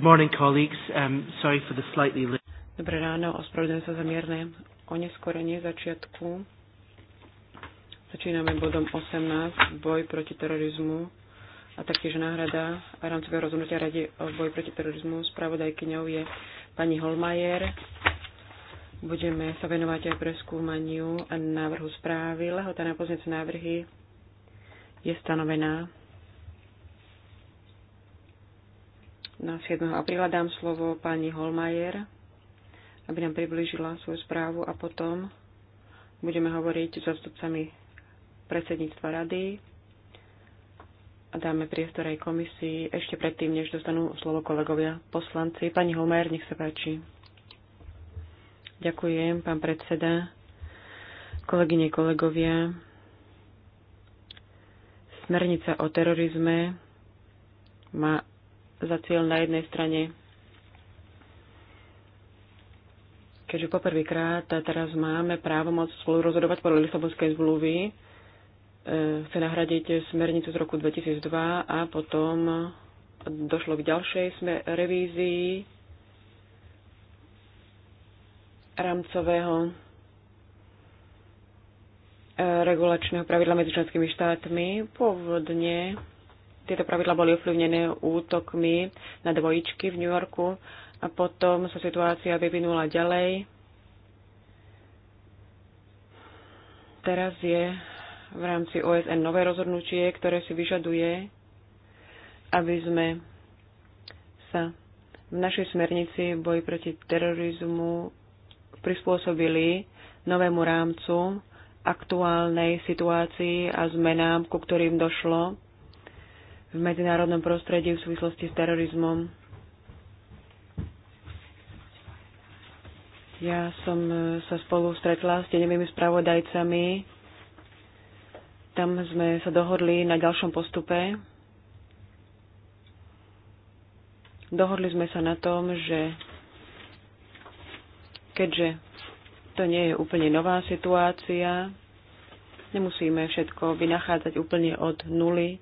Good morning, colleagues. Um, sorry for the slightly late... Dobré ráno, ospravedlňujem sa za mierne oneskorenie začiatku. Začíname bodom 18, boj proti terorizmu a taktiež náhrada a rámcového rozhodnutia Rady o boj proti terorizmu. Spravodajkyňou je pani Holmajer. Budeme sa venovať aj preskúmaniu a návrhu správy. Lehota na pozniec návrhy je stanovená na 7. apríla dám slovo pani Holmajer, aby nám priblížila svoju správu a potom budeme hovoriť s zastupcami predsedníctva rady a dáme priestor aj komisii ešte predtým, než dostanú slovo kolegovia poslanci. Pani Holmajer, nech sa páči. Ďakujem, pán predseda, kolegyne, kolegovia. Smernica o terorizme má za cieľ na jednej strane, keďže poprvýkrát teraz máme právomoc spolu rozhodovať podľa Lisabonskej zmluvy, e, chce nahradiť smernicu z roku 2002 a potom došlo k ďalšej revízii rámcového e, regulačného pravidla medzi členskými štátmi. Pôvodne tieto pravidla boli ovplyvnené útokmi na dvojičky v New Yorku a potom sa situácia vyvinula ďalej. Teraz je v rámci OSN nové rozhodnutie, ktoré si vyžaduje, aby sme sa v našej smernici v boji proti terorizmu prispôsobili novému rámcu aktuálnej situácii a zmenám, ku ktorým došlo v medzinárodnom prostredí v súvislosti s terorizmom. Ja som e, sa spolu stretla s tenevými spravodajcami. Tam sme sa dohodli na ďalšom postupe. Dohodli sme sa na tom, že keďže to nie je úplne nová situácia, nemusíme všetko vynachádzať úplne od nuly,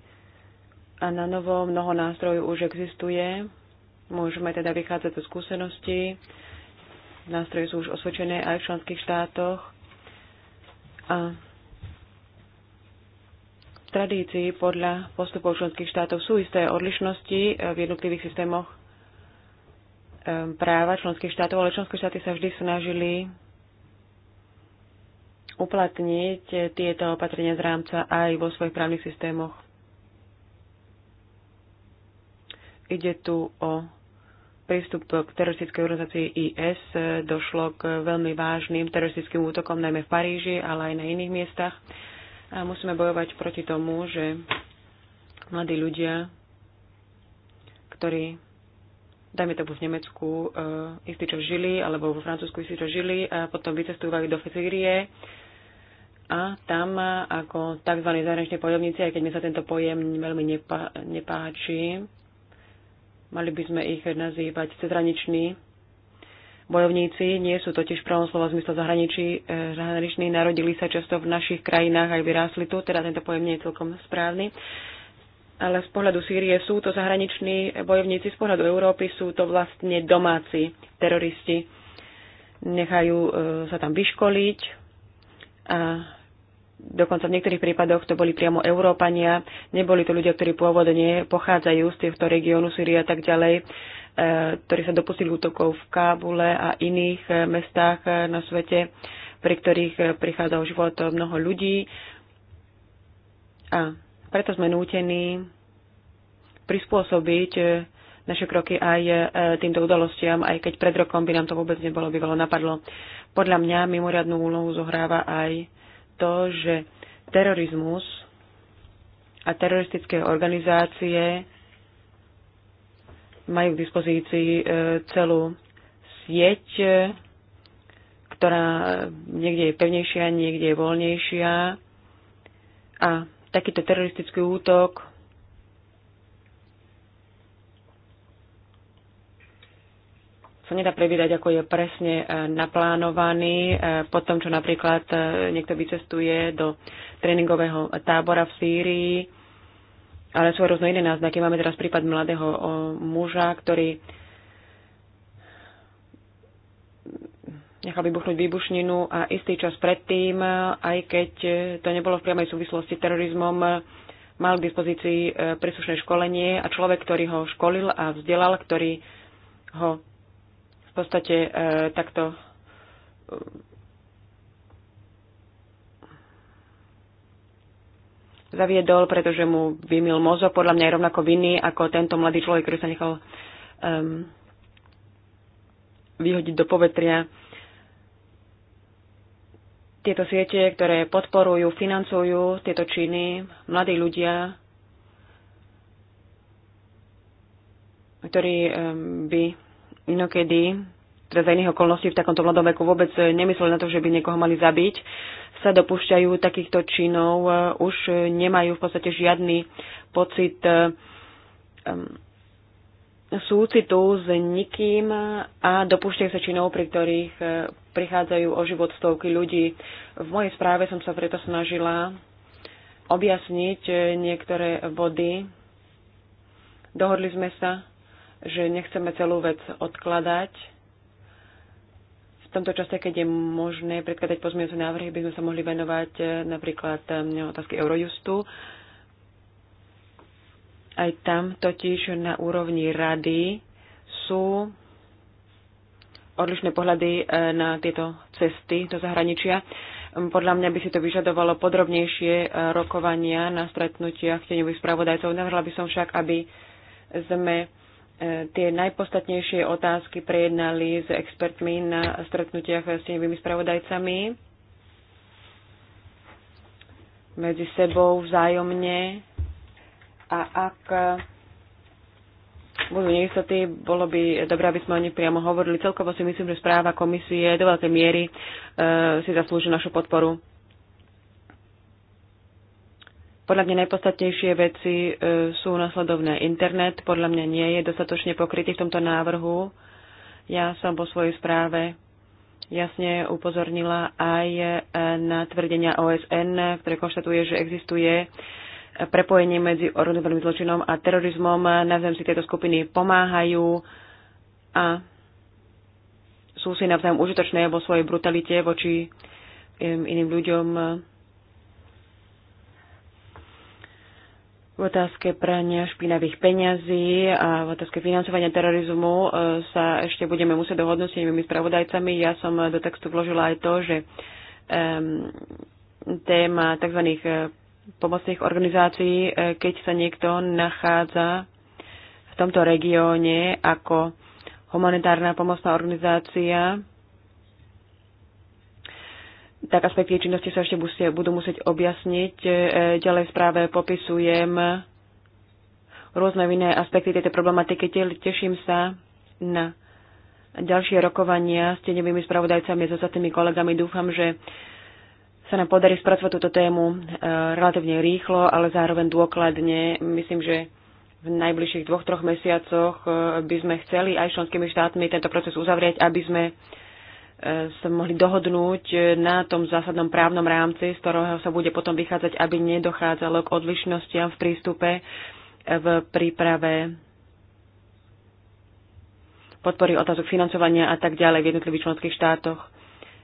a na novo mnoho nástrojov už existuje. Môžeme teda vychádzať zo skúseností. Nástroje sú už osvedčené aj v členských štátoch. A v tradícii podľa postupov členských štátov sú isté odlišnosti v jednotlivých systémoch ehm, práva členských štátov, ale členské štáty sa vždy snažili uplatniť tieto opatrenia z rámca aj vo svojich právnych systémoch. Ide tu o prístup k teroristickej organizácii IS. Došlo k veľmi vážnym teroristickým útokom, najmä v Paríži, ale aj na iných miestach. A musíme bojovať proti tomu, že mladí ľudia, ktorí, dajme to v Nemecku, e, eh, istý čo žili, alebo vo Francúzsku istý čo žili, a potom vycestujú do Sýrie a tam ako tzv. zahraniční podobníci, aj keď mi sa tento pojem veľmi nepá, nepáči, Mali by sme ich nazývať cezhraniční bojovníci. Nie sú totiž pravom slova zmysle zahraničí. E, zahraniční narodili sa často v našich krajinách aj vyrástli tu, teda tento pojem nie je celkom správny. Ale z pohľadu Sýrie sú to zahraniční bojovníci, z pohľadu Európy sú to vlastne domáci teroristi. Nechajú e, sa tam vyškoliť a Dokonca v niektorých prípadoch to boli priamo Európania, neboli to ľudia, ktorí pôvodne pochádzajú z týchto regiónu Syrie a tak ďalej, e, ktorí sa dopustili útokov v Kábule a iných e, mestách e, na svete, pri ktorých prichádza o život mnoho ľudí. A preto sme nútení prispôsobiť naše kroky aj týmto udalostiam, aj keď pred rokom by nám to vôbec nebolo bývalo napadlo. Podľa mňa mimoriadnú úlohu zohráva aj to, že terorizmus a teroristické organizácie majú k dispozícii e, celú sieť, e, ktorá niekde je pevnejšia, niekde je voľnejšia. A takýto teroristický útok sa nedá predvídať, ako je presne e, naplánovaný. E, po tom, čo napríklad e, niekto vycestuje do tréningového tábora v Sýrii, ale sú rôzne iné náznaky. Máme teraz prípad mladého muža, ktorý nechal vybuchnúť výbušninu a istý čas predtým, aj keď to nebolo v priamej súvislosti s terorizmom, mal k dispozícii príslušné školenie a človek, ktorý ho školil a vzdelal, ktorý ho v podstate e, takto e, zaviedol, pretože mu vymil mozo. Podľa mňa je rovnako vinný ako tento mladý človek, ktorý sa nechal um, vyhodiť do povetria. Tieto siete, ktoré podporujú, financujú tieto činy, mladí ľudia, ktorí um, by inokedy, teda za iných okolností v takomto mladom veku vôbec eh, nemysleli na to, že by niekoho mali zabiť, sa dopúšťajú takýchto činov, eh, už nemajú v podstate žiadny pocit um, súcitu s nikým a dopúšťajú sa činov, pri ktorých prichádzajú o život stovky ľudí. V mojej správe som sa preto snažila objasniť niektoré body. Dohodli sme sa že nechceme celú vec odkladať. V tomto čase, keď je možné predkladať pozmienujúce návrhy, by sme sa mohli venovať e, napríklad e, otázky Eurojustu. Aj tam totiž na úrovni rady sú odlišné pohľady e, na tieto cesty do zahraničia. Podľa mňa by si to vyžadovalo podrobnejšie rokovania na stretnutiach teňových spravodajcov. Navrhla by som však, aby sme tie najpostatnejšie otázky prejednali s expertmi na stretnutiach s tenevými spravodajcami medzi sebou vzájomne a ak budú neistoty, bolo by dobré, aby sme o nich priamo hovorili. Celkovo si myslím, že správa komisie do veľkej miery e, si zaslúži našu podporu. Podľa mňa najpodstatnejšie veci e, sú nasledovné. Internet podľa mňa nie je dostatočne pokrytý v tomto návrhu. Ja som po svojej správe jasne upozornila aj e, na tvrdenia OSN, ktoré konštatuje, že existuje prepojenie medzi organizovaným zločinom a terorizmom. Navzájom si tieto skupiny pomáhajú a sú si navzájom užitočné vo svojej brutalite voči iným ľuďom v otázke prania špinavých peňazí a v otázke financovania terorizmu e, sa ešte budeme musieť dohodnúť s inými spravodajcami. Ja som do textu vložila aj to, že um, téma tzv. E, pomocných organizácií, e, keď sa niekto nachádza v tomto regióne ako humanitárna pomocná organizácia, tak aspekty činnosti sa ešte musie, budú musieť objasniť. E, ďalej v správe popisujem rôzne iné aspekty tejto problematiky. Teším sa na ďalšie rokovania s tenevými spravodajcami a so ostatnými kolegami. Dúfam, že sa nám podarí spracovať túto tému e, relatívne rýchlo, ale zároveň dôkladne. Myslím, že v najbližších dvoch, troch mesiacoch e, by sme chceli aj členskými štátmi tento proces uzavrieť, aby sme sa mohli dohodnúť na tom zásadnom právnom rámci, z ktorého sa bude potom vychádzať, aby nedochádzalo k odlišnostiam v prístupe, e, v príprave podpory otázok financovania a tak ďalej v jednotlivých členských štátoch.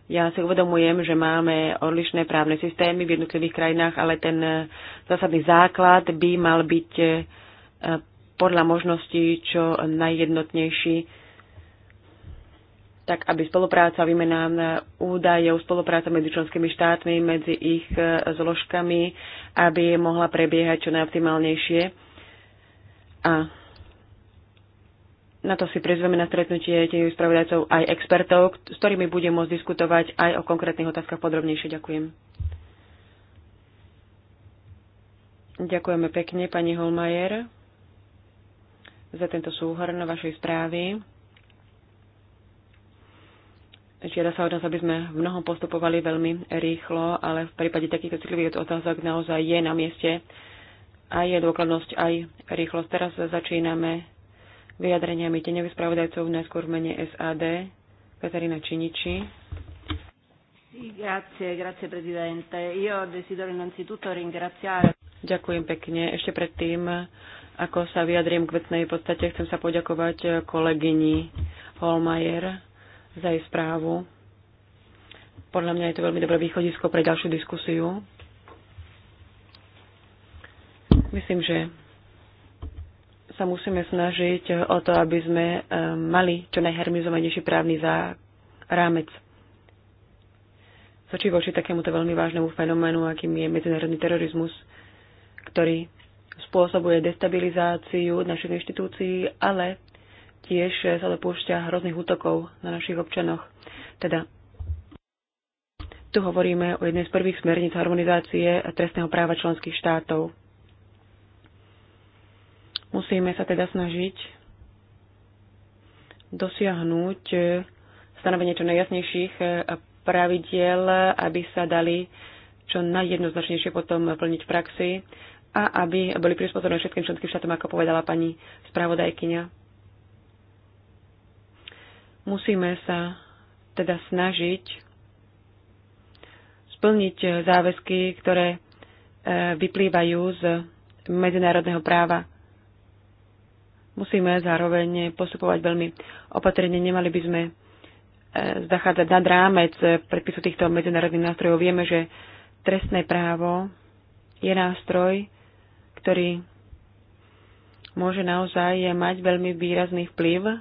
Ja si uvedomujem, že máme odlišné právne systémy v jednotlivých krajinách, ale ten e, zásadný základ by mal byť e, podľa možností čo najjednotnejší tak aby spolupráca, výmena e, údajov, spolupráca medzi členskými štátmi, medzi ich e, zložkami, aby mohla prebiehať čo najoptimálnejšie. A na to si prizveme na stretnutie tých spravodajcov aj expertov, s ktorými budem môcť diskutovať aj o konkrétnych otázkach podrobnejšie. Ďakujem. Ďakujeme pekne, pani Holmajer, za tento súhrn vašej správy. Žiada sa od nás, aby sme v mnohom postupovali veľmi rýchlo, ale v prípade takýchto citlivých otázok naozaj je na mieste aj je dôkladnosť, aj rýchlosť. Teraz začíname vyjadreniami teňových spravodajcov najskôr v mene SAD. Katarína Činiči. Grazie, grazie Presidente. Io desidero innanzitutto ringraziare. Ďakujem pekne. Ešte predtým, ako sa vyjadrím k vecnej podstate, chcem sa poďakovať kolegyni Holmajer za jej správu. Podľa mňa je to veľmi dobré východisko pre ďalšiu diskusiu. Myslím, že sa musíme snažiť o to, aby sme eh, mali čo najhermizovanejší právny za rámec. Sočí voči takémuto veľmi vážnemu fenoménu, akým je medzinárodný terorizmus, ktorý spôsobuje destabilizáciu našich inštitúcií, ale tiež sa dopúšťa hrozných útokov na našich občanoch. Teda tu hovoríme o jednej z prvých smerníc harmonizácie trestného práva členských štátov. Musíme sa teda snažiť dosiahnuť stanovenie čo najjasnejších pravidiel, aby sa dali čo najjednoznačnejšie potom plniť v praxi a aby boli prispôsobené všetkým členským štátom, ako povedala pani spravodajkyňa. Musíme sa teda snažiť splniť eh, záväzky, ktoré eh, vyplývajú z medzinárodného práva. Musíme zároveň postupovať veľmi opatrne. Nemali by sme eh, zachádzať nad rámec predpisu týchto medzinárodných nástrojov. Vieme, že trestné právo je nástroj, ktorý môže naozaj mať veľmi výrazný vplyv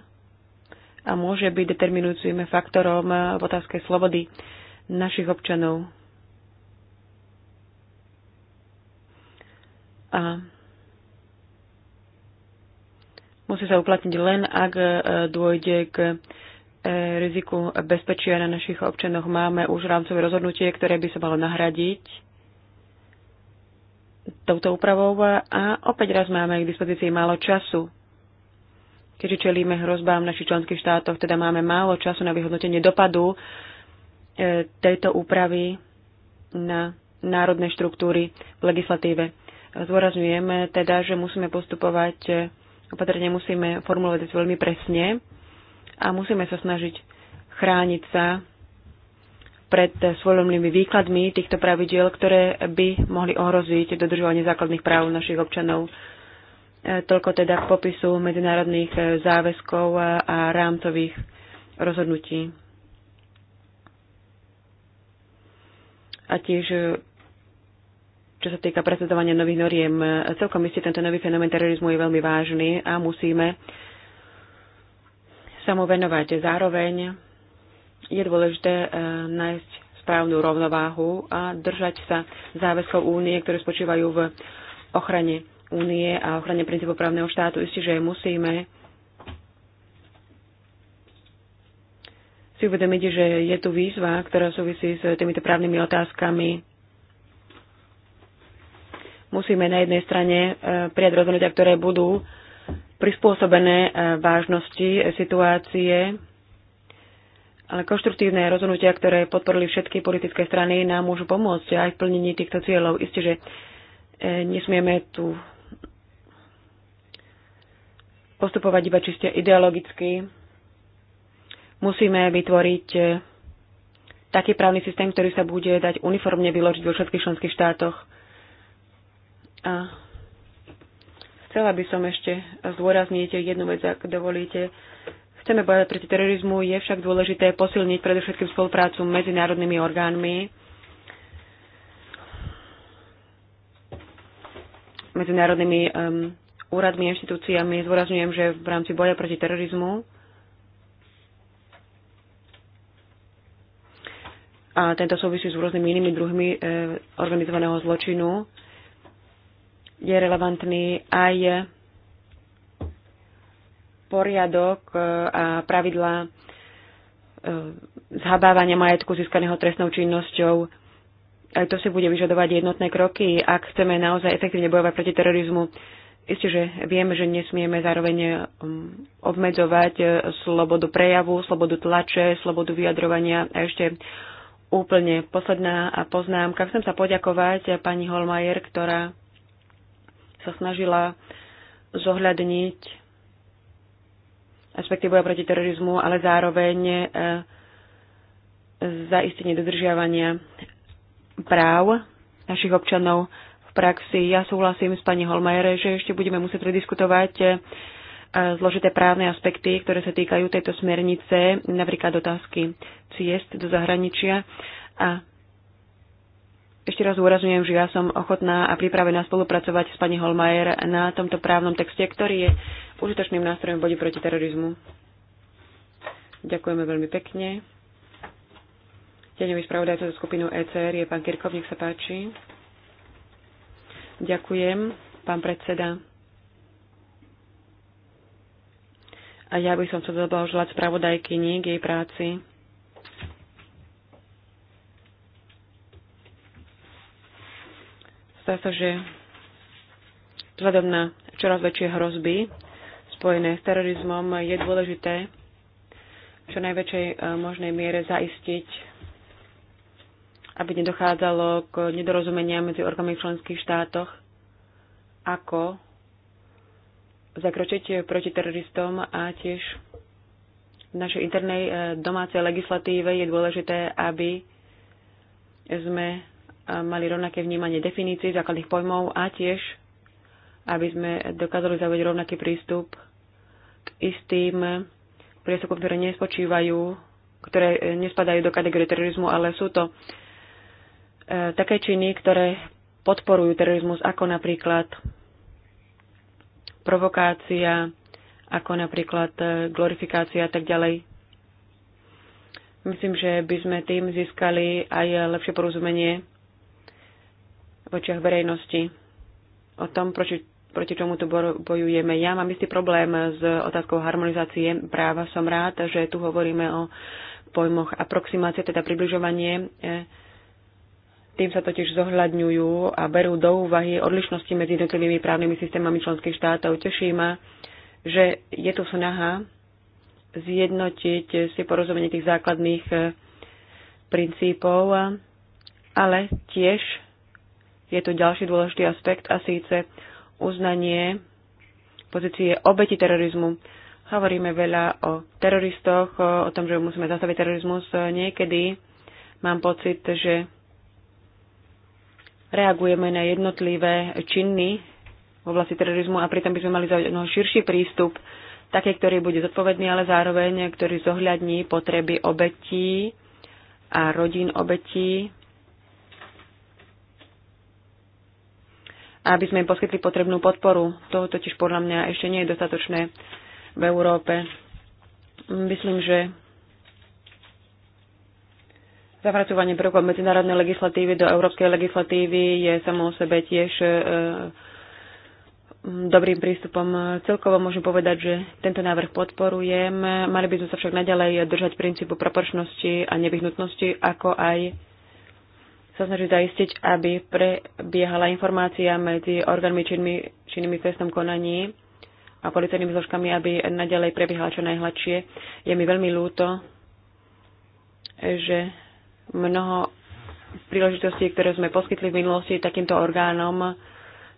a môže byť determinujúcim faktorom v otázke slobody našich občanov. A musí sa uplatniť len, ak e, dôjde k e, riziku bezpečia na našich občanoch. Máme už rámcové rozhodnutie, ktoré by sa malo nahradiť touto úpravou a opäť raz máme k dispozícii málo času keďže čelíme hrozbám v našich členských štátoch, teda máme málo času na vyhodnotenie dopadu e, tejto úpravy na národné štruktúry v legislatíve. Zdôrazňujeme teda, že musíme postupovať e, opatrne, musíme formulovať veľmi presne a musíme sa snažiť chrániť sa pred svojomnými výkladmi týchto pravidiel, ktoré by mohli ohroziť dodržovanie základných práv našich občanov. Toľko teda k popisu medzinárodných e, záväzkov a rámcových rozhodnutí. A tiež, e, čo sa týka prezentovania nových noriem, e, celkom isté tento nový fenomén terorizmu je veľmi vážny a musíme sa mu venovať. Zároveň je dôležité nájsť správnu rovnováhu a držať sa záväzkov únie, ktoré spočívajú v ochrane únie a ochrane princípov právneho štátu. Isté, že musíme si uvedomiť, že je tu výzva, ktorá súvisí s týmito právnymi otázkami. Musíme na jednej strane e, prijať rozhodnutia, ktoré budú prispôsobené e, vážnosti situácie, ale konštruktívne rozhodnutia, ktoré podporili všetky politické strany, nám môžu pomôcť aj v plnení týchto cieľov. Isté, že e, nesmieme tu postupovať iba čiste ideologicky. Musíme vytvoriť eh, taký právny systém, ktorý sa bude dať uniformne vyložiť vo všetkých členských štátoch. A chcela by som ešte zdôrazniť jednu vec, ak dovolíte. Chceme bojovať proti terorizmu, je však dôležité posilniť predovšetkým spoluprácu medzi národnými orgánmi, medzinárodnými um, úradmi a inštitúciami. Zdôrazňujem, že v rámci boja proti terorizmu a tento súvisí s rôznymi inými druhmi e, organizovaného zločinu, je relevantný aj poriadok e, a pravidla e, zhabávania majetku získaného trestnou činnosťou. Aj to si bude vyžadovať jednotné kroky, ak chceme naozaj efektívne bojovať proti terorizmu. Isté, že vieme, že nesmieme zároveň e, obmedzovať e, slobodu prejavu, slobodu tlače, slobodu vyjadrovania. A ešte úplne posledná poznámka. Chcem sa poďakovať e, pani Holmajer, ktorá sa snažila zohľadniť aspekty boja proti terorizmu, ale zároveň zaistenie dodržiavania práv našich občanov praxi. Ja súhlasím s pani Holmajere, že ešte budeme musieť prediskutovať e, zložité právne aspekty, ktoré sa týkajú tejto smernice, napríklad otázky ciest do zahraničia. A ešte raz úrazňujem, že ja som ochotná a pripravená spolupracovať s pani Holmajer na tomto právnom texte, ktorý je užitočným nástrojom bodi proti terorizmu. Ďakujeme veľmi pekne. Deňový spravodajca za skupinu ECR je pán Kirkov, nech sa páči. Ďakujem, pán predseda. A ja by som chcel zablahoželať spravodajkyni k jej práci. Zdá sa, že vzhľadom na čoraz väčšie hrozby spojené s terorizmom je dôležité v čo najväčšej e, možnej miere zaistiť aby nedochádzalo k nedorozumeniam medzi orgánmi v členských štátoch, ako zakročiť proti teroristom a tiež v našej internej e, domácej legislatíve je dôležité, aby sme e, mali rovnaké vnímanie definícií základných pojmov a tiež, aby sme dokázali zaujať rovnaký prístup k istým priestupkom, ktoré nespočívajú, ktoré e, nespadajú do kategórie terorizmu, ale sú to E, také činy, ktoré podporujú terorizmus, ako napríklad provokácia, ako napríklad e, glorifikácia a tak ďalej. Myslím, že by sme tým získali aj lepšie porozumenie v očiach verejnosti o tom, proti, proti čomu tu bojujeme. Ja mám istý problém s otázkou harmonizácie práva. Som rád, že tu hovoríme o pojmoch aproximácie, teda približovanie e, tým sa totiž zohľadňujú a berú do úvahy odlišnosti medzi jednotlivými právnymi systémami členských štátov. Teší ma, že je tu snaha zjednotiť si porozumenie tých základných eh, princípov, ale tiež je tu ďalší dôležitý aspekt a síce uznanie pozície obeti terorizmu. Hovoríme veľa o teroristoch, o tom, že musíme zastaviť terorizmus. Niekedy mám pocit, že reagujeme na jednotlivé činy v oblasti terorizmu a pritom by sme mali zaujímať širší prístup, taký, ktorý bude zodpovedný, ale zároveň, ktorý zohľadní potreby obetí a rodín obetí, aby sme im poskytli potrebnú podporu. To totiž podľa mňa ešte nie je dostatočné v Európe. Myslím, že Zapracovanie prvkov medzinárodnej legislatívy do európskej legislatívy je samo o sebe tiež e, dobrým prístupom. Celkovo môžem povedať, že tento návrh podporujem. Mali by sme sa však naďalej držať princípu proporčnosti a nevyhnutnosti, ako aj sa snažiť zaistiť, aby prebiehala informácia medzi orgánmi činnými, činnými v trestnom konaní a policajnými zložkami, aby naďalej prebiehala čo najhladšie. Je mi veľmi ľúto, že Mnoho príležitostí, ktoré sme poskytli v minulosti takýmto orgánom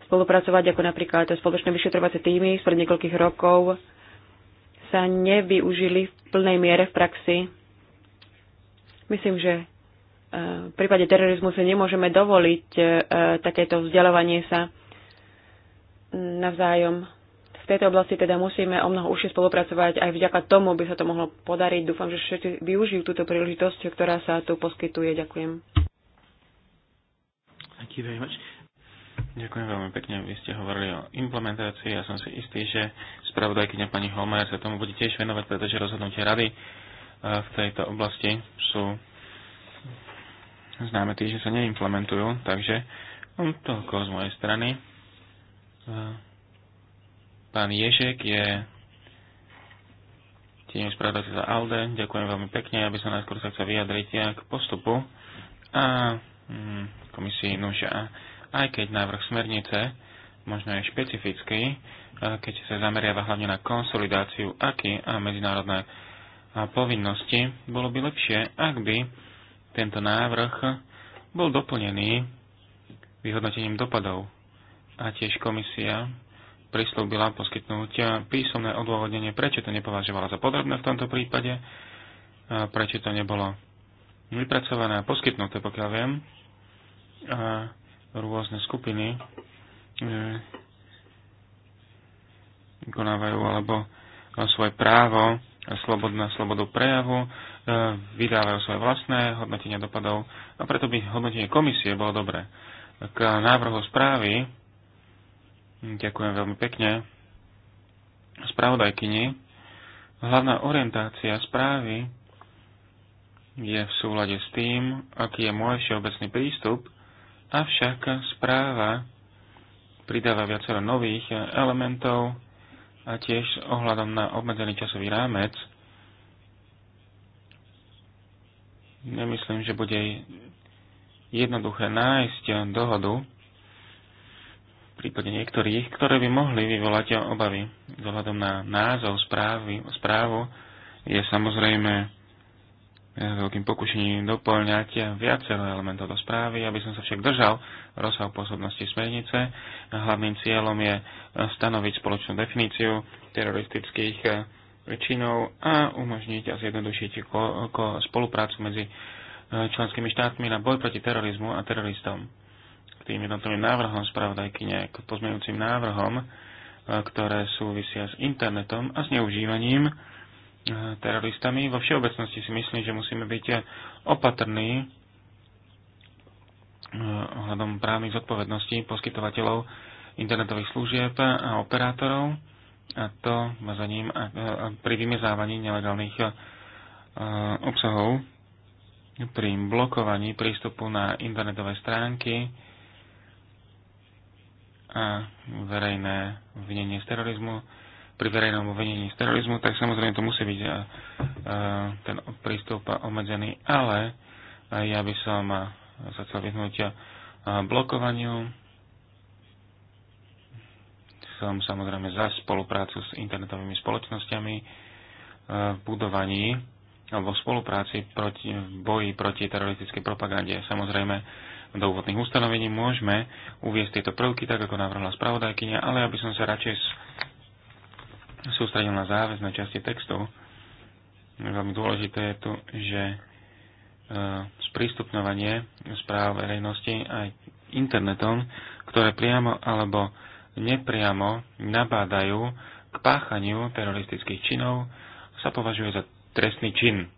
spolupracovať, ako napríklad spoločné vyšetrovacie týmy spred niekoľkých rokov, sa nevyužili v plnej miere v praxi. Myslím, že e, v prípade terorizmu sa nemôžeme dovoliť e, e, takéto vzdelovanie sa navzájom. V tejto oblasti teda musíme o mnoho užšie spolupracovať. Aj vďaka tomu by sa to mohlo podariť. Dúfam, že všetci využijú túto príležitosť, ktorá sa tu poskytuje. Ďakujem. Ďakujem veľmi pekne. Vy ste hovorili o implementácii. Ja som si istý, že spravodajkyňa pani Holmer sa tomu bude tiež venovať, pretože rozhodnutie rady e, v tejto oblasti sú známe tým, že sa neimplementujú. Takže hm, toľko z mojej strany. E, Pán Ježek je tiež spravodajca za ALDE. Ďakujem veľmi pekne. aby som najskôr sa chcel vyjadriť ja k postupu a mm, komisii nuža. Aj keď návrh smernice možno je špecifický, keď sa zameriava hlavne na konsolidáciu aký a medzinárodné povinnosti, bolo by lepšie, ak by tento návrh bol doplnený vyhodnotením dopadov. A tiež komisia prislúbila poskytnúť eh, písomné odôvodnenie, prečo to nepovažovala za podrobné v tomto prípade, eh, prečo to nebolo vypracované a poskytnuté, pokiaľ viem. A rôzne skupiny vykonávajú eh, alebo svoje právo slobodná slobodu prejavu, vydávajú svoje vlastné hodnotenia dopadov a preto by hodnotenie komisie bolo dobré. K návrhu správy Ďakujem veľmi pekne spravodajkyni. Hlavná orientácia správy je v súlade s tým, aký je môj všeobecný prístup, avšak správa pridáva viacero nových elementov a tiež ohľadom na obmedzený časový rámec. Nemyslím, že bude jednoduché nájsť dohodu prípade niektorých, ktoré by mohli vyvolať obavy. Vzhľadom na názov správy, správu je samozrejme eh, veľkým pokušením doplňať viacero elementov do správy, aby som sa však držal rozsahu pôsobnosti smernice. Hlavným cieľom je eh, stanoviť spoločnú definíciu teroristických eh, činov a umožniť a zjednodušiť spoluprácu medzi členskými štátmi na boj proti terorizmu a teroristom tým jednotlivým návrhom spravodajkyne, k pozmeňujúcim návrhom, e, ktoré súvisia s internetom a s neužívaním e, teroristami. Vo všeobecnosti si myslím, že musíme byť opatrní e, ohľadom právnych zodpovedností poskytovateľov internetových služieb a operátorov a to za ním pri vymezávaní nelegálnych obsahov pri blokovaní prístupu na internetové stránky a verejné obvinenie z terorizmu, pri verejnom obvinení z terorizmu, tak samozrejme to musí byť ten prístup obmedzený, ale ja by som sa chcel vyhnúť blokovaniu. Som samozrejme za spoluprácu s internetovými spoločnosťami v budovaní alebo v spolupráci proti, v boji proti teroristickej propagande. Samozrejme, do úvodných ustanovení môžeme uviesť tieto prvky, tak ako navrhla spravodajkynia, ale aby som sa radšej sústredil na záväzné časti textov. Veľmi dôležité je tu, že e, sprístupňovanie správ verejnosti aj internetom, ktoré priamo alebo nepriamo nabádajú k páchaniu teroristických činov, sa považuje za trestný čin.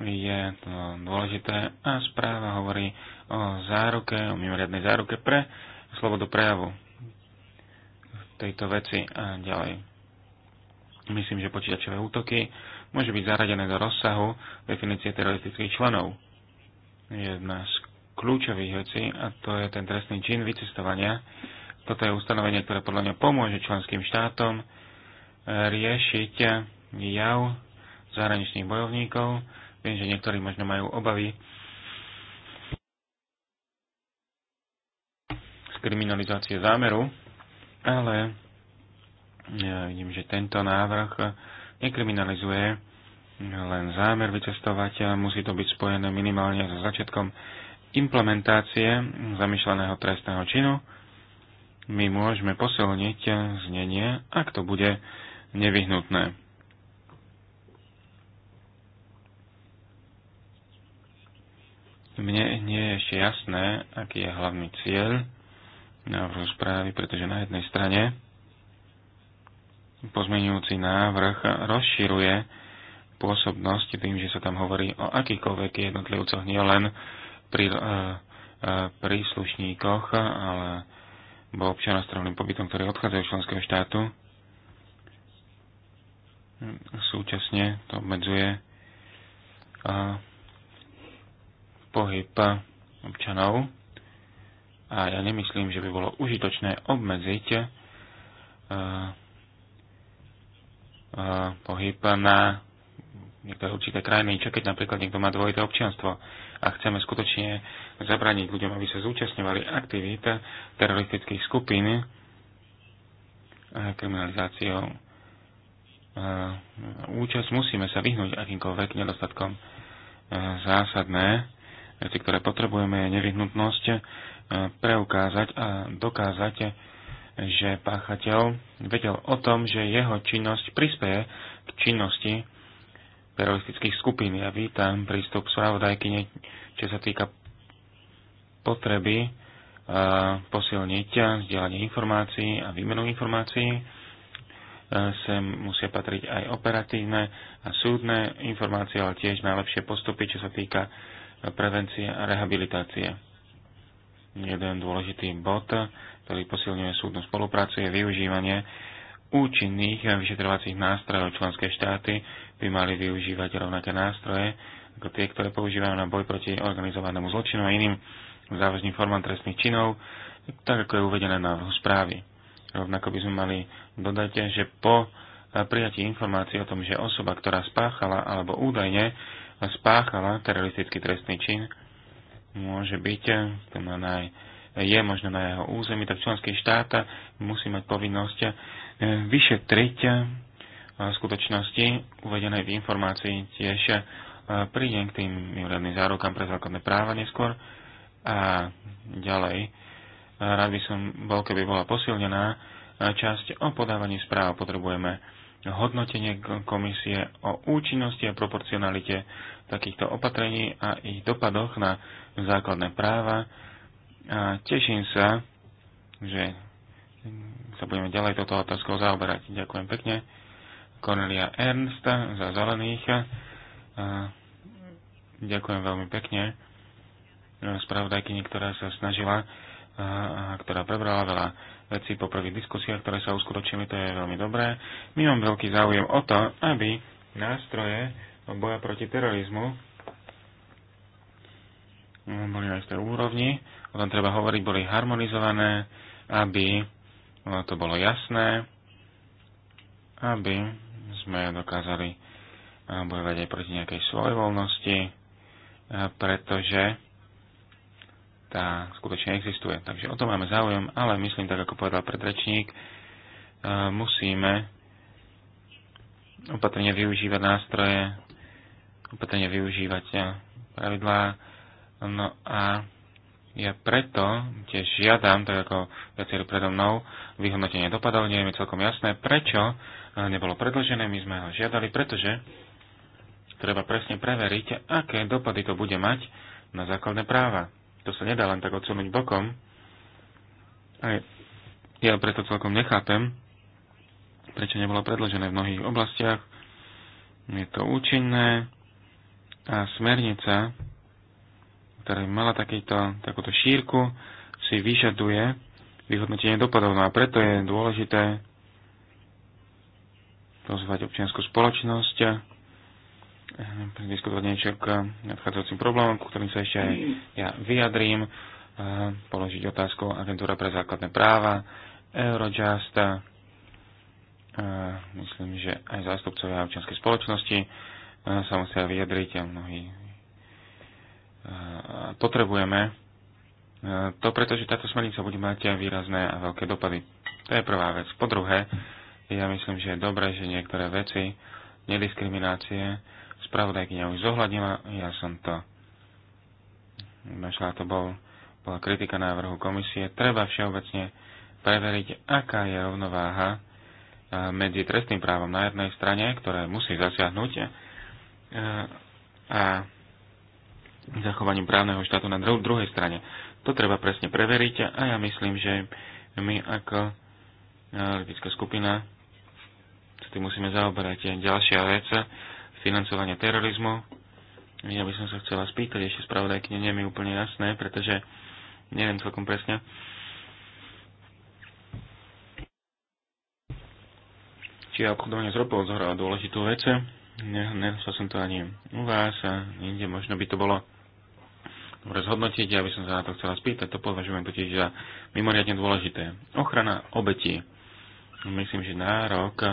Je to dôležité a správa hovorí o záruke, o mimoriadnej záruke pre slobodu prejavu tejto veci a ďalej. Myslím, že počítačové útoky môže byť zaradené do rozsahu definície teroristických členov. Jedna z kľúčových vecí, a to je ten trestný čin vycestovania. Toto je ustanovenie, ktoré podľa mňa pomôže členským štátom riešiť jav zahraničných bojovníkov. Viem, že niektorí možno majú obavy kriminalizácie zámeru, ale ja vidím, že tento návrh nekriminalizuje len zámer vycestovať, a musí to byť spojené minimálne so začiatkom implementácie zamýšľaného trestného činu. My môžeme posilniť znenie, ak to bude nevyhnutné. Mne nie je ešte jasné, aký je hlavný cieľ návrhu správy, pretože na jednej strane pozmenujúci návrh rozširuje pôsobnosť tým, že sa tam hovorí o akýkoľvek jednotlivcoch, nielen pri e, e, príslušníkoch, ale bo občana s trvalým pobytom, ktorí odchádzajú z členského štátu. Súčasne to obmedzuje e, pohyb občanov a ja nemyslím, že by bolo užitočné obmedziť uh, uh, pohyb na niektoré určité krajiny, čo keď napríklad niekto má dvojité občianstvo a chceme skutočne zabraniť ľuďom, aby sa zúčastňovali aktivít teroristických skupín eh, kriminalizáciou účasť, musíme sa vyhnúť akýmkoľvek nedostatkom zásadné veci, ktoré potrebujeme, je nevyhnutnosť E, preukázať a dokázať, e, že páchateľ vedel o tom, že jeho činnosť prispieje k činnosti teroristických skupín. Ja vítam prístup spravodajkyne, čo sa týka potreby e, posilniť vzdielanie informácií a výmenu informácií. Sem musia patriť aj operatívne a súdne informácie, ale tiež najlepšie postupy, čo sa týka prevencie a rehabilitácie Jeden dôležitý bod, ktorý posilňuje súdnu spoluprácu, je využívanie účinných vyšetrovacích nástrojov. Členské štáty by mali využívať rovnaké nástroje ako tie, ktoré používajú na boj proti organizovanému zločinu a iným závažným formám trestných činov, tak ako je uvedené na návrhu správy. Rovnako by sme mali dodať, že po prijatí informácií o tom, že osoba, ktorá spáchala alebo údajne spáchala teroristický trestný čin, môže byť, to je možno na jeho území, tak členské štát musí mať povinnosť eh, vyšetriť eh, skutočnosti uvedené v informácii tiež eh, prídem k tým mimoriadným zárukám pre základné práva neskôr a ďalej. Rád by som bol, keby bola posilnená časť o podávaní správ. Potrebujeme hodnotenie komisie o účinnosti a proporcionalite takýchto opatrení a ich dopadoch na základné práva. A teším sa, že sa budeme ďalej toto otázkou zaoberať. Ďakujem pekne. Cornelia Ernst za zelených. A ďakujem veľmi pekne spravodajkyni, ktorá sa snažila a ktorá prebrala veľa vecí po prvých diskusiách, ktoré sa uskutočili, to je veľmi dobré. My mám veľký záujem o to, aby nástroje boja proti terorizmu boli na istej úrovni, o tom treba hovoriť, boli harmonizované, aby to bolo jasné, aby sme dokázali bojovať aj proti nejakej svojej voľnosti, pretože tá skutočne existuje. Takže o to máme záujem, ale myslím, tak ako povedal predrečník, musíme opatrne využívať nástroje opatrne využívať pravidlá. No a ja preto tiež žiadam, tak ako viacerí predo mnou, vyhodnotenie dopadov. Nie je mi celkom jasné, prečo nebolo predložené. My sme ho žiadali, pretože treba presne preveriť, aké dopady to bude mať na základné práva. To sa nedá len tak odsunúť bokom. A ja preto celkom nechápem, prečo nebolo predložené v mnohých oblastiach. Je to účinné, a smernica, ktorá mala takýto, takúto šírku, si vyžaduje vyhodnotenie dopadov. No a preto je dôležité pozvať občianskú spoločnosť, eh, diskutovať niečo k nadchádzajúcim problémom, ku ktorým sa ešte aj ja vyjadrím, eh, položiť otázku Agentúra pre základné práva, Eurojust, eh, myslím, že aj zástupcovia občianskej spoločnosti, sa musia vyjadriť a mnohí potrebujeme to, pretože táto smernica bude mať výrazné a veľké dopady. To je prvá vec. Po druhé, ja myslím, že je dobré, že niektoré veci, nediskriminácie, spravodajkynia už zohľadnila, ja som to našla, to bol, bola kritika návrhu komisie. Treba všeobecne preveriť, aká je rovnováha medzi trestným právom na jednej strane, ktoré musí zasiahnuť a zachovaním právneho štátu na druhej strane. To treba presne preveriť a ja myslím, že my ako e, politická skupina sa tým musíme zaoberať. Ďalšia vec, financovanie terorizmu. Ja by som sa chcela spýtať ešte spravodajkyne, nie je mi úplne jasné, pretože neviem celkom presne. Či obchodovanie s ropou zohráva dôležitú vec, Ne, nedostal som to ani u vás a inde možno by to bolo dobre zhodnotiť, ja by som sa na to chcela spýtať, to považujem totiž za mimoriadne dôležité. Ochrana obetí. Myslím, že nárok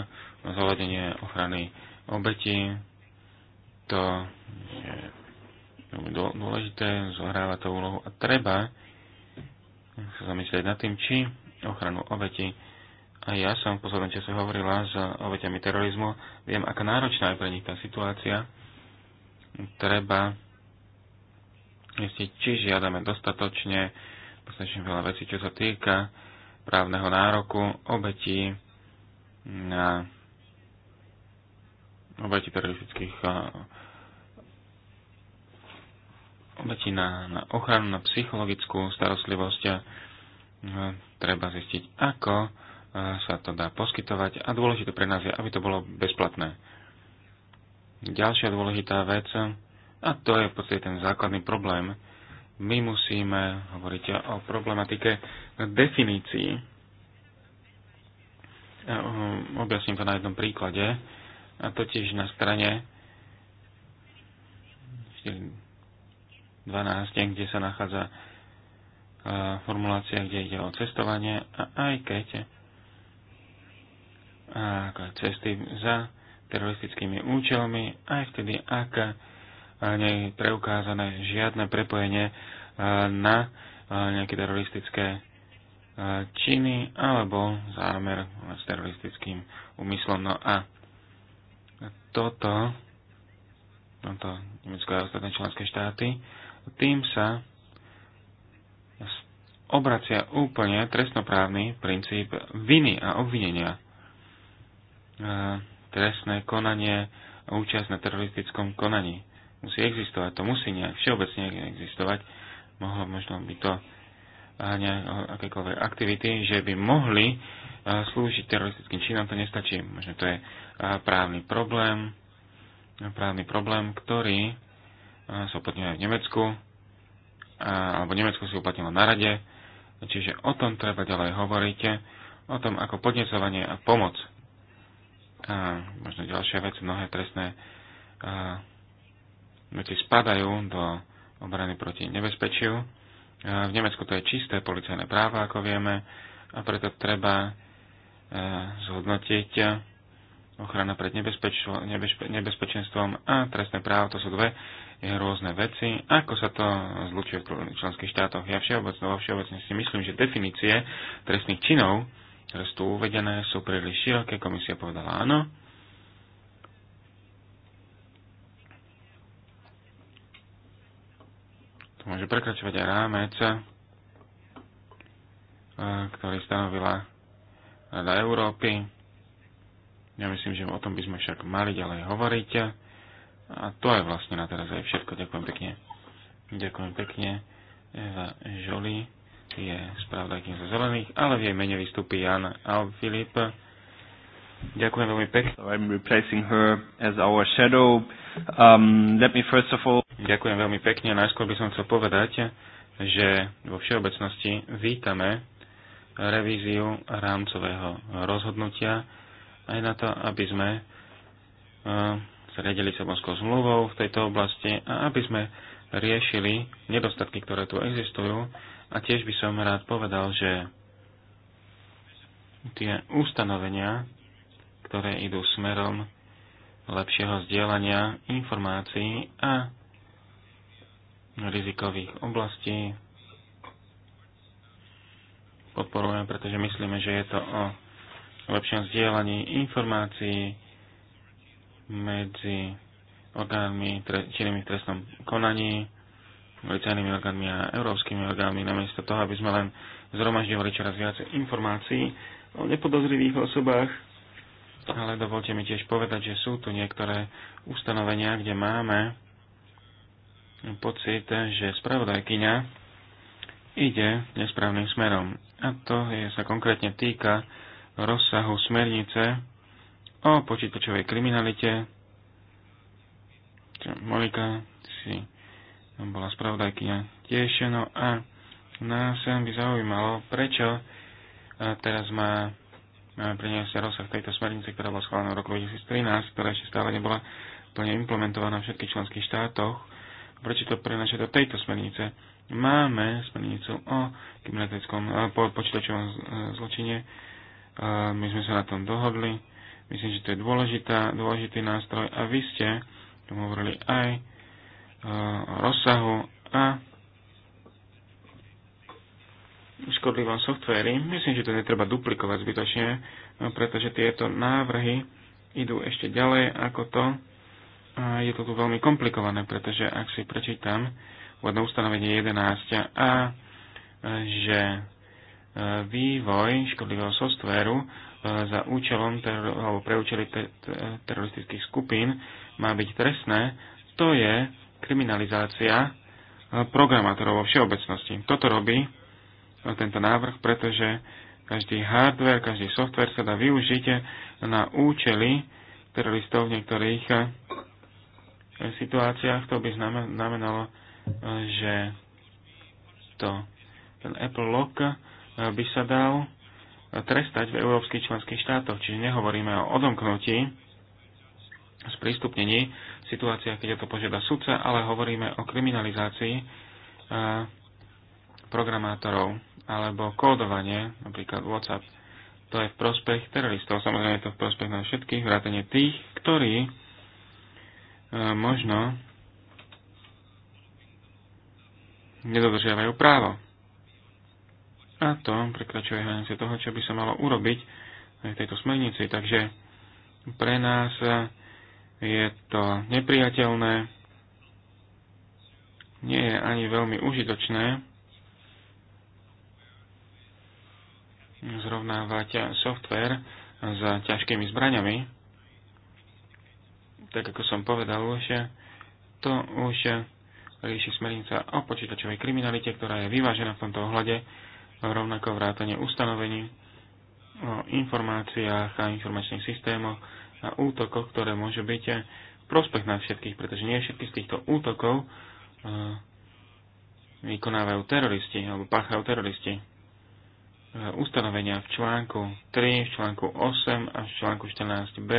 na zohľadenie ochrany obetí, to je veľmi dôležité, zohráva to úlohu a treba sa zamyslieť nad tým, či ochranu obeti a ja som v poslednom čase hovorila s obeťami terorizmu. Viem, aká náročná je pre nich tá situácia. Treba zistiť, či žiadame dostatočne, dostatočne veľa vecí, čo sa týka právneho nároku obetí na obeti teroristických obeti na, na ochranu, na psychologickú starostlivosť a treba zistiť, ako sa to dá poskytovať a dôležité pre nás je, aby to bolo bezplatné. Ďalšia dôležitá vec, a to je v podstate ten základný problém, my musíme hovoriť o problematike definícií. Um, objasním to na jednom príklade, a totiž na strane 12, kde sa nachádza formulácia, kde ide o cestovanie a aj keď ako cesty za teroristickými účelmi, aj vtedy, ak e, nie je preukázané žiadne prepojenie e, na e, nejaké teroristické činy alebo zámer s teroristickým úmyslom. No a toto, toto Nemecko a ostatné členské štáty, tým sa obracia úplne trestnoprávny princíp viny a obvinenia. E, trestné konanie a účasť na teroristickom konaní. Musí existovať, to musí nejak všeobecne existovať. Mohlo možno by to e, nejak, akékoľvek aktivity, že by mohli e, slúžiť teroristickým činom, to nestačí. Možno to je právny problém, právny problém, ktorý sa uplatňuje v Nemecku, alebo Nemecku si uplatnilo na rade, čiže o tom treba ďalej hovoriť, o tom ako podnecovanie a pomoc a možno ďalšia vec, mnohé trestné a, veci spadajú do obrany proti nebezpečiu. A, v Nemecku to je čisté policajné práva, ako vieme, a preto treba a, zhodnotiť ochrana pred nebezpeč, nebezpečenstvom a trestné právo. To sú dve rôzne veci. Ako sa to zlučuje v členských štátoch? Ja všeobecne, vo všeobecne si myslím, že definície trestných činov ktoré sú tu uvedené, sú príliš široké. Komisia povedala áno. To môže prekračovať aj rámec, eh, ktorý stanovila Rada Európy. Ja myslím, že o tom by sme však mali ďalej hovoriť. A to je vlastne na teraz aj všetko. Ďakujem pekne. Ďakujem pekne. Eva Jolie je spravodajkým zo zelených, ale v jej mene vystúpi Jan a Filip. Ďakujem veľmi pekne. I'm replacing her as our shadow. Um, let me first of all... Ďakujem veľmi pekne. Najskôr by som chcel povedať, že vo všeobecnosti vítame revíziu rámcového rozhodnutia aj na to, aby sme uh, sa riadili Lisabonskou zmluvou v tejto oblasti a aby sme riešili nedostatky, ktoré tu existujú a tiež by som rád povedal, že tie ustanovenia, ktoré idú smerom lepšieho vzdielania informácií a rizikových oblastí, podporujeme, pretože myslíme, že je to o lepšom vzdielaní informácií medzi orgánmi činnými v trestnom konaní, policajnými orgánmi a európskymi orgánmi, namiesto toho, aby sme len zhromažďovali čoraz viac informácií o nepodozrivých osobách. Ale dovolte mi tiež povedať, že sú tu niektoré ustanovenia, kde máme pocit, že spravodajkyňa ide nesprávnym smerom. A to je, sa konkrétne týka rozsahu smernice o počítačovej kriminalite. Monika si bola spravodajkyňa tiež, no a nás by zaujímalo, prečo e, teraz má priniesť rozsah tejto smernice, ktorá bola schválená v roku 2013, ktorá ešte stále nebola plne implementovaná v všetkých členských štátoch. Prečo to prenaša do tejto smernice? Máme smernicu o kybernetickom e, po, počítačovom e, zločine. My sme sa na tom dohodli. Myslím, že to je dôležitá, dôležitý nástroj a vy ste tomu hovorili aj rozsahu a škodlivom softvéri. Myslím, že to netreba duplikovať zbytočne, pretože tieto návrhy idú ešte ďalej ako to. A je to tu veľmi komplikované, pretože ak si prečítam vodné ustanovenie 11 a že e, vývoj škodlivého softvéru e, za účelom alebo pre účely teroristických skupín má byť trestné, to je kriminalizácia e, programátorov vo všeobecnosti. Toto robí e, tento návrh, pretože každý hardware, každý software sa dá využiť na účely teroristov v niektorých e, situáciách. To by znamenalo, že to, ten Apple Lock by sa dal trestať v európskych členských štátoch. Čiže nehovoríme o odomknutí, sprístupnení situáciách, keď to požiada sudca, ale hovoríme o kriminalizácii e, programátorov alebo kódovanie, napríklad WhatsApp. To je v prospech teroristov. Samozrejme je to v prospech na všetkých, vrátane tých, ktorí e, možno nedodržiavajú právo. A to prekračuje hranice toho, čo by sa malo urobiť v tejto smernici. Takže pre nás e, je to nepriateľné, nie je ani veľmi užitočné zrovnávať software s ťažkými zbraňami. Tak ako som povedal už, to už rieši smernica o počítačovej kriminalite, ktorá je vyvážená v tomto ohľade, rovnako vrátane ustanovení o informáciách a informačných systémoch a útokoch, ktoré môže byť eh, prospech na všetkých, pretože nie všetky z týchto útokov eh, vykonávajú teroristi alebo páchajú teroristi. Eh, ustanovenia v článku 3, v článku 8 a v článku 14b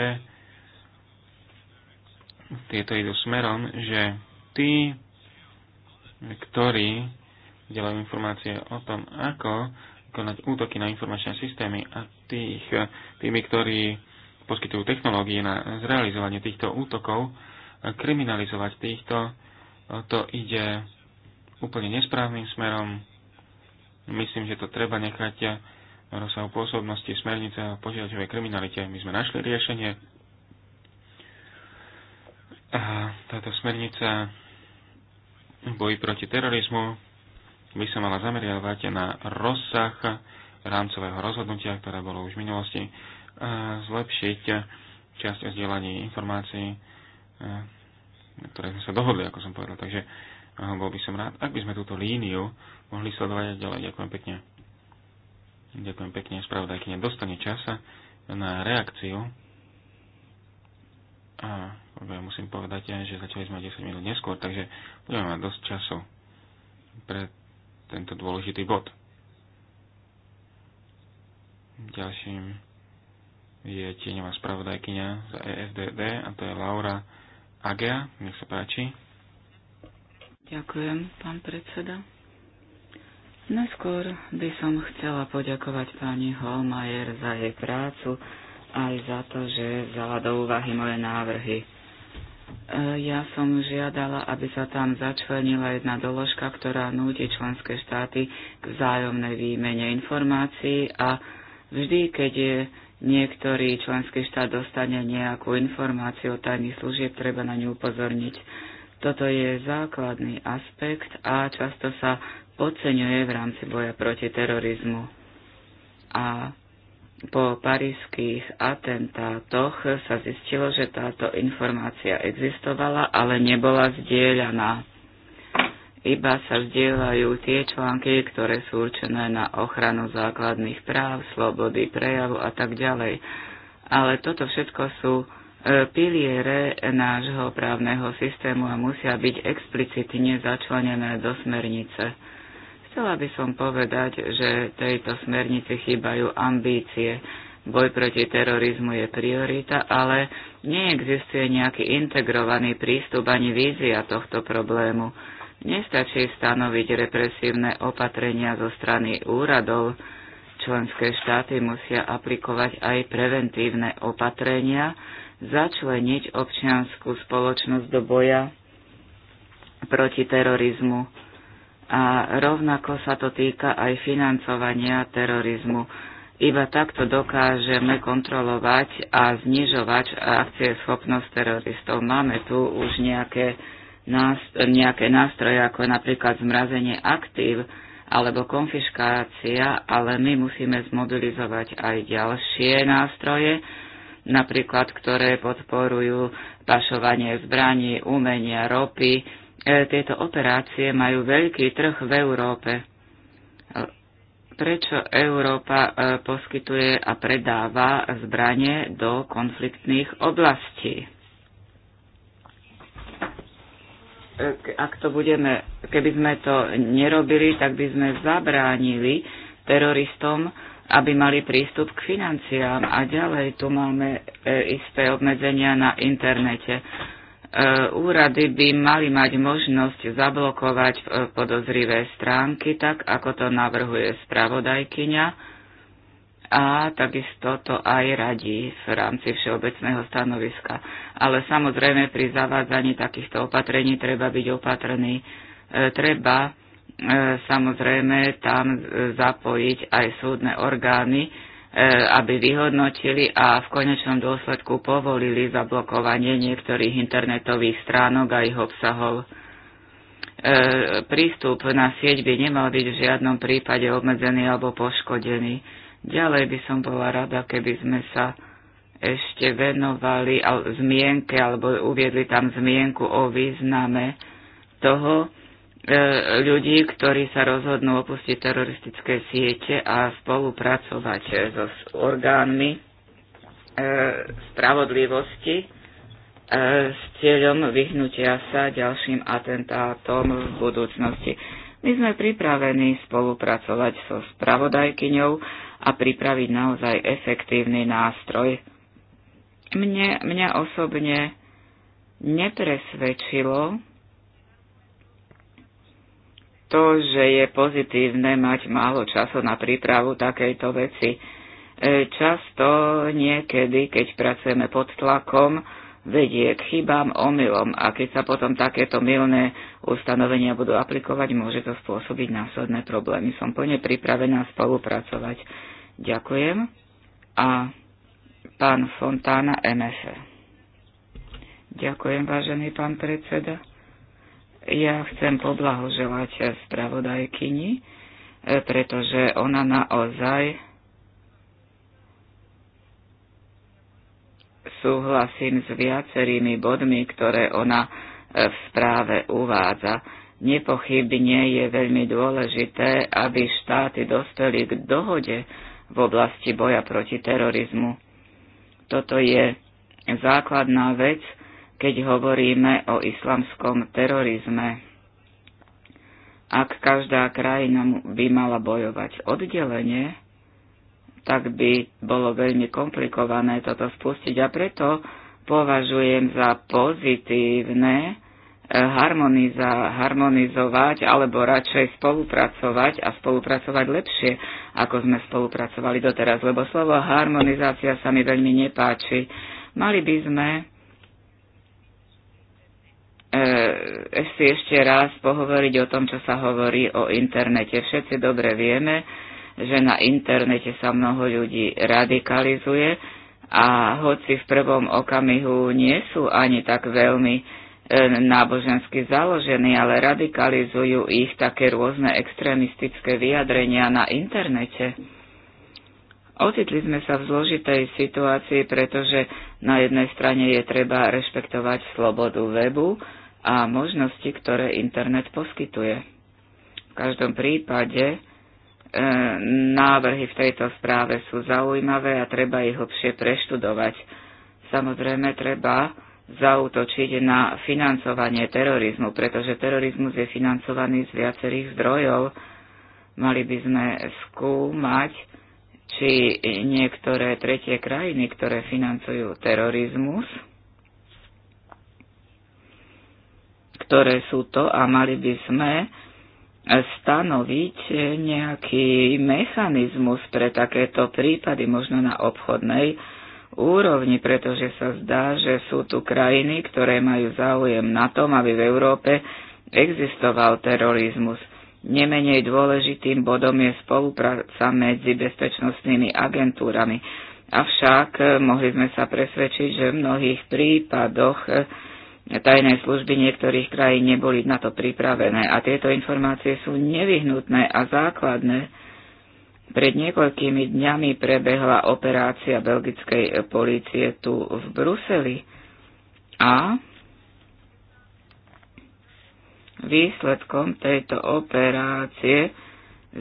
tieto idú smerom, že tí, ktorí delajú informácie o tom, ako konať útoky na informačné systémy a tých, tými, ktorí poskytujú technológie na zrealizovanie týchto útokov, kriminalizovať týchto, to ide úplne nesprávnym smerom. Myslím, že to treba nechať rozsahu pôsobnosti smernice o požiadavej kriminalite. My sme našli riešenie. A táto smernica v boji proti terorizmu by sa mala zameriavať na rozsah rámcového rozhodnutia, ktoré bolo už v minulosti zlepšiť časť o zdieľaní informácií, e, na ktoré sme sa dohodli, ako som povedal. Takže e, bol by som rád, ak by sme túto líniu mohli sledovať ďalej. Ďakujem pekne. Ďakujem pekne, spravodajkyne dostane časa na reakciu. A musím povedať, že začali sme 10 minút neskôr, takže budeme mať dosť času pre tento dôležitý bod. Ďalším je tieňová spravodajkynia za EFDD a to je Laura Agea. Nech sa páči. Ďakujem, pán predseda. Najskôr by som chcela poďakovať pani Holmajer za jej prácu aj za to, že vzala do úvahy moje návrhy. E, ja som žiadala, aby sa tam začlenila jedna doložka, ktorá núti členské štáty k vzájomnej výmene informácií a vždy, keď je niektorý členský štát dostane nejakú informáciu o tajných služieb, treba na ňu upozorniť. Toto je základný aspekt a často sa podceňuje v rámci boja proti terorizmu. A po parížských atentátoch sa zistilo, že táto informácia existovala, ale nebola zdieľaná. Iba sa vzdielajú tie články, ktoré sú určené na ochranu základných práv, slobody prejavu a tak ďalej. Ale toto všetko sú e, piliere nášho právneho systému a musia byť explicitne začlenené do smernice. Chcela by som povedať, že tejto smernici chýbajú ambície. Boj proti terorizmu je priorita, ale neexistuje nejaký integrovaný prístup ani vízia tohto problému. Nestačí stanoviť represívne opatrenia zo strany úradov. Členské štáty musia aplikovať aj preventívne opatrenia, začleniť občianskú spoločnosť do boja proti terorizmu. A rovnako sa to týka aj financovania terorizmu. Iba takto dokážeme kontrolovať a znižovať akcie schopnosť teroristov. Máme tu už nejaké nejaké nástroje, ako napríklad zmrazenie aktív alebo konfiškácia, ale my musíme zmobilizovať aj ďalšie nástroje, napríklad ktoré podporujú pašovanie zbraní, umenia, ropy. E, tieto operácie majú veľký trh v Európe. E, prečo Európa e, poskytuje a predáva zbranie do konfliktných oblastí? E, ak to budeme, keby sme to nerobili, tak by sme zabránili teroristom, aby mali prístup k financiám. A ďalej tu máme e, isté obmedzenia na internete. E, úrady by mali mať možnosť zablokovať podozrivé stránky, tak ako to navrhuje spravodajkyňa a takisto to aj radí v rámci všeobecného stanoviska ale samozrejme pri zavádzaní takýchto opatrení treba byť opatrný. E, treba e, samozrejme tam e, zapojiť aj súdne orgány, e, aby vyhodnotili a v konečnom dôsledku povolili zablokovanie niektorých internetových stránok a ich obsahov. E, prístup na sieť by nemal byť v žiadnom prípade obmedzený alebo poškodený. Ďalej by som bola rada, keby sme sa ešte venovali zmienke alebo uviedli tam zmienku o význame toho, e, ľudí, ktorí sa rozhodnú opustiť teroristické siete a spolupracovať e, so orgánmi e, spravodlivosti e, s cieľom vyhnutia sa ďalším atentátom v budúcnosti. My sme pripravení spolupracovať so spravodajkyňou a pripraviť naozaj efektívny nástroj. Mne, mňa osobne nepresvedčilo to, že je pozitívne mať málo času na prípravu takejto veci. E, často niekedy, keď pracujeme pod tlakom, vedie k chybám, omylom a keď sa potom takéto milné ustanovenia budú aplikovať, môže to spôsobiť následné problémy. Som plne pripravená spolupracovať. Ďakujem. A pán Fontána MF. Ďakujem, vážený pán predseda. Ja chcem poblahoželať spravodajkyni, e, pretože ona naozaj súhlasím s viacerými bodmi, ktoré ona e, v správe uvádza. Nepochybne je veľmi dôležité, aby štáty dospeli k dohode v oblasti boja proti terorizmu. Toto je základná vec, keď hovoríme o islamskom terorizme. Ak každá krajina by mala bojovať oddelenie, tak by bolo veľmi komplikované toto spustiť a preto považujem za pozitívne, harmoniza, harmonizovať alebo radšej spolupracovať a spolupracovať lepšie, ako sme spolupracovali doteraz, lebo slovo harmonizácia sa mi veľmi nepáči. Mali by sme e, si ešte raz pohovoriť o tom, čo sa hovorí o internete. Všetci dobre vieme, že na internete sa mnoho ľudí radikalizuje a hoci v prvom okamihu nie sú ani tak veľmi E, nábožensky založení, ale radikalizujú ich také rôzne extrémistické vyjadrenia na internete. Ocitli sme sa v zložitej situácii, pretože na jednej strane je treba rešpektovať slobodu webu a možnosti, ktoré internet poskytuje. V každom prípade e, návrhy v tejto správe sú zaujímavé a treba ich hlbšie preštudovať. Samozrejme, treba zautočiť na financovanie terorizmu, pretože terorizmus je financovaný z viacerých zdrojov. Mali by sme skúmať, či niektoré tretie krajiny, ktoré financujú terorizmus, ktoré sú to a mali by sme stanoviť nejaký mechanizmus pre takéto prípady, možno na obchodnej úrovni, pretože sa zdá, že sú tu krajiny, ktoré majú záujem na tom, aby v Európe existoval terorizmus. Nemenej dôležitým bodom je spolupráca medzi bezpečnostnými agentúrami. Avšak eh, mohli sme sa presvedčiť, že v mnohých prípadoch eh, tajné služby niektorých krajín neboli na to pripravené a tieto informácie sú nevyhnutné a základné pred niekoľkými dňami prebehla operácia belgickej policie tu v Bruseli a výsledkom tejto operácie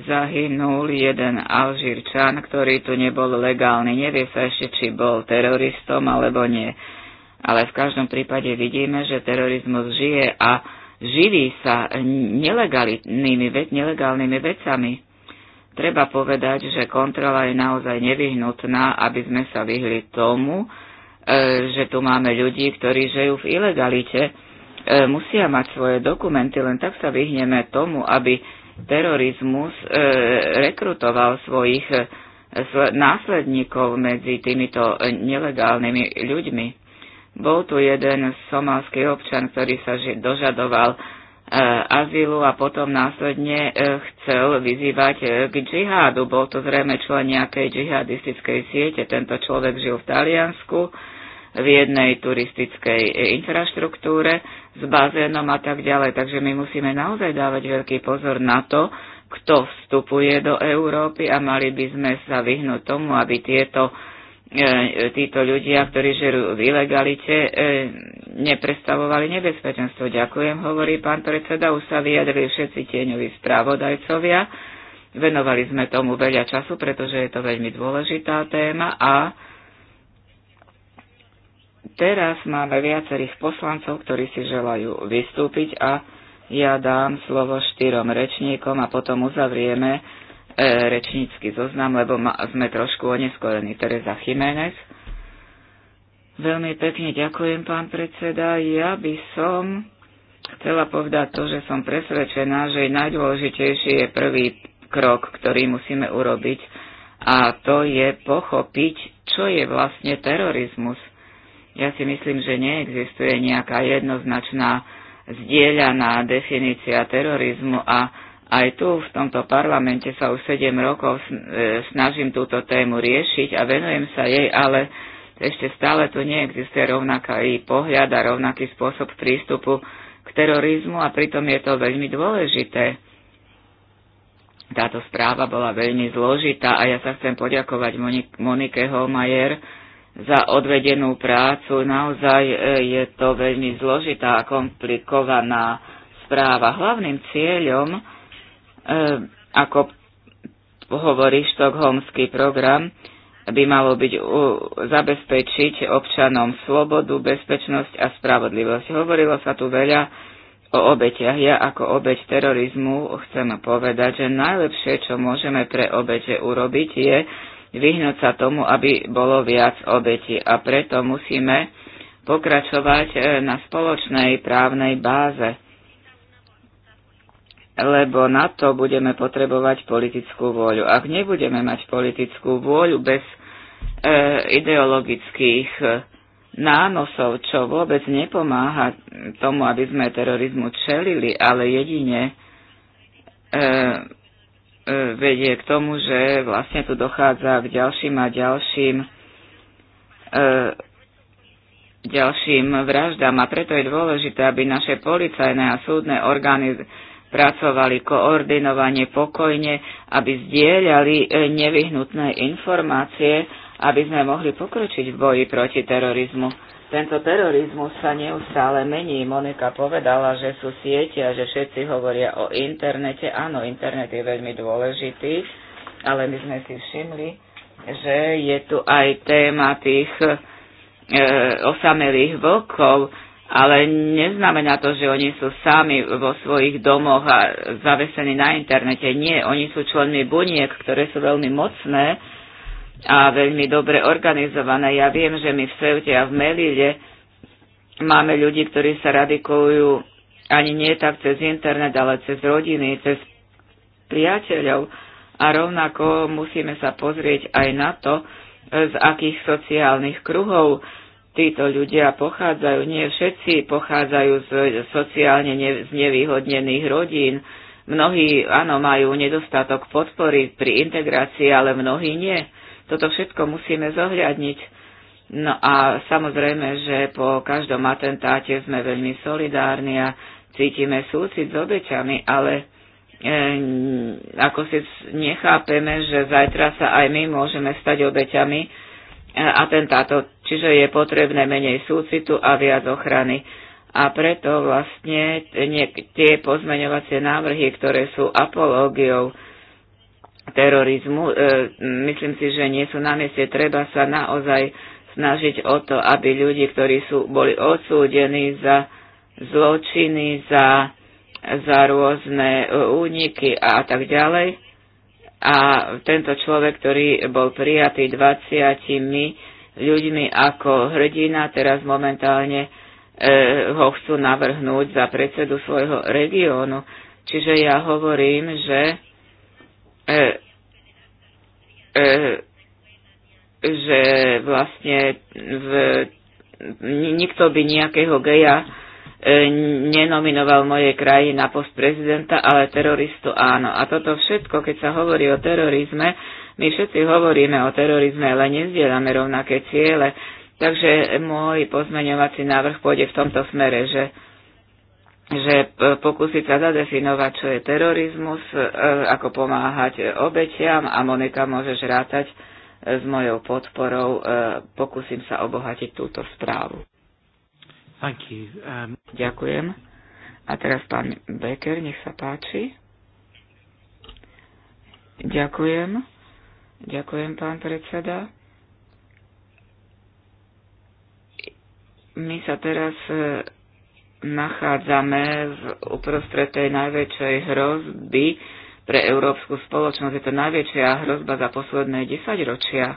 zahynul jeden Alžírčan, ktorý tu nebol legálny. Nevie sa ešte, či bol teroristom alebo nie. Ale v každom prípade vidíme, že terorizmus žije a živí sa nelegálnymi, nelegálnymi vecami. Treba povedať, že kontrola je naozaj nevyhnutná, aby sme sa vyhli tomu, e, že tu máme ľudí, ktorí žijú v ilegalite, e, musia mať svoje dokumenty, len tak sa vyhneme tomu, aby terorizmus e, rekrutoval svojich následníkov medzi týmito nelegálnymi ľuďmi. Bol tu jeden somalský občan, ktorý sa dožadoval E, azylu a potom následne e, chcel vyzývať e, k džihádu. Bol to zrejme člen nejakej džihadistickej siete. Tento človek žil v Taliansku v jednej turistickej infraštruktúre s bazénom a tak ďalej. Takže my musíme naozaj dávať veľký pozor na to, kto vstupuje do Európy a mali by sme sa vyhnúť tomu, aby tieto E, e, títo ľudia, ktorí žerú v ilegalite, e, neprestavovali nebezpečenstvo. Ďakujem, hovorí pán predseda, už sa vyjadrili všetci tieňoví správodajcovia. Venovali sme tomu veľa času, pretože je to veľmi dôležitá téma a teraz máme viacerých poslancov, ktorí si želajú vystúpiť a ja dám slovo štyrom rečníkom a potom uzavrieme E, rečnícky zoznam, lebo ma, sme trošku oneskorení. Teresa Chimenec. Veľmi pekne ďakujem, pán predseda. Ja by som chcela povedať to, že som presvedčená, že najdôležitejší je prvý krok, ktorý musíme urobiť a to je pochopiť, čo je vlastne terorizmus. Ja si myslím, že neexistuje nejaká jednoznačná zdieľaná definícia terorizmu a aj tu v tomto parlamente sa už 7 rokov e, snažím túto tému riešiť a venujem sa jej, ale ešte stále tu neexistuje rovnaký pohľad a rovnaký spôsob prístupu k terorizmu a pritom je to veľmi dôležité. Táto správa bola veľmi zložitá a ja sa chcem poďakovať Monike Holmajer za odvedenú prácu. Naozaj e, je to veľmi zložitá a komplikovaná správa. Hlavným cieľom E, ako hovorí štokholmský program, by malo byť zabezpečiť občanom slobodu, bezpečnosť a spravodlivosť. Hovorilo sa tu veľa o obetiach. Ja ako obeť terorizmu chcem povedať, že najlepšie, čo môžeme pre obete urobiť, je vyhnúť sa tomu, aby bolo viac obeti. A preto musíme pokračovať e, na spoločnej právnej báze lebo na to budeme potrebovať politickú vôľu. Ak nebudeme mať politickú vôľu bez e, ideologických e, nánosov, čo vôbec nepomáha tomu, aby sme terorizmu čelili, ale jedine e, e, vedie k tomu, že vlastne tu dochádza k ďalším a ďalším e, ďalším vraždám a preto je dôležité, aby naše policajné a súdne organizácie pracovali koordinovane, pokojne, aby zdieľali e, nevyhnutné informácie, aby sme mohli pokročiť v boji proti terorizmu. Tento terorizmus sa neustále mení. Monika povedala, že sú siete a že všetci hovoria o internete. Áno, internet je veľmi dôležitý, ale my sme si všimli, že je tu aj téma tých e, osamelých vlkov, ale neznamená to, že oni sú sami vo svojich domoch a zavesení na internete. Nie, oni sú členmi buniek, ktoré sú veľmi mocné a veľmi dobre organizované. Ja viem, že my v Seute a v Melile máme ľudí, ktorí sa radikujú ani nie tak cez internet, ale cez rodiny, cez priateľov. A rovnako musíme sa pozrieť aj na to, z akých sociálnych kruhov títo ľudia pochádzajú. Nie všetci pochádzajú z sociálne z nevýhodnených rodín. Mnohí, áno, majú nedostatok podpory pri integrácii, ale mnohí nie. Toto všetko musíme zohľadniť. No a samozrejme, že po každom atentáte sme veľmi solidárni a cítime súcit s obeťami, ale e, ako si nechápeme, že zajtra sa aj my môžeme stať obeťami e, atentátov Čiže je potrebné menej súcitu a viac ochrany. A preto vlastne tie pozmeňovacie návrhy, ktoré sú apológiou terorizmu, e, myslím si, že nie sú na mieste. Treba sa naozaj snažiť o to, aby ľudí, ktorí sú, boli odsúdení za zločiny, za, za rôzne e, úniky a tak ďalej, a tento človek, ktorý bol prijatý 20 ľuďmi ako hrdina, teraz momentálne e, ho chcú navrhnúť za predsedu svojho regiónu. Čiže ja hovorím, že, e, e, že vlastne v, nikto by nejakého geja e, nenominoval mojej kraji na post prezidenta, ale teroristu áno. A toto všetko, keď sa hovorí o terorizme, my všetci hovoríme o terorizme, ale nezdielame rovnaké ciele. Takže môj pozmeňovací návrh pôjde v tomto smere, že, že pokúsiť sa zadefinovať, čo je terorizmus, e, ako pomáhať obetiam a Monika môžeš rátať e, s mojou podporou. E, pokúsim sa obohatiť túto správu. Thank you. Um... Ďakujem. A teraz pán Becker, nech sa páči. Ďakujem. Ďakujem, pán predseda. My sa teraz e, nachádzame v uprostred tej najväčšej hrozby pre európsku spoločnosť. Je to najväčšia hrozba za posledné desaťročia.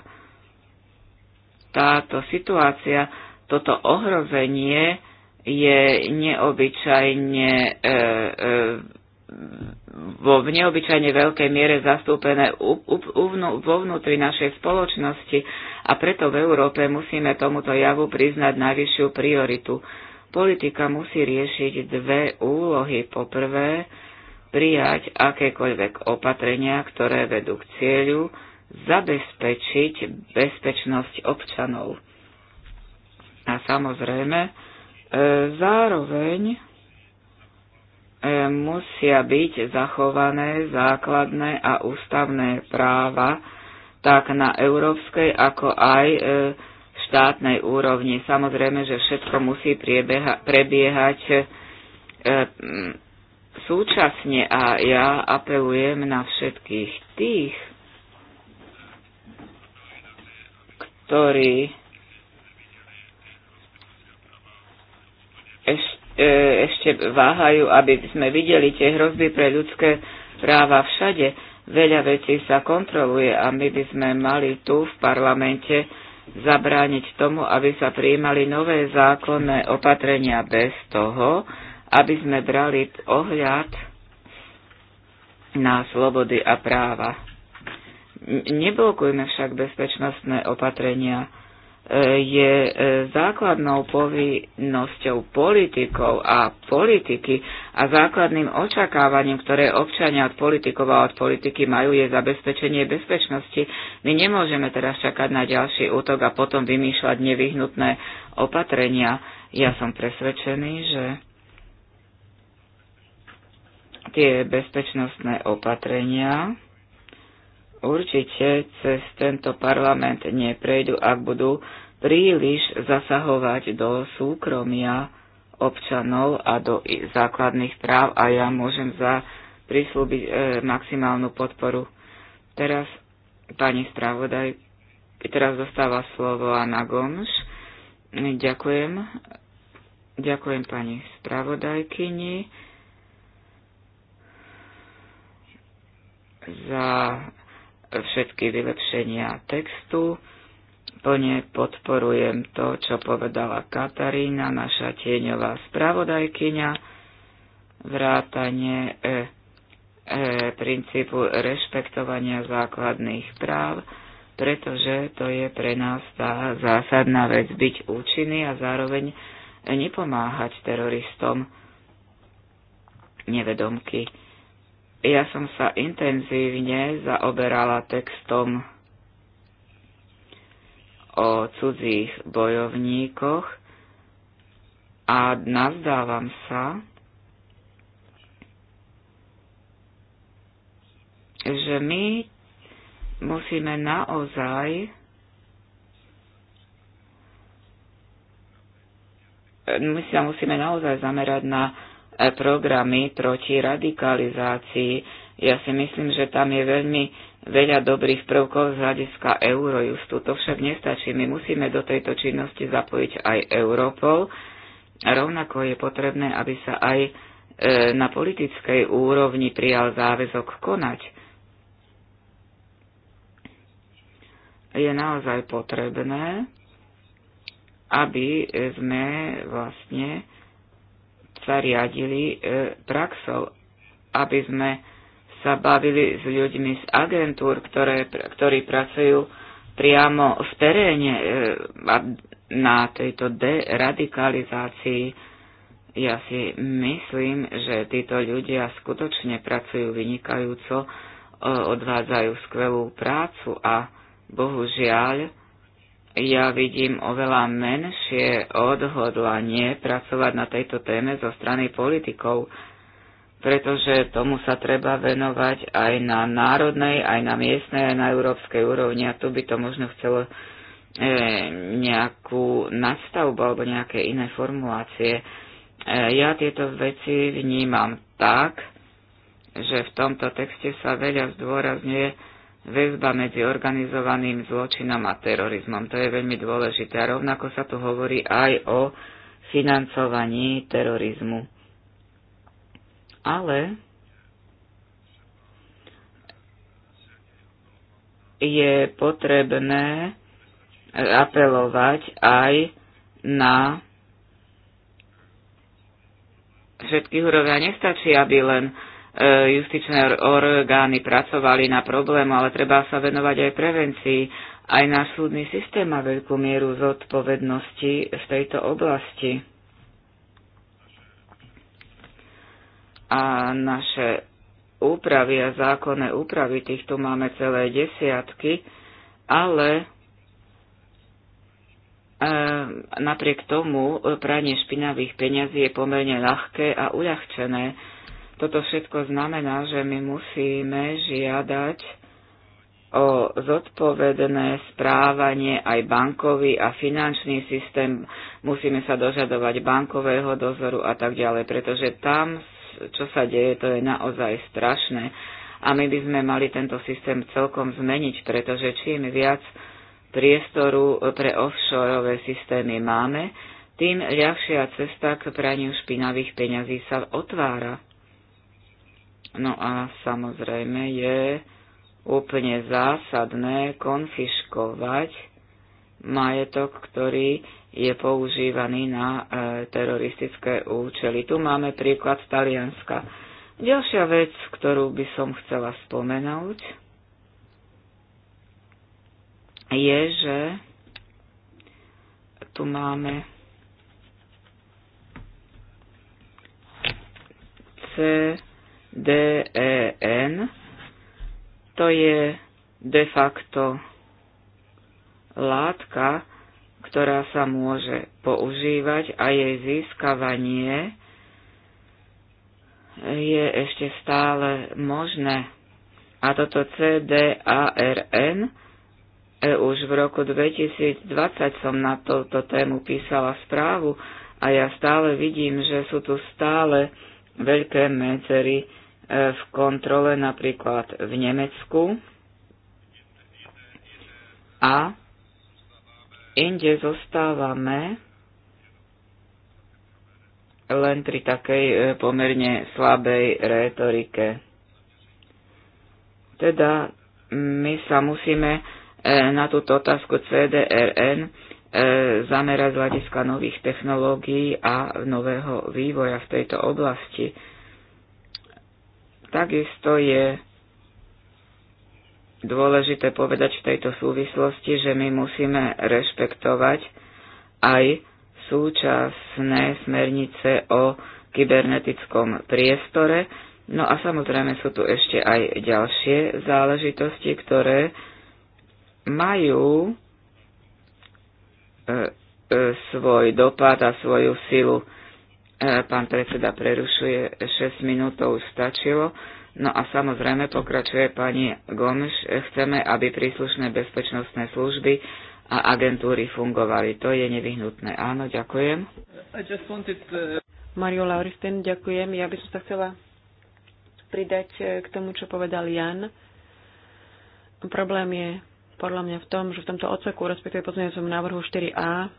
Táto situácia, toto ohrozenie je neobyčajne e, e, vo neobyčajne veľkej miere zastúpené u, u, vo vnútri našej spoločnosti a preto v Európe musíme tomuto javu priznať najvyššiu prioritu. Politika musí riešiť dve úlohy. Po prvé, prijať akékoľvek opatrenia, ktoré vedú k cieľu zabezpečiť bezpečnosť občanov. A samozrejme, e, zároveň musia byť zachované základné a ústavné práva tak na európskej ako aj e, štátnej úrovni. Samozrejme, že všetko musí priebeha, prebiehať e, súčasne a ja apelujem na všetkých tých, ktorí ešte E, ešte váhajú, aby sme videli tie hrozby pre ľudské práva všade. Veľa vecí sa kontroluje a my by sme mali tu v parlamente zabrániť tomu, aby sa prijímali nové zákonné opatrenia bez toho, aby sme brali ohľad na slobody a práva. Neblokujme však bezpečnostné opatrenia je e, základnou povinnosťou politikov a politiky a základným očakávaním, ktoré občania od politikov a od politiky majú, je zabezpečenie bezpečnosti. My nemôžeme teraz čakať na ďalší útok a potom vymýšľať nevyhnutné opatrenia. Ja som presvedčený, že tie bezpečnostné opatrenia určite cez tento parlament neprejdu, ak budú príliš zasahovať do súkromia občanov a do základných práv a ja môžem za prislúbiť e, maximálnu podporu. Teraz pani spravodaj, teraz dostáva slovo Anna Gomš. Ďakujem. Ďakujem pani spravodajkyni za všetky vylepšenia textu. Plne podporujem to, čo povedala Katarína, naša tieňová spravodajkyňa, vrátanie e, e, princípu rešpektovania základných práv, pretože to je pre nás tá zásadná vec byť účinný a zároveň nepomáhať teroristom nevedomky. Ja som sa intenzívne zaoberala textom o cudzích bojovníkoch a nazdávam sa, že my musíme naozaj my sa musíme naozaj zamerať na E, programy proti radikalizácii. Ja si myslím, že tam je veľmi veľa dobrých prvkov z hľadiska Eurojustu. To však nestačí. My musíme do tejto činnosti zapojiť aj Europol. Rovnako je potrebné, aby sa aj e, na politickej úrovni prijal záväzok konať. Je naozaj potrebné, aby sme vlastne sa riadili e, praxou, aby sme sa bavili s ľuďmi z agentúr, ktoré, ktorí pracujú priamo v teréne e, na tejto deradikalizácii. Ja si myslím, že títo ľudia skutočne pracujú vynikajúco, e, odvádzajú skvelú prácu a bohužiaľ ja vidím oveľa menšie odhodlanie pracovať na tejto téme zo strany politikov, pretože tomu sa treba venovať aj na národnej, aj na miestnej, aj na európskej úrovni a tu by to možno chcelo e, nejakú nadstavbu alebo nejaké iné formulácie. E, ja tieto veci vnímam tak, že v tomto texte sa veľa zdôrazňuje väzba medzi organizovaným zločinom a terorizmom. To je veľmi dôležité. A rovnako sa tu hovorí aj o financovaní terorizmu. Ale je potrebné apelovať aj na všetkých úroveň. Nestačí, aby len E, justičné orgány pracovali na problému, ale treba sa venovať aj prevencii. Aj náš súdny systém má veľkú mieru zodpovednosti v tejto oblasti. A naše úpravy a zákonné úpravy, tých tu máme celé desiatky, ale e, napriek tomu pranie špinavých peňazí je pomerne ľahké a uľahčené toto všetko znamená, že my musíme žiadať o zodpovedné správanie aj bankový a finančný systém. Musíme sa dožadovať bankového dozoru a tak ďalej, pretože tam, čo sa deje, to je naozaj strašné. A my by sme mali tento systém celkom zmeniť, pretože čím viac priestoru pre offshore systémy máme, tým ľahšia cesta k praniu špinavých peňazí sa otvára. No a samozrejme je úplne zásadné konfiškovať majetok, ktorý je používaný na e, teroristické účely. Tu máme príklad Talianska. Ďalšia vec, ktorú by som chcela spomenúť, je, že tu máme C DEN, to je de facto látka, ktorá sa môže používať a jej získavanie je ešte stále možné. A toto CDARN e, už v roku 2020 som na toto tému písala správu a ja stále vidím, že sú tu stále veľké medzery E, v kontrole napríklad v Nemecku a inde zostávame len pri takej e, pomerne slabej rétorike. Teda my sa musíme e, na túto otázku CDRN zamerať z hľadiska nových technológií a nového vývoja v tejto oblasti. Takisto je dôležité povedať v tejto súvislosti, že my musíme rešpektovať aj súčasné smernice o kybernetickom priestore. No a samozrejme sú tu ešte aj ďalšie záležitosti, ktoré majú e, e, svoj dopad a svoju silu. E, pán predseda prerušuje 6 minútov, stačilo. No a samozrejme, pokračuje pani Gomš, e, chceme, aby príslušné bezpečnostné služby a agentúry fungovali. To je nevyhnutné. Áno, ďakujem. Wanted... Uh, Mario Lauristen, ďakujem. Ja by som sa chcela pridať e, k tomu, čo povedal Jan. Problém je podľa mňa v tom, že v tomto odseku, respektíve som návrhu 4a,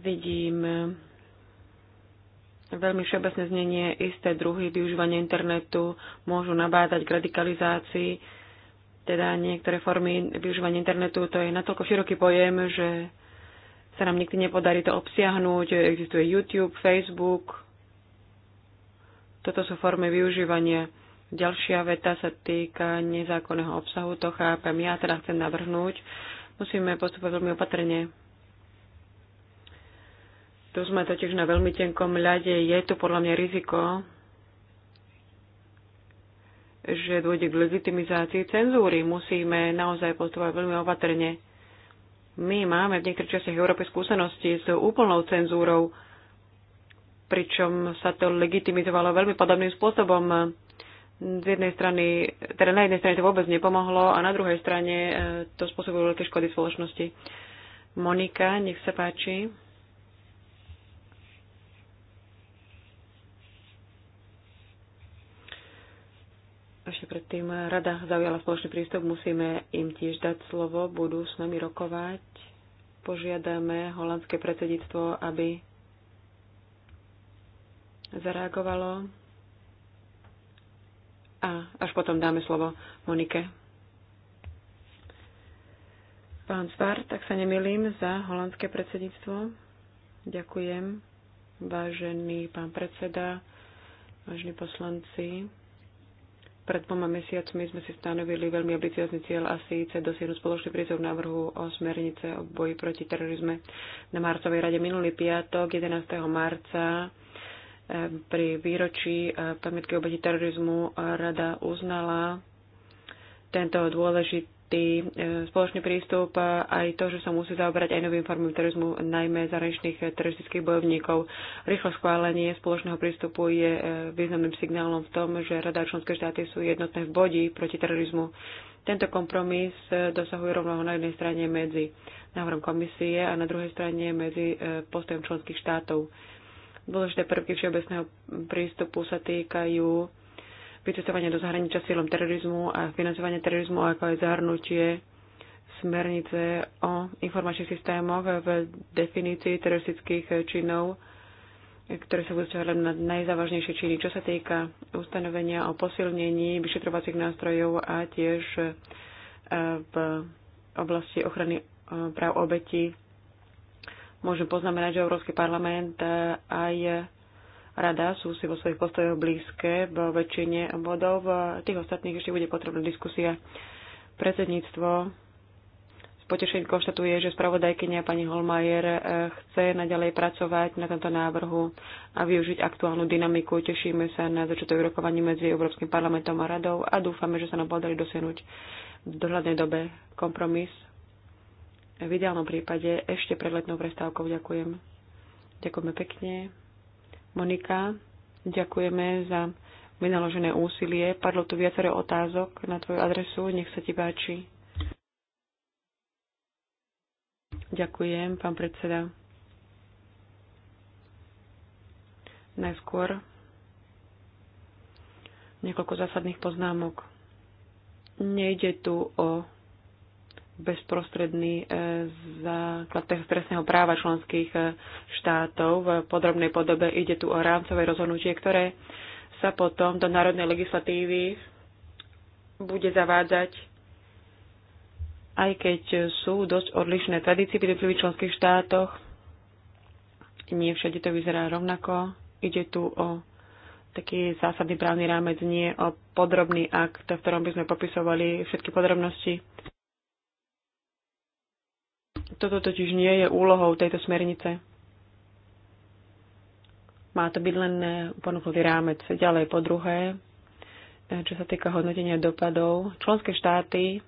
vidím veľmi všeobecné znenie, isté druhy využívania internetu môžu nabádať k radikalizácii. Teda niektoré formy využívania internetu, to je natoľko široký pojem, že sa nám nikdy nepodarí to obsiahnuť. Existuje YouTube, Facebook. Toto sú formy využívania. Ďalšia veta sa týka nezákonného obsahu, to chápem. Ja teda chcem navrhnúť. Musíme postupovať veľmi opatrne tu sme totiž na veľmi tenkom ľade. Je tu podľa mňa riziko, že dôjde k legitimizácii cenzúry. Musíme naozaj postupovať veľmi opatrne. My máme v niektorých častiach Európy skúsenosti s úplnou cenzúrou, pričom sa to legitimizovalo veľmi podobným spôsobom. Z jednej strany, teda na jednej strane to vôbec nepomohlo a na druhej strane eh, to spôsobilo veľké škody spoločnosti. Monika, nech sa páči. ešte predtým rada zaujala spoločný prístup, musíme im tiež dať slovo, budú s nami rokovať. Požiadame holandské predsedníctvo, aby zareagovalo a až potom dáme slovo Monike. Pán Svár, tak sa nemilím za holandské predsedníctvo. Ďakujem, vážený pán predseda, vážení poslanci. Pred dvoma mesiacmi sme si stanovili veľmi ambiciózny cieľ a síce dosiahnuť spoločný prízov návrhu o smernice o boji proti terorizme. Na marcovej rade minulý piatok, 11. marca, eh, pri výročí eh, pamätky obeti terorizmu eh, rada uznala tento dôležitý dôležitý spoločný prístup aj to, že sa musí zaoberať aj novým formom terorizmu, najmä zahraničných teroristických bojovníkov. Rýchlo schválenie spoločného prístupu je e, významným signálom v tom, že Rada členské štáty sú jednotné v bodi proti terorizmu. Tento kompromis e, dosahuje rovnoho na jednej strane medzi návrhom komisie a na druhej strane medzi e, postojom členských štátov. Dôležité prvky všeobecného prístupu sa týkajú vycestovanie do zahraničia s cieľom terorizmu a financovania terorizmu, ako aj zahrnutie smernice o informačných systémoch v definícii teroristických činov, ktoré sa budú vzťahovať na najzávažnejšie činy. Čo sa týka ustanovenia o posilnení vyšetrovacích nástrojov a tiež e, v oblasti ochrany e, práv obetí, môžem poznamenať, že Európsky parlament e, aj rada sú si vo svojich postojoch blízke v väčšine bodov. V tých ostatných ešte bude potrebná diskusia. Predsedníctvo s potešením konštatuje, že spravodajkynia pani Holmajer eh, chce naďalej pracovať na tomto návrhu a využiť aktuálnu dynamiku. Tešíme sa na začiatok rokovaní medzi Európskym parlamentom a radou a dúfame, že sa nám podarí dosiahnuť v dohľadnej dobe kompromis. V ideálnom prípade ešte pred letnou prestávkou ďakujem. Ďakujeme pekne. Monika, ďakujeme za vynaložené úsilie. Padlo tu viacero otázok na tvoju adresu. Nech sa ti páči. Ďakujem, pán predseda. Najskôr niekoľko zásadných poznámok. Nejde tu o bezprostredný e, základ trestného práva členských e, štátov v podrobnej podobe. Ide tu o rámcové rozhodnutie, ktoré sa potom do národnej legislatívy bude zavádzať, aj keď sú dosť odlišné tradície v jednotlivých členských štátoch. Nie všade to vyzerá rovnako. Ide tu o taký zásadný právny rámec, nie o podrobný akt, v ktorom by sme popisovali všetky podrobnosti. Toto totiž nie je úlohou tejto smernice. Má to byť len eh, ponúknutý rámec. Ďalej po druhé, eh, čo sa týka hodnotenia dopadov, členské štáty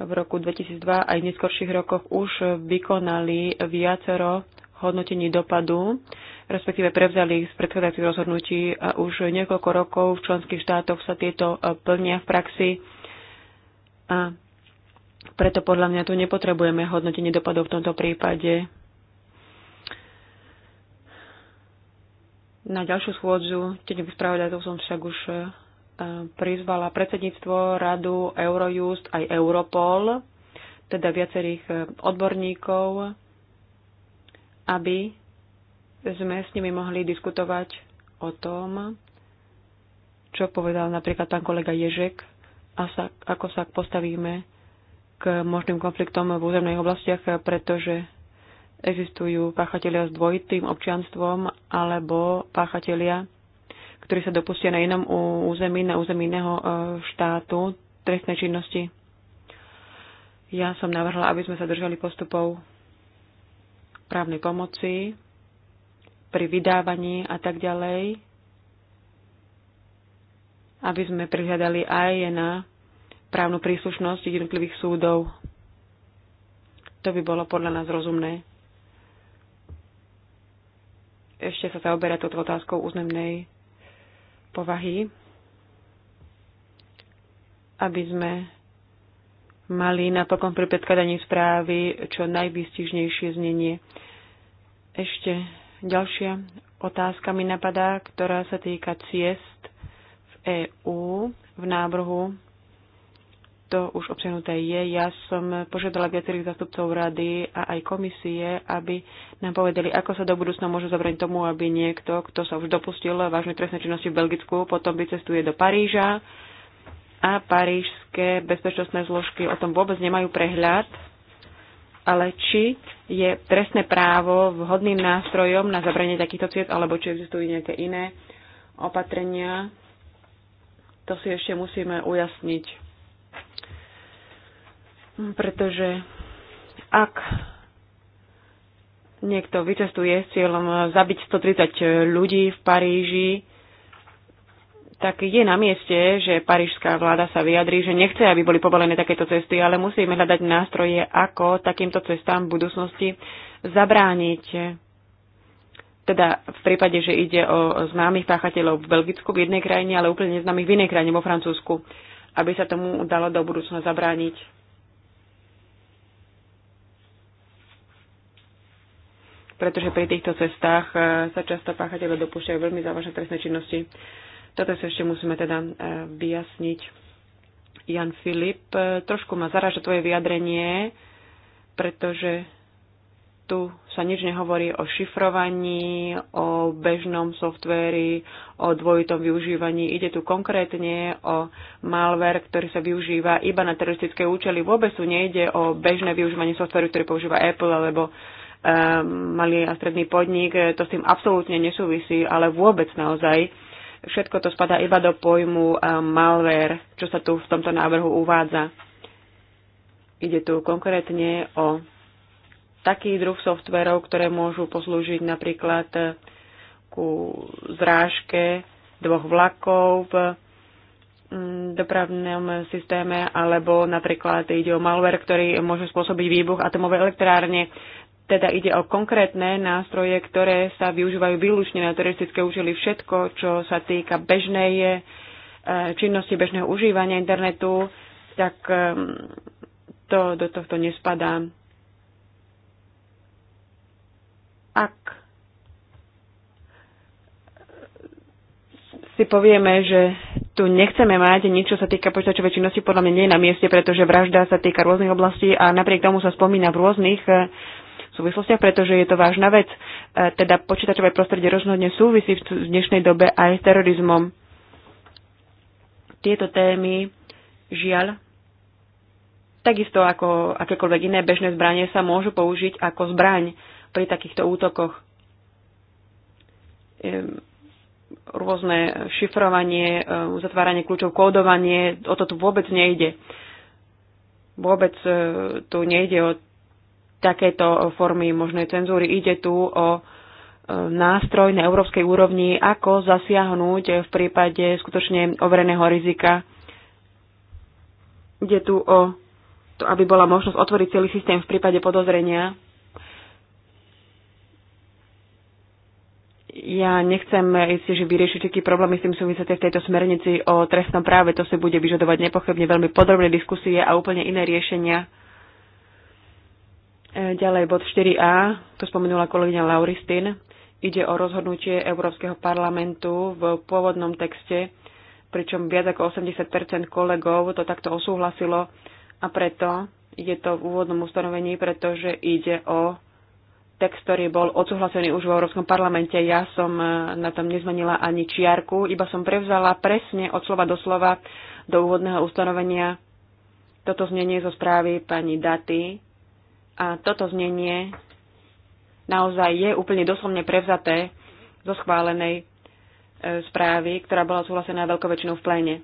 v roku 2002 aj v neskorších rokoch už vykonali viacero hodnotení dopadu, respektíve prevzali ich z predchádzajúcich rozhodnutí a už niekoľko rokov v členských štátoch sa tieto eh, plnia v praxi. A preto podľa mňa tu nepotrebujeme hodnotenie dopadov v tomto prípade. Na ďalšiu schôdzu, keď to som však už e, prizvala predsedníctvo, radu, Eurojust, aj Europol, teda viacerých e, odborníkov, aby sme s nimi mohli diskutovať o tom, čo povedal napríklad pán kolega Ježek a sa, ako sa postavíme k možným konfliktom v územných oblastiach, pretože existujú páchatelia s dvojitým občianstvom alebo páchatelia, ktorí sa dopustia na inom území, na území iného e, štátu trestnej činnosti. Ja som navrhla, aby sme sa držali postupov právnej pomoci pri vydávaní a tak ďalej, aby sme prihľadali aj na právnu príslušnosť jednotlivých súdov. To by bolo podľa nás rozumné. Ešte sa zaoberá túto otázkou územnej povahy, aby sme mali napokon pri predkladaní správy čo najvystižnejšie znenie. Ešte ďalšia otázka mi napadá, ktorá sa týka ciest v EÚ v návrhu to už obsiahnuté je. Ja som požiadala viacerých zastupcov rady a aj komisie, aby nám povedali, ako sa do budúcna môže zabrať tomu, aby niekto, kto sa už dopustil vážnej trestnej činnosti v Belgicku, potom vycestuje do Paríža a parížské bezpečnostné zložky o tom vôbec nemajú prehľad, ale či je trestné právo vhodným nástrojom na zabranie takýchto ciest, alebo či existujú nejaké iné opatrenia, to si ešte musíme ujasniť. Pretože ak niekto vycestuje s cieľom zabiť 130 ľudí v Paríži, tak je na mieste, že parížská vláda sa vyjadrí, že nechce, aby boli povolené takéto cesty, ale musíme hľadať nástroje, ako takýmto cestám v budúcnosti zabrániť. Teda v prípade, že ide o známych páchateľov v Belgicku v jednej krajine, ale úplne neznámych v inej krajine vo Francúzsku, aby sa tomu dalo do budúcna zabrániť pretože pri týchto cestách e, sa často páchateľe dopúšťajú veľmi závažné trestné činnosti. Toto sa ešte musíme teda e, vyjasniť. Jan Filip, e, trošku ma zaraža tvoje vyjadrenie, pretože tu sa nič nehovorí o šifrovaní, o bežnom softvéri, o dvojitom využívaní. Ide tu konkrétne o malware, ktorý sa využíva iba na teroristické účely. Vôbec tu nejde o bežné využívanie softvéru, ktorý používa Apple alebo Ehm, malý a stredný podnik, e, to s tým absolútne nesúvisí, ale vôbec naozaj. Všetko to spadá iba do pojmu e, malware, čo sa tu v tomto návrhu uvádza. Ide tu konkrétne o taký druh softverov, ktoré môžu poslúžiť napríklad e, ku zrážke dvoch vlakov v mm, dopravnom systéme, alebo napríklad ide o malware, ktorý môže spôsobiť výbuch atomovej elektrárne. Teda ide o konkrétne nástroje, ktoré sa využívajú výlučne na turistické účely. Všetko, čo sa týka bežnej eh, činnosti, bežného užívania internetu, tak ehm, to do tohto nespadá. Ak si povieme, že tu nechceme mať nič, čo sa týka počítačovej činnosti, podľa mňa nie je na mieste, pretože vražda sa týka rôznych oblastí a napriek tomu sa spomína v rôznych eh, súvislostiach, pretože je to vážna vec. E, teda počítačové prostredie rozhodne súvisí v dnešnej dobe aj s terorizmom. Tieto témy, žiaľ, takisto ako akékoľvek iné bežné zbranie sa môžu použiť ako zbraň pri takýchto útokoch. E, rôzne šifrovanie, e, uzatváranie kľúčov, kódovanie, o to tu vôbec nejde vôbec tu nejde o takéto formy možnej cenzúry. Ide tu o e, nástroj na európskej úrovni, ako zasiahnuť v prípade skutočne overeného rizika. Ide tu o to, aby bola možnosť otvoriť celý systém v prípade podozrenia. Ja nechcem isté, že vyriešiť všetky problémy s tým súvisiace v tejto smernici o trestnom práve. To si bude vyžadovať nepochybne veľmi podrobné diskusie a úplne iné riešenia E, ďalej bod 4a, to spomenula kolegyňa Lauristin. Ide o rozhodnutie Európskeho parlamentu v pôvodnom texte, pričom viac ako 80 kolegov to takto osúhlasilo a preto je to v úvodnom ustanovení, pretože ide o text, ktorý bol odsúhlasený už v Európskom parlamente. Ja som e, na tom nezmenila ani čiarku, iba som prevzala presne od slova do slova do úvodného ustanovenia toto znenie zo správy pani Daty a toto znenie naozaj je úplne doslovne prevzaté zo schválenej e, správy, ktorá bola súhlasená veľkou väčšinou v pléne.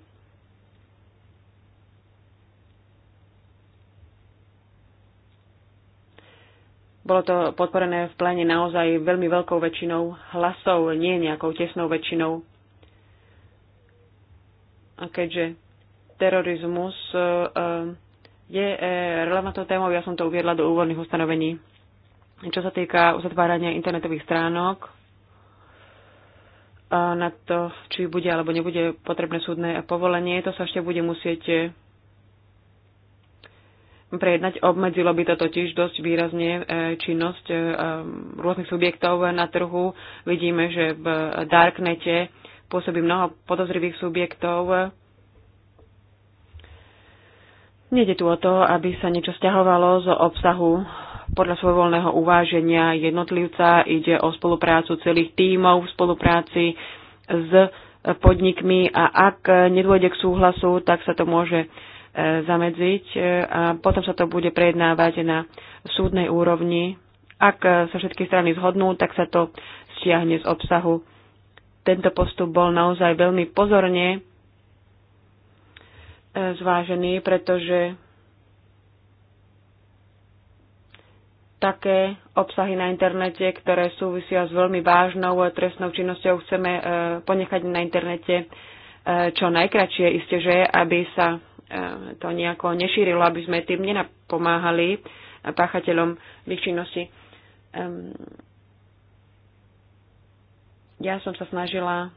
Bolo to podporené v pléne naozaj veľmi veľkou väčšinou hlasov, nie nejakou tesnou väčšinou. A keďže terorizmus uh, uh, je e, relevantnou témou, ja som to uviedla do úvodných ustanovení. Čo sa týka uzatvárania internetových stránok, na to, či bude alebo nebude potrebné súdne povolenie, to sa ešte bude musieť e, prejednať. Obmedzilo by to totiž dosť výrazne e, činnosť rôznych subjektov na trhu. Vidíme, že v Darknete pôsobí mnoho podozrivých subjektov, Nede tu o to, aby sa niečo stiahovalo z obsahu podľa svojvoľného uváženia jednotlivca. Ide o spoluprácu celých tímov v spolupráci s podnikmi a ak nedôjde k súhlasu, tak sa to môže e, zamedziť e, a potom sa to bude prejednávať na súdnej úrovni. Ak sa všetky strany zhodnú, tak sa to stiahne z obsahu. Tento postup bol naozaj veľmi pozorne zvážený, pretože také obsahy na internete, ktoré súvisia s veľmi vážnou trestnou činnosťou, chceme e, ponechať na internete e, čo najkračšie, isté, že aby sa e, to nejako nešírilo, aby sme tým nenapomáhali páchateľom v ich činnosti. Ja som sa snažila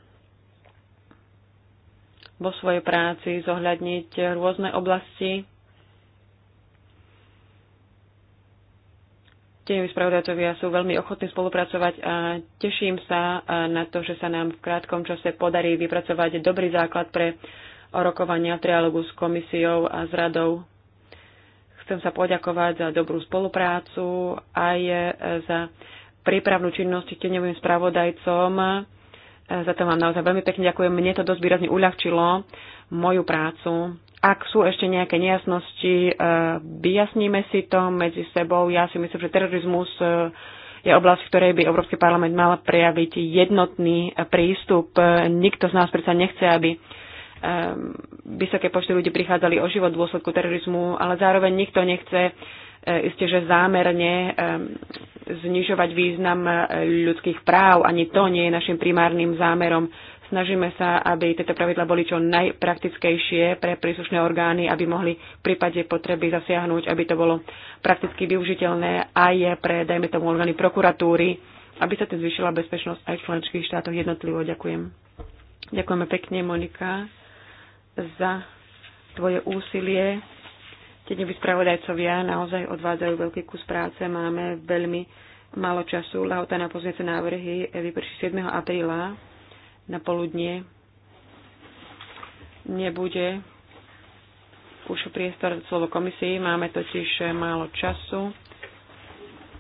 vo svojej práci zohľadniť rôzne oblasti. Tieňoví spravodajcovia sú veľmi ochotní spolupracovať a teším sa na to, že sa nám v krátkom čase podarí vypracovať dobrý základ pre rokovania v trialogu s komisiou a s radou. Chcem sa poďakovať za dobrú spoluprácu aj za prípravnú činnosť tieňovým spravodajcom za to vám naozaj veľmi pekne ďakujem. Mne to dosť výrazne uľahčilo moju prácu. Ak sú ešte nejaké nejasnosti, e, vyjasníme si to medzi sebou. Ja si myslím, že terorizmus e, je oblasť, v ktorej by Európsky parlament mal prejaviť jednotný e, prístup. Nikto z nás predsa nechce, aby vysoké počty ľudí prichádzali o život v dôsledku terorizmu, ale zároveň nikto nechce E, isté, že zámerne e, znižovať význam e, ľudských práv, ani to nie je našim primárnym zámerom. Snažíme sa, aby tieto pravidla boli čo najpraktickejšie pre príslušné orgány, aby mohli v prípade potreby zasiahnuť, aby to bolo prakticky využiteľné aj pre, dajme tomu, orgány prokuratúry, aby sa tým zvyšila bezpečnosť aj v členských štátoch jednotlivo. Ďakujem. Ďakujeme pekne, Monika, za tvoje úsilie Tieňoví spravodajcovia naozaj odvádzajú veľký kus práce. Máme veľmi málo času. Lahota na pozniece návrhy vyprší 7. apríla na poludnie. Nebude už priestor slovo komisii, máme totiž málo času.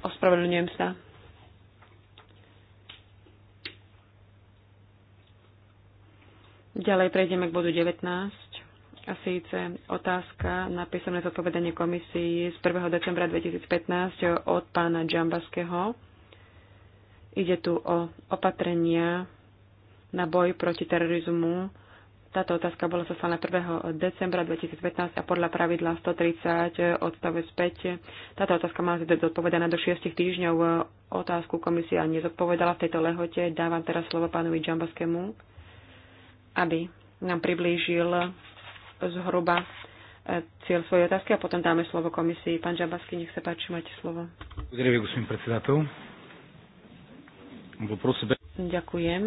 Ospravedlňujem sa. Ďalej prejdeme k bodu 19. A síce otázka na písomné zodpovedanie komisii z 1. decembra 2015 od pána Džambaského. Ide tu o opatrenia na boj proti terorizmu. Táto otázka bola zaslaná 1. decembra 2015 a podľa pravidla 130 odstavec 5. Táto otázka má byť zodpovedaná do 6 týždňov. Otázku komisia nezodpovedala v tejto lehote. Dávam teraz slovo pánovi Džambaskému, aby nám priblížil zhruba e, cieľ svojej otázky a potom dáme slovo komisii. Pán Žabasky, nech sa páči, máte slovo. Ďakujem, gospodin predsedateľ. Ďakujem.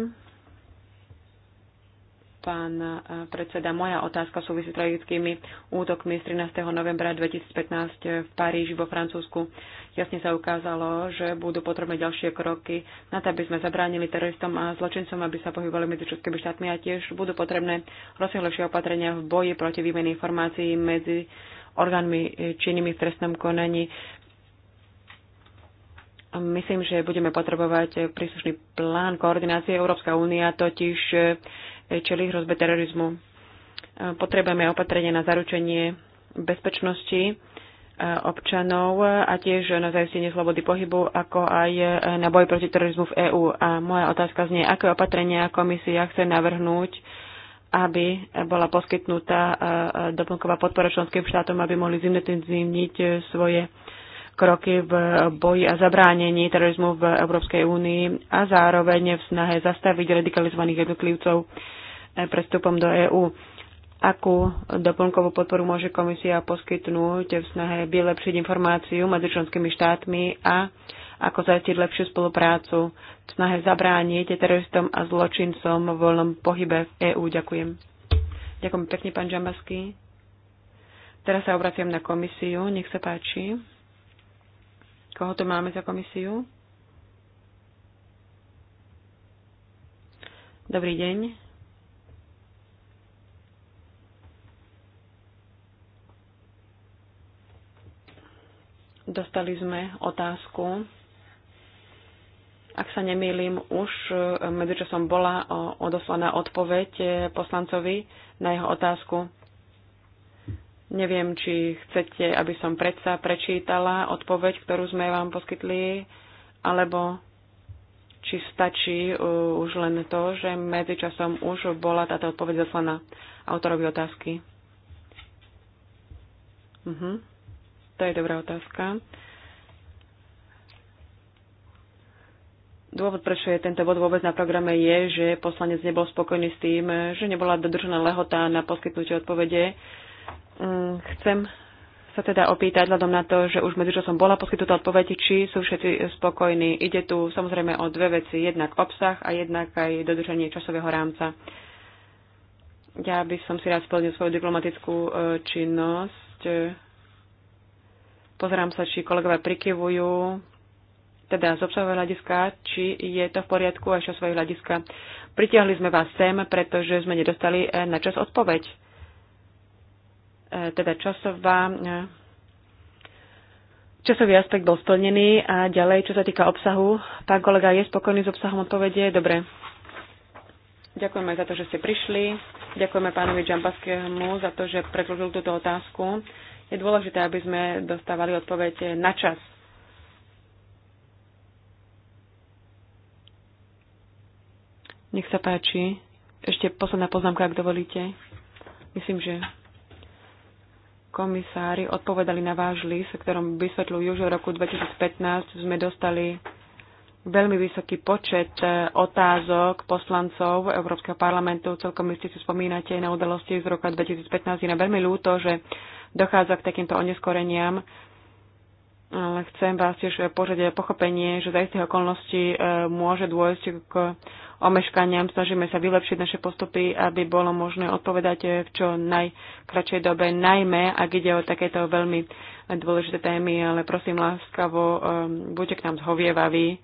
Pán eh, predseda, moja otázka súvisí s tragickými útokmi z 13. novembra 2015 v Paríži vo Francúzsku. Jasne sa ukázalo, že budú potrebné ďalšie kroky na to, aby sme zabránili teroristom a zločincom, aby sa pohybovali medzi českými štátmi a tiež budú potrebné rozsiahlejšie opatrenia v boji proti výmene informácií medzi orgánmi činnými v trestnom konaní. Myslím, že budeme potrebovať príslušný plán koordinácie. Európska únia totiž eh, čeli hrozbe terorizmu. E, potrebujeme opatrenie na zaručenie bezpečnosti e, občanov a tiež na zajistenie slobody pohybu, ako aj na boj proti terorizmu v EÚ. A moja otázka znie, aké opatrenia komisia chce navrhnúť, aby bola poskytnutá e, doplnková podpora členským štátom, aby mohli zintenzívniť svoje kroky v boji a zabránení terorizmu v Európskej únii a zároveň v snahe zastaviť radikalizovaných jednotlivcov eh, prestupom do EÚ. Akú doplnkovú podporu môže komisia poskytnúť v snahe vylepšiť informáciu medzi členskými štátmi a ako zajistiť lepšiu spoluprácu v snahe zabrániť teroristom a zločincom v voľnom pohybe v EÚ. Ďakujem. Ďakujem pekne, pán Džambasky. Teraz sa obraciam na komisiu. Nech sa páči. Koho tu máme za komisiu? Dobrý deň. Dostali sme otázku, ak sa nemýlim, už e, medzičasom bola odoslaná odpoveď e, poslancovi na jeho otázku. Neviem, či chcete, aby som predsa prečítala odpoveď, ktorú sme vám poskytli, alebo či stačí uh, už len to, že medzičasom už bola táto odpoveď zaslaná autorovi otázky. Uh-huh. To je dobrá otázka. Dôvod, prečo je tento bod vôbec na programe, je, že poslanec nebol spokojný s tým, že nebola dodržená lehota na poskytnutie odpovede Mm, chcem sa teda opýtať, hľadom na to, že už medzičasom bola poskytnutá odpoveď, či sú všetci spokojní. Ide tu samozrejme o dve veci, jednak obsah a jednak aj dodržanie časového rámca. Ja by som si rád splnil svoju diplomatickú e, činnosť. E, pozerám sa, či kolegové prikyvujú, teda z obsahového hľadiska, či je to v poriadku aj časového hľadiska. Pritiahli sme vás sem, pretože sme nedostali e, na čas odpoveď E, teda časová, e, časový aspekt bol splnený a ďalej, čo sa týka obsahu, pán kolega je spokojný s obsahom odpovede? Dobre. Ďakujeme za to, že ste prišli. Ďakujeme pánovi Džambaskému za to, že predložil túto otázku. Je dôležité, aby sme dostávali odpoveď na čas. Nech sa páči. Ešte posledná poznámka, ak dovolíte. Myslím, že komisári odpovedali na váš list, ktorom vysvetľujú, že v roku 2015 sme dostali veľmi vysoký počet e, otázok poslancov Európskeho parlamentu. Celkom iste si spomínate na udalosti z roka 2015. Je na veľmi ľúto, že dochádza k takýmto oneskoreniam ale chcem vás tiež eh, požiť pochopenie, že za istých okolností eh, môže dôjsť k omeškaniam. Snažíme sa vylepšiť naše postupy, aby bolo možné odpovedať eh, v čo najkračej dobe, najmä ak ide o takéto veľmi dôležité témy, ale prosím láskavo, buďte k nám zhovievaví.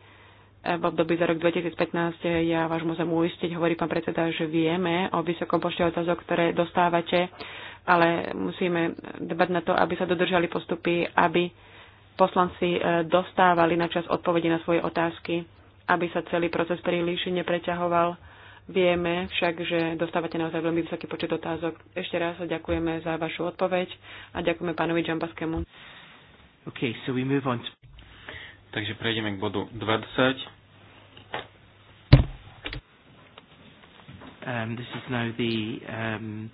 V období za rok 2015 ja vás môžem uistiť, hovorí pán predseda, že vieme o vysokom počte otázok, ktoré dostávate, ale musíme dbať na to, aby sa dodržali postupy, aby poslanci e, dostávali na čas odpovede na svoje otázky, aby sa celý proces príliš nepreťahoval. Vieme však, že dostávate naozaj veľmi vysoký počet otázok. Ešte raz ďakujeme za vašu odpoveď a ďakujeme pánovi Džambaskému. Okay, so we move on to... Takže prejdeme k bodu 20. Um, this is now the um,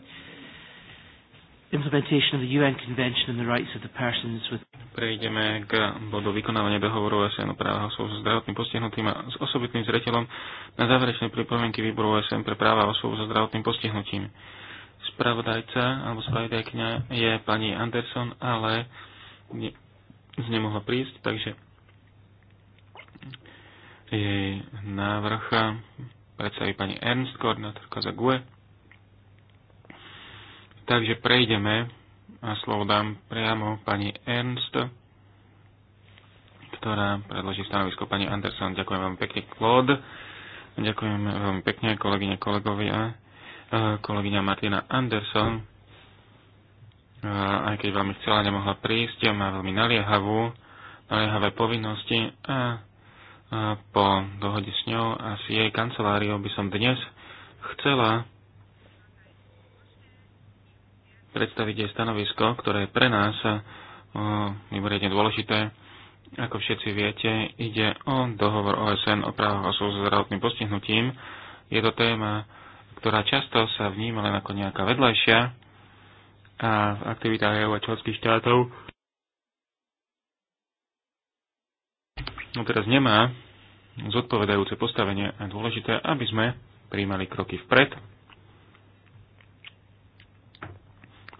implementation of the UN Convention on the Rights of the Persons with Prejdeme k bodu vykonávania dohovoru OSN o právach osôb so zdravotným postihnutím a s osobitným zreteľom na záverečné pripomienky výboru OSN pre práva osôb so zdravotným postihnutím. Spravodajca alebo spravodajkňa je pani Anderson, ale ne, nemohla prísť, takže jej návrh predstaví pani Ernst, koordinátorka za GUE. Takže prejdeme a slovo dám priamo pani Ernst, ktorá predloží stanovisko pani Anderson. Ďakujem veľmi pekne, Claude. Ďakujem veľmi pekne kolegyne, kolegovia. Kolegyňa Martina Anderson, aj keď veľmi chcela, nemohla prísť, má veľmi naliehavú, naliehavé povinnosti a po dohode s ňou a s jej kanceláriou by som dnes chcela predstaviť aj stanovisko, ktoré je pre nás eh, mimoriadne dôležité. Ako všetci viete, ide o dohovor OSN o právach osôb so zdravotným postihnutím. Je to téma, ktorá často sa vníma len ako nejaká vedľajšia a v aktivitách EU a členských štátov no teraz nemá zodpovedajúce postavenie a dôležité, aby sme príjmali kroky vpred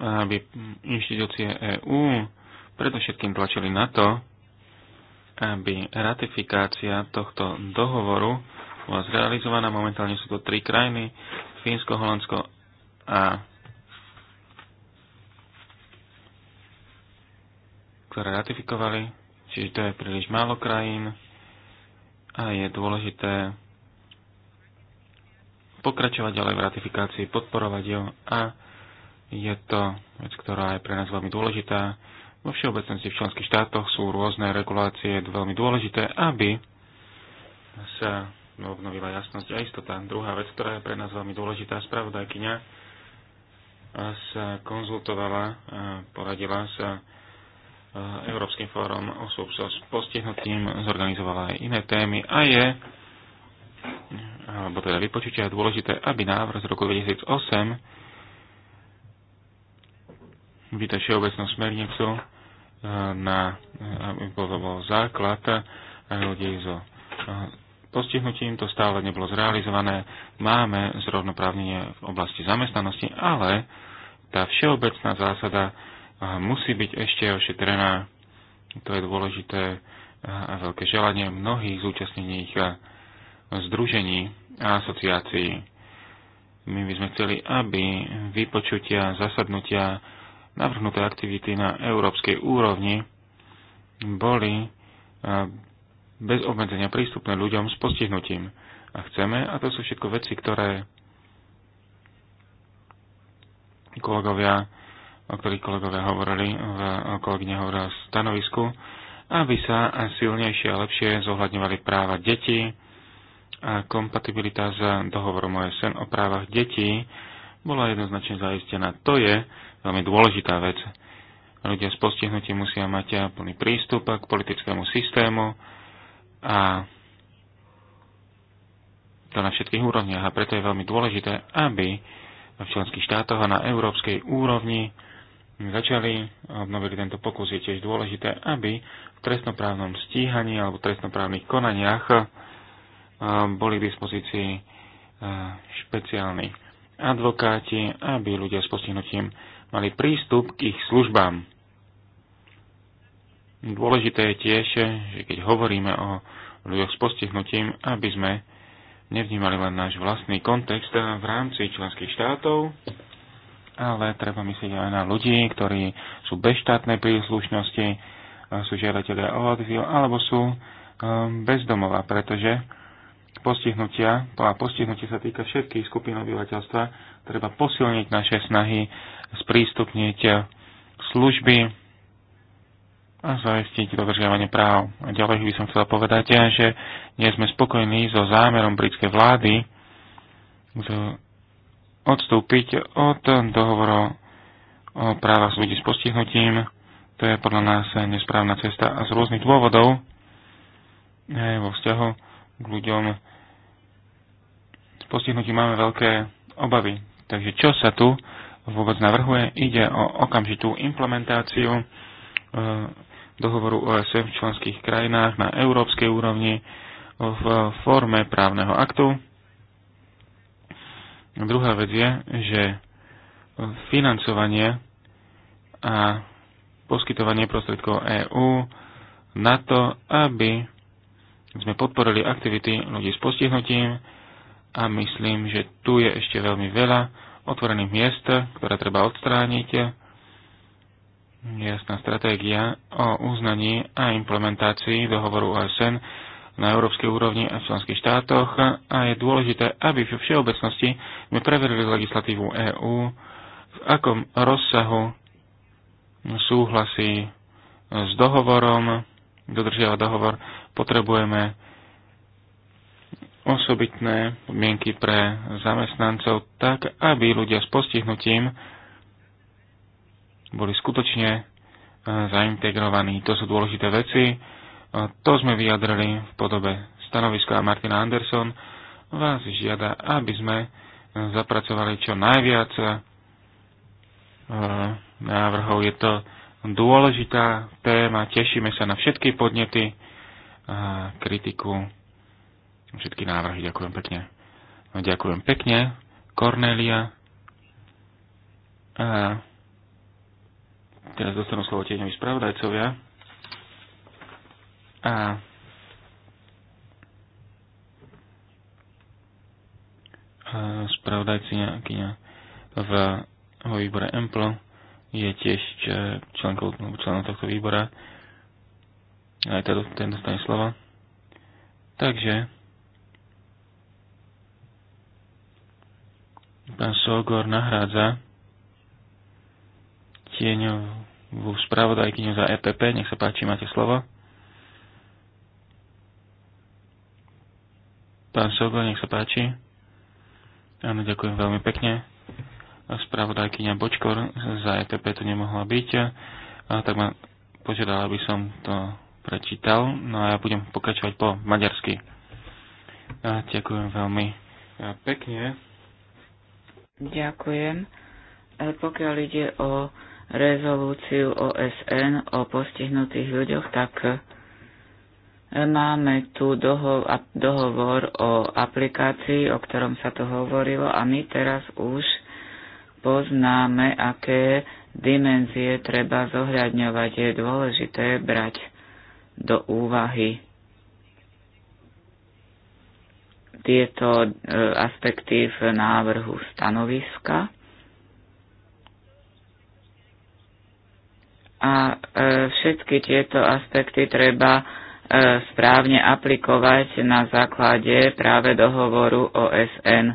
aby inštitúcie EÚ predovšetkým tlačili na to, aby ratifikácia tohto dohovoru bola zrealizovaná. Momentálne sú to tri krajiny, Fínsko, Holandsko a ktoré ratifikovali, čiže to je príliš málo krajín a je dôležité pokračovať ďalej v ratifikácii, podporovať ju a je to vec, ktorá je pre nás veľmi dôležitá. Vo všeobecnosti v členských štátoch sú rôzne regulácie veľmi dôležité, aby sa obnovila jasnosť a istota. Druhá vec, ktorá je pre nás veľmi dôležitá, spravodajkyňa sa konzultovala, poradila sa e, Európskym fórom osôb so postihnutím, zorganizovala aj iné témy a je, alebo teda vypočutia je dôležité, aby návrh z roku 2008 vyta všeobecnú smernicu e, na, e, aby bol, bol základ e, ľudí so postihnutím, to stále nebolo zrealizované. Máme zrovnoprávnenie v oblasti zamestnanosti, ale tá všeobecná zásada musí byť ešte ošetrená. To je dôležité a veľké želanie mnohých zúčastnených združení a asociácií. My by sme chceli, aby vypočutia, zasadnutia navrhnuté aktivity na európskej úrovni boli e, bez obmedzenia prístupné ľuďom s postihnutím. A chceme, a to sú všetko veci, ktoré kolegovia, o ktorých kolegovia hovorili, kolegyne hovorila v stanovisku, aby sa silnejšie a lepšie zohľadňovali práva detí a kompatibilita s dohovorom OSN o právach detí bola jednoznačne zaistená. To je veľmi dôležitá vec. Ľudia s postihnutím musia mať plný prístup k politickému systému a to na všetkých úrovniach. A preto je veľmi dôležité, aby v členských štátoch a na európskej úrovni začali obnoviť obnovili tento pokus. Je tiež dôležité, aby v trestnoprávnom stíhaní alebo trestnoprávnych konaniach eh, boli k dispozícii eh, špeciálni advokáti, aby ľudia s postihnutím mali prístup k ich službám. Dôležité je tiež, že keď hovoríme o ľuďoch s postihnutím, aby sme nevnímali len náš vlastný kontext v rámci členských štátov, ale treba myslieť aj na ľudí, ktorí sú bez štátnej príslušnosti, sú žiadatelia o odvíl, alebo sú um, bezdomová, pretože postihnutia, a postihnutie sa týka všetkých skupín obyvateľstva, Treba posilniť naše snahy, sprístupniť služby a zaistiť dodržiavanie práv. A ďalej by som chcela povedať, že nie sme spokojní so zámerom britskej vlády odstúpiť od dohovoru o právach ľudí s postihnutím. To je podľa nás nesprávna cesta a z rôznych dôvodov aj vo vzťahu k ľuďom s postihnutím máme veľké obavy. Takže čo sa tu vôbec navrhuje? Ide o okamžitú implementáciu e, dohovoru OSF v členských krajinách na európskej úrovni e, v forme právneho aktu. Druhá vec je, že financovanie a poskytovanie prostriedkov EÚ na to, aby sme podporili aktivity ľudí s postihnutím, a myslím, že tu je ešte veľmi veľa otvorených miest, ktoré treba odstrániť. Jasná stratégia o uznaní a implementácii dohovoru OSN na európskej úrovni a v členských štátoch a je dôležité, aby v všeobecnosti sme preverili legislatívu EÚ, v akom rozsahu súhlasí s dohovorom, dodržiava dohovor, potrebujeme osobitné podmienky pre zamestnancov tak, aby ľudia s postihnutím boli skutočne e, zaintegrovaní. To sú dôležité veci. E, to sme vyjadrili v podobe stanoviska a Martina Anderson vás žiada, aby sme e, zapracovali čo najviac návrhov. Je to dôležitá téma, tešíme sa na všetky podnety a kritiku všetky návrhy. Ďakujem pekne. No, Ďakujem pekne. Cornelia. A teraz dostanú slovo tieňovi spravodajcovia. A spravodajkyňa v vo výbore EMPL je tiež členkou, členom tohto výbora. Aj teda ten dostane slova. Takže Pán Sogor nahrádza tieňovú spravodajkyňu za EPP. Nech sa páči, máte slovo. Pán Sogor, nech sa páči. Áno, ďakujem veľmi pekne. Spravodajkyňa Bočkor za EPP tu nemohla byť, a tak ma požiadala, aby som to prečítal. No a ja budem pokračovať po maďarsky. A ďakujem veľmi pekne Ďakujem. E, pokiaľ ide o rezolúciu OSN o postihnutých ľuďoch, tak e, máme tu dohovor o aplikácii, o ktorom sa to hovorilo a my teraz už poznáme, aké dimenzie treba zohľadňovať. Je dôležité brať do úvahy tieto e, aspekty v návrhu stanoviska. A e, všetky tieto aspekty treba e, správne aplikovať na základe práve dohovoru OSN.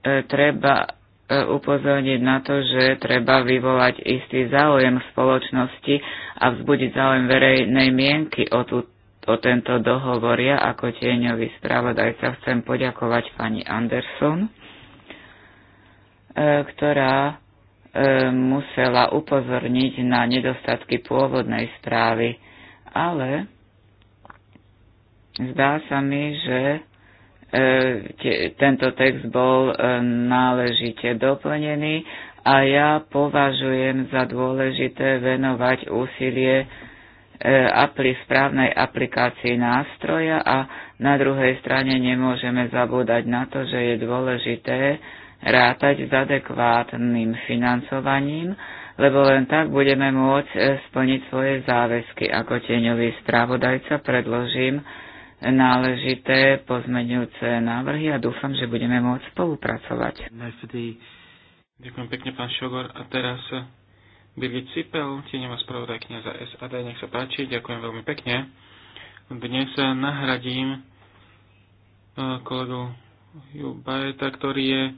Treba upozorniť na to, že treba vyvolať istý záujem v spoločnosti a vzbudiť záujem verejnej mienky o, tú, o tento dohovor. Ja ako tieňový spravodajca chcem poďakovať pani Anderson, e, ktorá e, musela upozorniť na nedostatky pôvodnej správy, ale zdá sa mi, že e, tento text bol náležite doplnený a ja považujem za dôležité venovať úsilie E, pri správnej aplikácii nástroja a na druhej strane nemôžeme zabúdať na to, že je dôležité rátať s adekvátnym financovaním, lebo len tak budeme môcť e, splniť svoje záväzky. Ako tieňový správodajca predložím náležité pozmeňujúce návrhy a dúfam, že budeme môcť spolupracovať. Ďakujem pekne, pán Šogor. A teraz e, Birgit Cipel, tieňová spravodajkňa za SAD, nech sa páči, ďakujem veľmi pekne. Dnes nahradím e, kolegu Jubajeta, ktorý je e,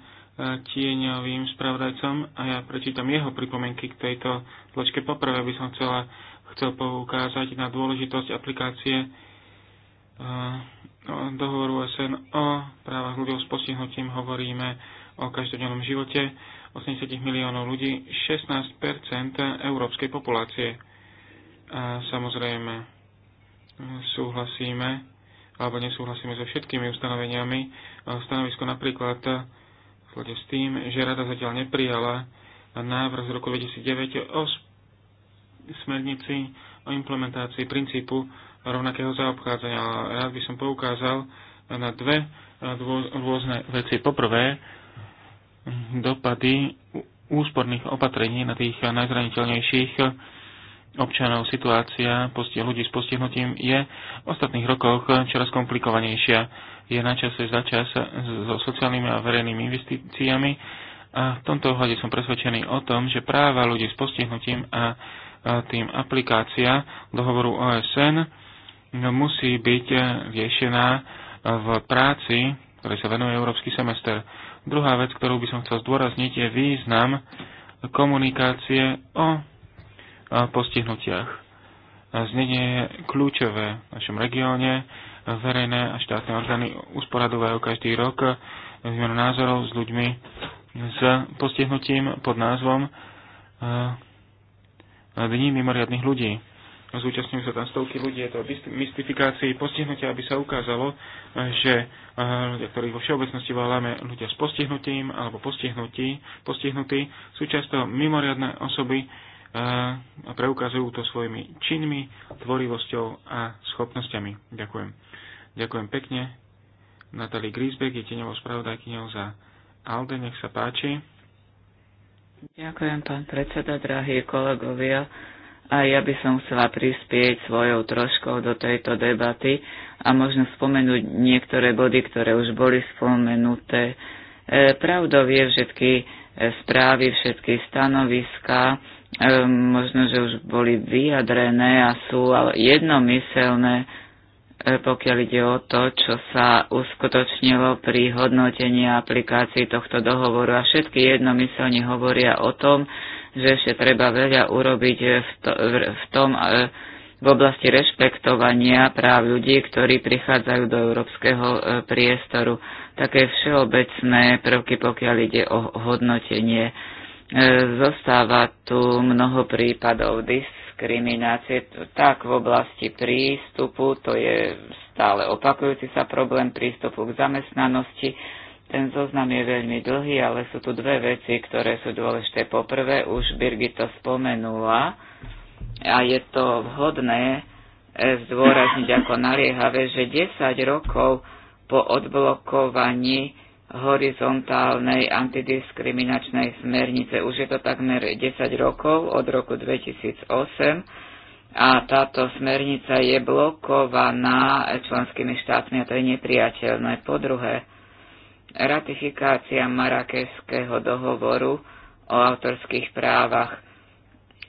tieňovým spravodajcom a ja prečítam jeho pripomienky k tejto zložke. Poprvé by som chcela, chcel poukázať na dôležitosť aplikácie e, dohovoru SN o právach ľudí s postihnutím hovoríme o každodennom živote 80 miliónov ľudí, 16 európskej populácie. A samozrejme súhlasíme alebo nesúhlasíme so všetkými ustanoveniami. Stanovisko napríklad slode s tým, že rada zatiaľ neprijala návrh z roku 2009 o smernici o implementácii princípu rovnakého zaobchádzania. Rád by som poukázal na dve rôzne veci. Poprvé, dopady úsporných opatrení na tých najzraniteľnejších občanov situácia ľudí s postihnutím je v ostatných rokoch čoraz komplikovanejšia. Je na čase za čas so sociálnymi a verejnými investíciami a v tomto ohľade som presvedčený o tom, že práva ľudí s postihnutím a tým aplikácia dohovoru OSN musí byť riešená v práci, ktorej sa venuje Európsky semester. Druhá vec, ktorú by som chcel zdôrazniť, je význam komunikácie o postihnutiach. Znenie je kľúčové v našom regióne. Verejné a štátne orgány usporadovajú každý rok výmenu názorov s ľuďmi s postihnutím pod názvom e, Dní mimoriadných ľudí zúčastňujú sa tam stovky ľudí, je to mystifikácii postihnutia, aby sa ukázalo, že eh, ľudia, ktorých vo všeobecnosti voláme ľudia s postihnutím alebo postihnutí, postihnutí, sú často mimoriadne osoby eh, a preukazujú to svojimi činmi, tvorivosťou a schopnosťami. Ďakujem. Ďakujem pekne. Natalie Grisbeck je teňovou spravodajkyňou za Alde, nech sa páči. Ďakujem, pán predseda, drahí kolegovia a ja by som chcela prispieť svojou troškou do tejto debaty a možno spomenúť niektoré body, ktoré už boli spomenuté. E, pravdou je všetky e, správy, všetky stanoviská, e, možno, že už boli vyjadrené a sú ale jednomyselné, e, pokiaľ ide o to, čo sa uskutočnilo pri hodnotení aplikácií tohto dohovoru. A všetky jednomyselne hovoria o tom, že ešte treba veľa urobiť v, to, v tom e, v oblasti rešpektovania práv ľudí, ktorí prichádzajú do európskeho e, priestoru. Také všeobecné prvky, pokiaľ ide o hodnotenie. E, zostáva tu mnoho prípadov diskriminácie, tak v oblasti prístupu, to je stále opakujúci sa problém prístupu k zamestnanosti, ten zoznam je veľmi dlhý, ale sú tu dve veci, ktoré sú dôležité. Poprvé, už Birgita to spomenula a je to vhodné e, zdôrazniť ako naliehavé, že 10 rokov po odblokovaní horizontálnej antidiskriminačnej smernice. Už je to takmer 10 rokov od roku 2008 a táto smernica je blokovaná členskými štátmi a to je nepriateľné. Po druhé, ratifikácia Marakeského dohovoru o autorských právach.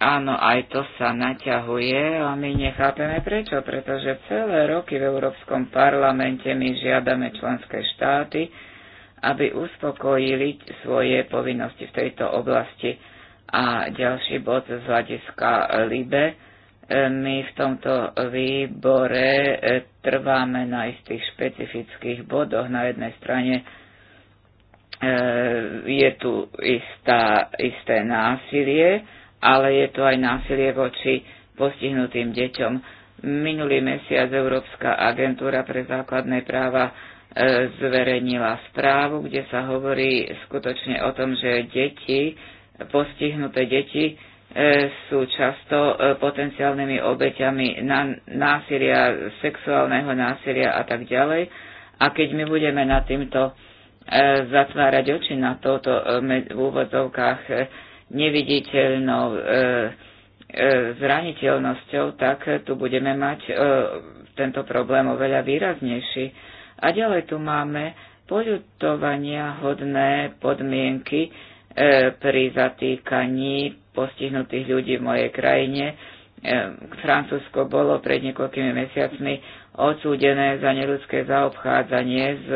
Áno, aj to sa naťahuje a my nechápeme prečo, pretože celé roky v Európskom parlamente my žiadame členské štáty, aby uspokojili svoje povinnosti v tejto oblasti. A ďalší bod z hľadiska LIBE. My v tomto výbore e, trváme na istých špecifických bodoch. Na jednej strane E, je tu istá, isté násilie, ale je tu aj násilie voči postihnutým deťom. Minulý mesiac Európska agentúra pre základné práva e, zverejnila správu, kde sa hovorí skutočne o tom, že deti, postihnuté deti, e, sú často potenciálnymi obeťami násilia, sexuálneho násilia a tak ďalej. A keď my budeme nad týmto E, zatvárať oči na toto e, v úvodzovkách e, neviditeľnou zraniteľnosťou, tak tu budeme mať tento problém oveľa výraznejší. A ďalej tu máme poľutovania hodné podmienky pri zatýkaní postihnutých ľudí v mojej krajine. Francúzsko bolo pred niekoľkými mesiacmi odsúdené za neludské zaobchádzanie s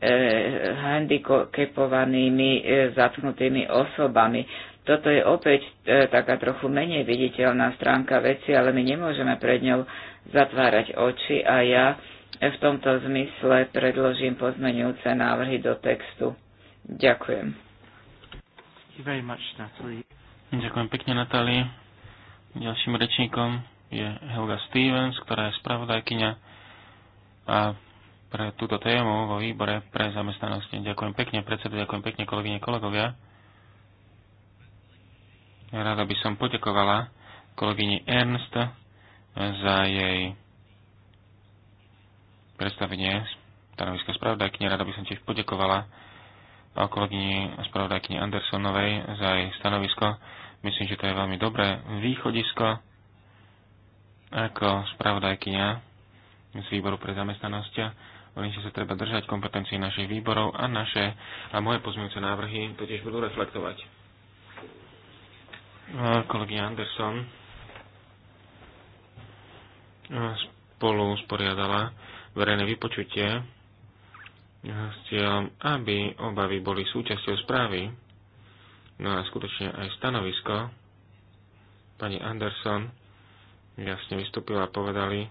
Eh, handikepovanými eh, zatknutými osobami. Toto je opäť e, taká trochu menej viditeľná stránka veci, ale my nemôžeme pred ňou zatvárať oči a ja v tomto zmysle predložím pozmenujúce návrhy do textu. Ďakujem. Much, Ďakujem pekne, Natálii. Ďalším rečníkom je Helga Stevens, ktorá je spravodajkyňa a pre túto tému vo výbore pre zamestnanosti. Ďakujem pekne, predsedu, ďakujem pekne, kolegyne, kolegovia. Rada by som poďakovala kolegyni Ernst za jej predstavenie stanoviska spravodajkyne. Rada by som tiež poďakovala kolegyni spravodajkyni Andersonovej za jej stanovisko. Myslím, že to je veľmi dobré východisko ako spravodajkyňa z výboru pre zamestnanosť Hovorím, že sa treba držať kompetencií našich výborov a naše a moje pozmeňujúce návrhy to tiež budú reflektovať. Kolegia Anderson spolu sporiadala verejné vypočutie s cieľom, aby obavy boli súčasťou správy. No a skutočne aj stanovisko pani Anderson jasne vystúpila a povedali,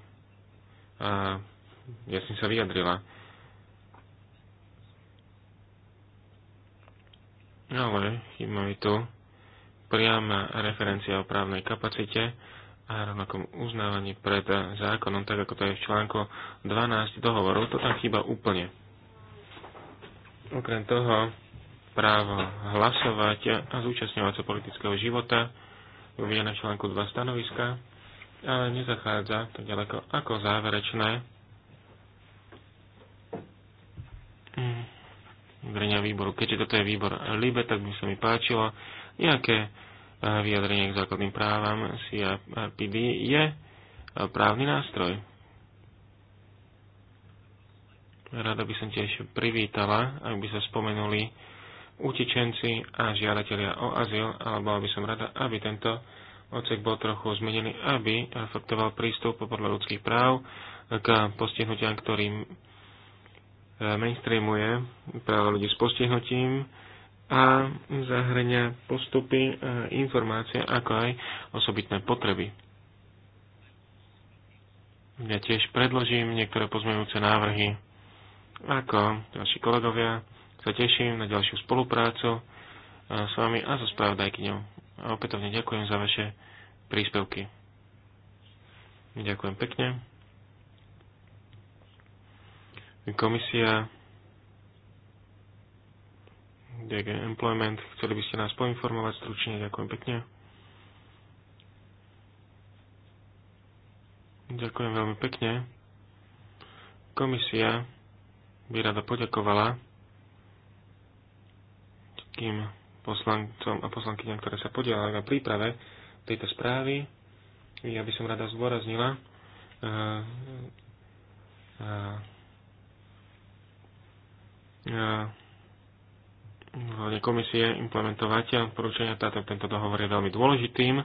a jasne sa vyjadrila. Ale chýba mi tu priama referencia o právnej kapacite a rovnakom uznávaní pred zákonom, tak ako to je v článku 12 dohovorov. To tam chýba úplne. Okrem toho, právo hlasovať a zúčastňovať sa politického života je uvedené v článku 2 stanoviska, ale nezachádza to ďaleko ako záverečné Mm. vyjadrenia výboru. Keďže toto je výbor LIBE, tak by sa mi páčilo nejaké eh, vyjadrenie k základným právam CRPD je eh, právny nástroj. Rada by som tiež privítala, ak by sa spomenuli utečenci a žiadatelia o azyl, ale bola by som rada, aby tento odsek bol trochu zmenený, aby reflektoval prístup podľa ľudských práv k postihnutiam, ktorým mainstreamuje práva ľudí s postihnutím a zahrňa postupy, a informácie, ako aj osobitné potreby. Ja tiež predložím niektoré pozmeňujúce návrhy. Ako ďalší kolegovia sa teším na ďalšiu spoluprácu s vami a so spravodajkyňou. A opätovne ďakujem za vaše príspevky. Ďakujem pekne komisia DG Employment. Chceli by ste nás poinformovať stručne. Ďakujem pekne. Ďakujem veľmi pekne. Komisia by rada poďakovala tým poslancom a poslankyňam, ktoré sa podielali na príprave tejto správy. Ja by som rada zdôraznila, eh, eh, hlavne komisie implementovať poručenia. Táto, tento dohovor je veľmi dôležitým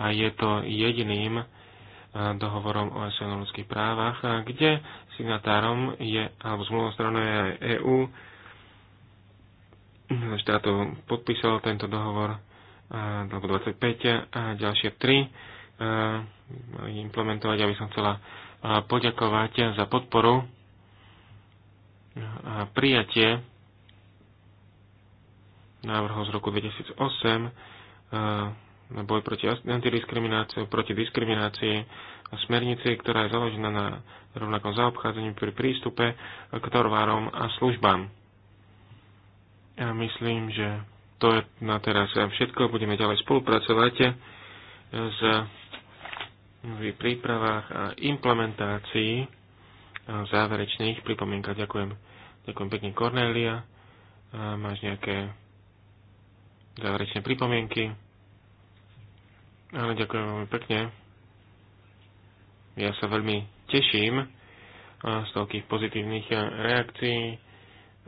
a je to jediným e, dohovorom o SN o ľudských právach, e, kde signatárom je, alebo zmluvnou stranou je aj EÚ. Štátu podpísalo tento dohovor, e, alebo 25 a ďalšie 3 implementovať. aby som chcela poďakovať za podporu a prijatie návrhov z roku 2008 e, na boj proti antidiskriminácii, proti diskriminácii a smernici, ktorá je založená na rovnakom zaobchádzaní pri prístupe k torvárom a službám. Ja myslím, že to je na teraz všetko. Budeme ďalej spolupracovať e, s prípravách a implementácii záverečných pripomienka. Ďakujem. Ďakujem pekne, Cornelia. Máš nejaké záverečné pripomienky? Áno, ďakujem veľmi pekne. Ja sa veľmi teším z toľkých pozitívnych e, reakcií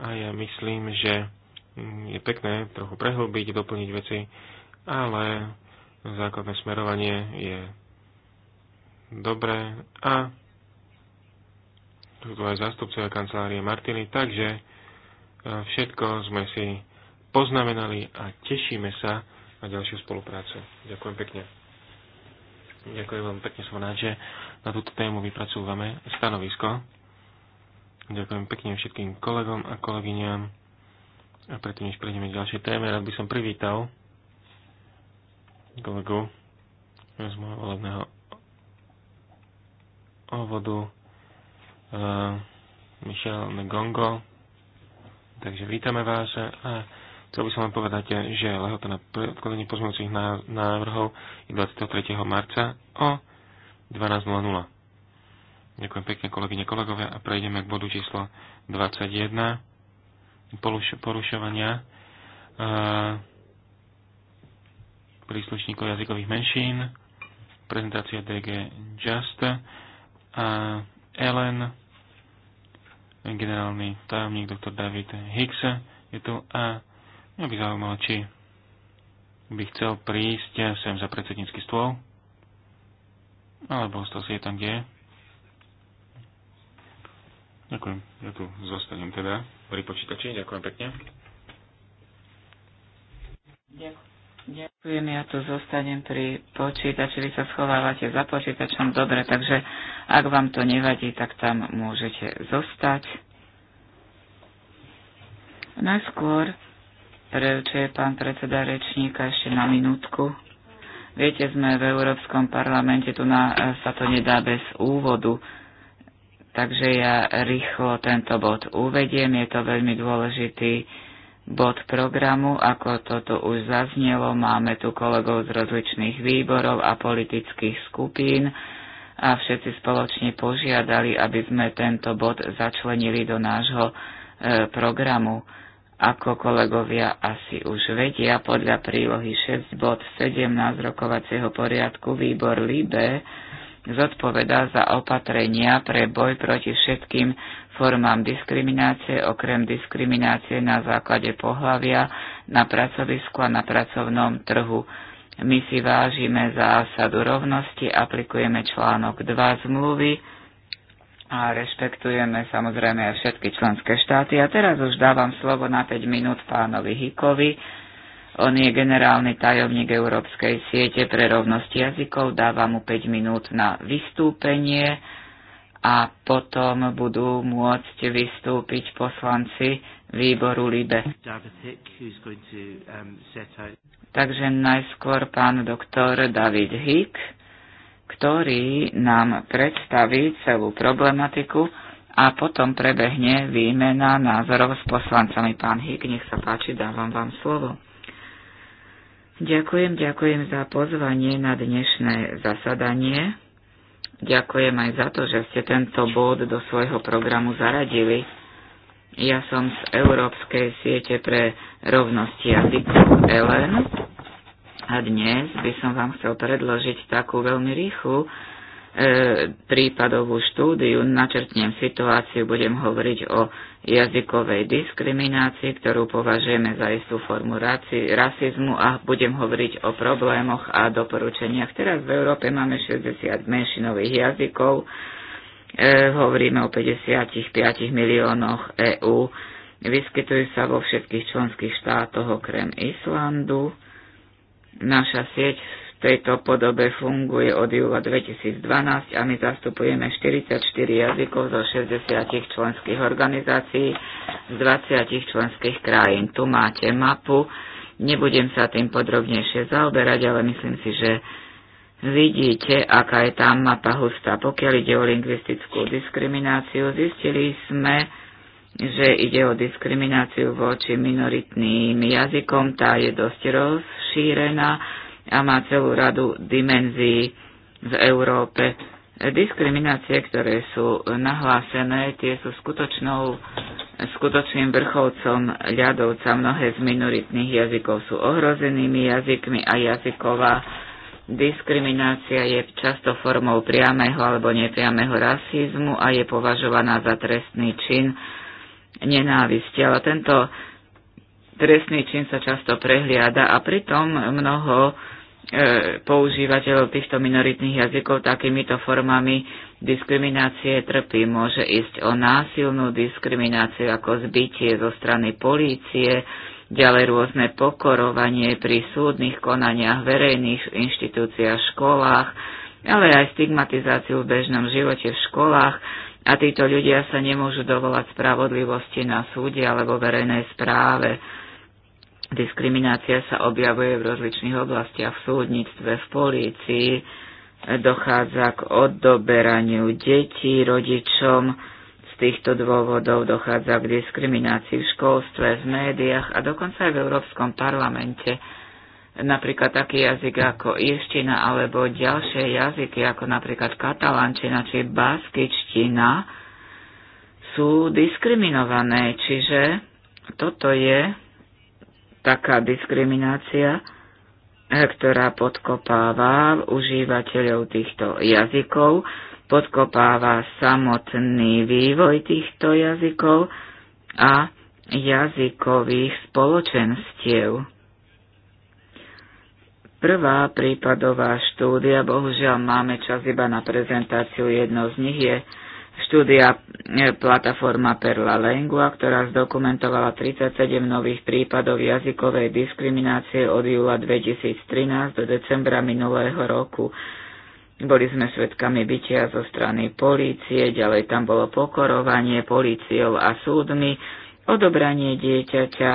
a ja myslím, že mm, je pekné trochu prehlbiť, doplniť veci, ale základné smerovanie je dobré a sú aj zástupcovia kancelárie Martiny, takže e, všetko sme si poznamenali a tešíme sa na ďalšiu spoluprácu. Ďakujem pekne. Ďakujem veľmi pekne, som rád, že na túto tému vypracúvame stanovisko. Ďakujem pekne všetkým kolegom a kolegyňam. A predtým, než prejdeme k ďalšej téme, rád by som privítal kolegu z môjho volebného obvodu Eh, Michel Gongo. Takže vítame vás a chcel by som vám povedať, že lehota na vkladanie pozmeňujúcich návrhov je 23. marca o 12.00. Ďakujem pekne kolegyne, kolegovia a prejdeme k bodu číslo 21 poruš- porušovania eh, príslušníkov jazykových menšín, prezentácia DG Just a Ellen, generálny tajomník dr. David Hicks je tu a mňa by zaujímalo, či by chcel prísť sem za predsednícky stôl, alebo ostal si je tam, kde je. Ďakujem, ja tu zostanem teda pri počítači, ďakujem pekne. Ďakujem. Ďakujem, ja tu zostanem pri počítači, vy sa schovávate za počítačom, dobre, takže ak vám to nevadí, tak tam môžete zostať. Najskôr preučuje pán predseda rečníka ešte na minútku. Viete, sme v Európskom parlamente, tu na, e, sa to nedá bez úvodu, takže ja rýchlo tento bod uvediem, je to veľmi dôležitý bod programu, ako toto už zaznelo, máme tu kolegov z rozličných výborov a politických skupín a všetci spoločne požiadali, aby sme tento bod začlenili do nášho e, programu. Ako kolegovia asi už vedia, podľa prílohy 6 bod 17 rokovacieho poriadku výbor LIBE zodpovedá za opatrenia pre boj proti všetkým formám diskriminácie, okrem diskriminácie na základe pohlavia, na pracovisku a na pracovnom trhu. My si vážime zásadu rovnosti, aplikujeme článok 2 zmluvy a rešpektujeme samozrejme aj všetky členské štáty. A teraz už dávam slovo na 5 minút pánovi Hikovi. On je generálny tajomník Európskej siete pre rovnosť jazykov. Dávam mu 5 minút na vystúpenie a potom budú môcť vystúpiť poslanci výboru LIBE. Um, Takže najskôr pán doktor David Hick, ktorý nám predstaví celú problematiku a potom prebehne výmena názorov s poslancami. Pán Hick, nech sa páči, dávam vám slovo. Ďakujem, ďakujem za pozvanie na dnešné zasadanie. Ďakujem aj za to, že ste tento bod do svojho programu zaradili. Ja som z Európskej siete pre rovnosť jazykov Ellen a dnes by som vám chcel predložiť takú veľmi rýchlu E, prípadovú štúdiu, načrtnem situáciu, budem hovoriť o jazykovej diskriminácii, ktorú považujeme za istú formu raci, rasizmu a budem hovoriť o problémoch a doporučeniach. Teraz v Európe máme 60 menšinových jazykov, e, hovoríme o 55 miliónoch EÚ, vyskytujú sa vo všetkých členských štátoch okrem Islandu. Naša sieť tejto podobe funguje od júla 2012 a my zastupujeme 44 jazykov zo 60 členských organizácií z 20 členských krajín. Tu máte mapu. Nebudem sa tým podrobnejšie zaoberať, ale myslím si, že vidíte, aká je tam mapa hustá. Pokiaľ ide o lingvistickú diskrimináciu, zistili sme, že ide o diskrimináciu voči minoritným jazykom, tá je dosť rozšírená a má celú radu dimenzií v Európe. Diskriminácie, ktoré sú nahlásené, tie sú skutočnou, skutočným vrcholcom ľadovca. Mnohé z minoritných jazykov sú ohrozenými jazykmi a jazyková diskriminácia je často formou priamého alebo nepriamého rasizmu a je považovaná za trestný čin nenávisti. Ale tento trestný čin sa často prehliada a pritom mnoho E, používateľov týchto minoritných jazykov takýmito formami diskriminácie trpí. Môže ísť o násilnú diskrimináciu ako zbytie zo strany polície, ďalej rôzne pokorovanie pri súdnych konaniach, verejných inštitúciách, školách, ale aj stigmatizáciu v bežnom živote v školách a títo ľudia sa nemôžu dovolať spravodlivosti na súde alebo verejnej správe. Diskriminácia sa objavuje v rozličných oblastiach, v súdnictve, v polícii, dochádza k odoberaniu detí rodičom, z týchto dôvodov dochádza k diskriminácii v školstve, v médiách a dokonca aj v Európskom parlamente. Napríklad taký jazyk ako irština alebo ďalšie jazyky ako napríklad katalančina či baskičtina sú diskriminované, čiže toto je taká diskriminácia, eh, ktorá podkopáva užívateľov týchto jazykov, podkopáva samotný vývoj týchto jazykov a jazykových spoločenstiev. Prvá prípadová štúdia, bohužiaľ máme čas iba na prezentáciu, jedno z nich je štúdia e, plataforma Perla Lengua, ktorá zdokumentovala 37 nových prípadov jazykovej diskriminácie od júla 2013 do decembra minulého roku. Boli sme svedkami bytia zo strany polície, ďalej tam bolo pokorovanie políciou a súdmi, odobranie dieťaťa,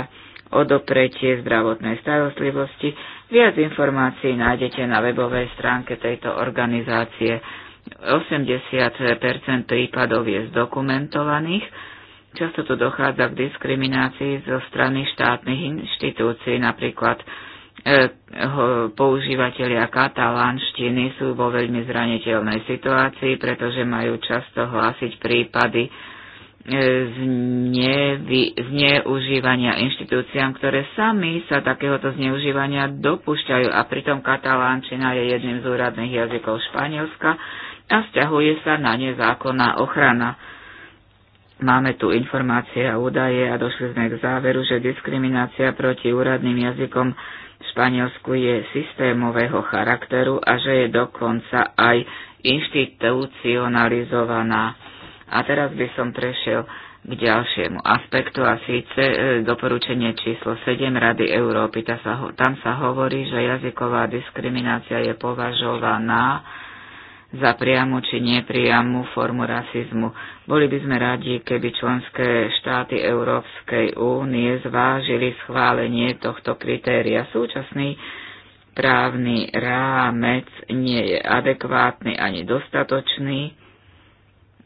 odopretie zdravotnej starostlivosti. Viac informácií nájdete na webovej stránke tejto organizácie. 80 prípadov je zdokumentovaných. Často tu dochádza k diskriminácii zo strany štátnych inštitúcií, napríklad e, používateľia katalánštiny sú vo veľmi zraniteľnej situácii, pretože majú často hlásiť prípady e, znevy, zneužívania inštitúciám, ktoré sami sa takéhoto zneužívania dopúšťajú a pritom katalánčina je jedným z úradných jazykov Španielska a vzťahuje sa na ne zákonná ochrana. Máme tu informácie a údaje a došli sme k záveru, že diskriminácia proti úradným jazykom v Španielsku je systémového charakteru a že je dokonca aj inštitucionalizovaná. A teraz by som prešiel k ďalšiemu aspektu a síce e, doporučenie číslo 7 Rady Európy. Tam sa, tam sa hovorí, že jazyková diskriminácia je považovaná za priamu či nepriamu formu rasizmu. Boli by sme radi, keby členské štáty Európskej únie zvážili schválenie tohto kritéria. Súčasný právny rámec nie je adekvátny ani dostatočný.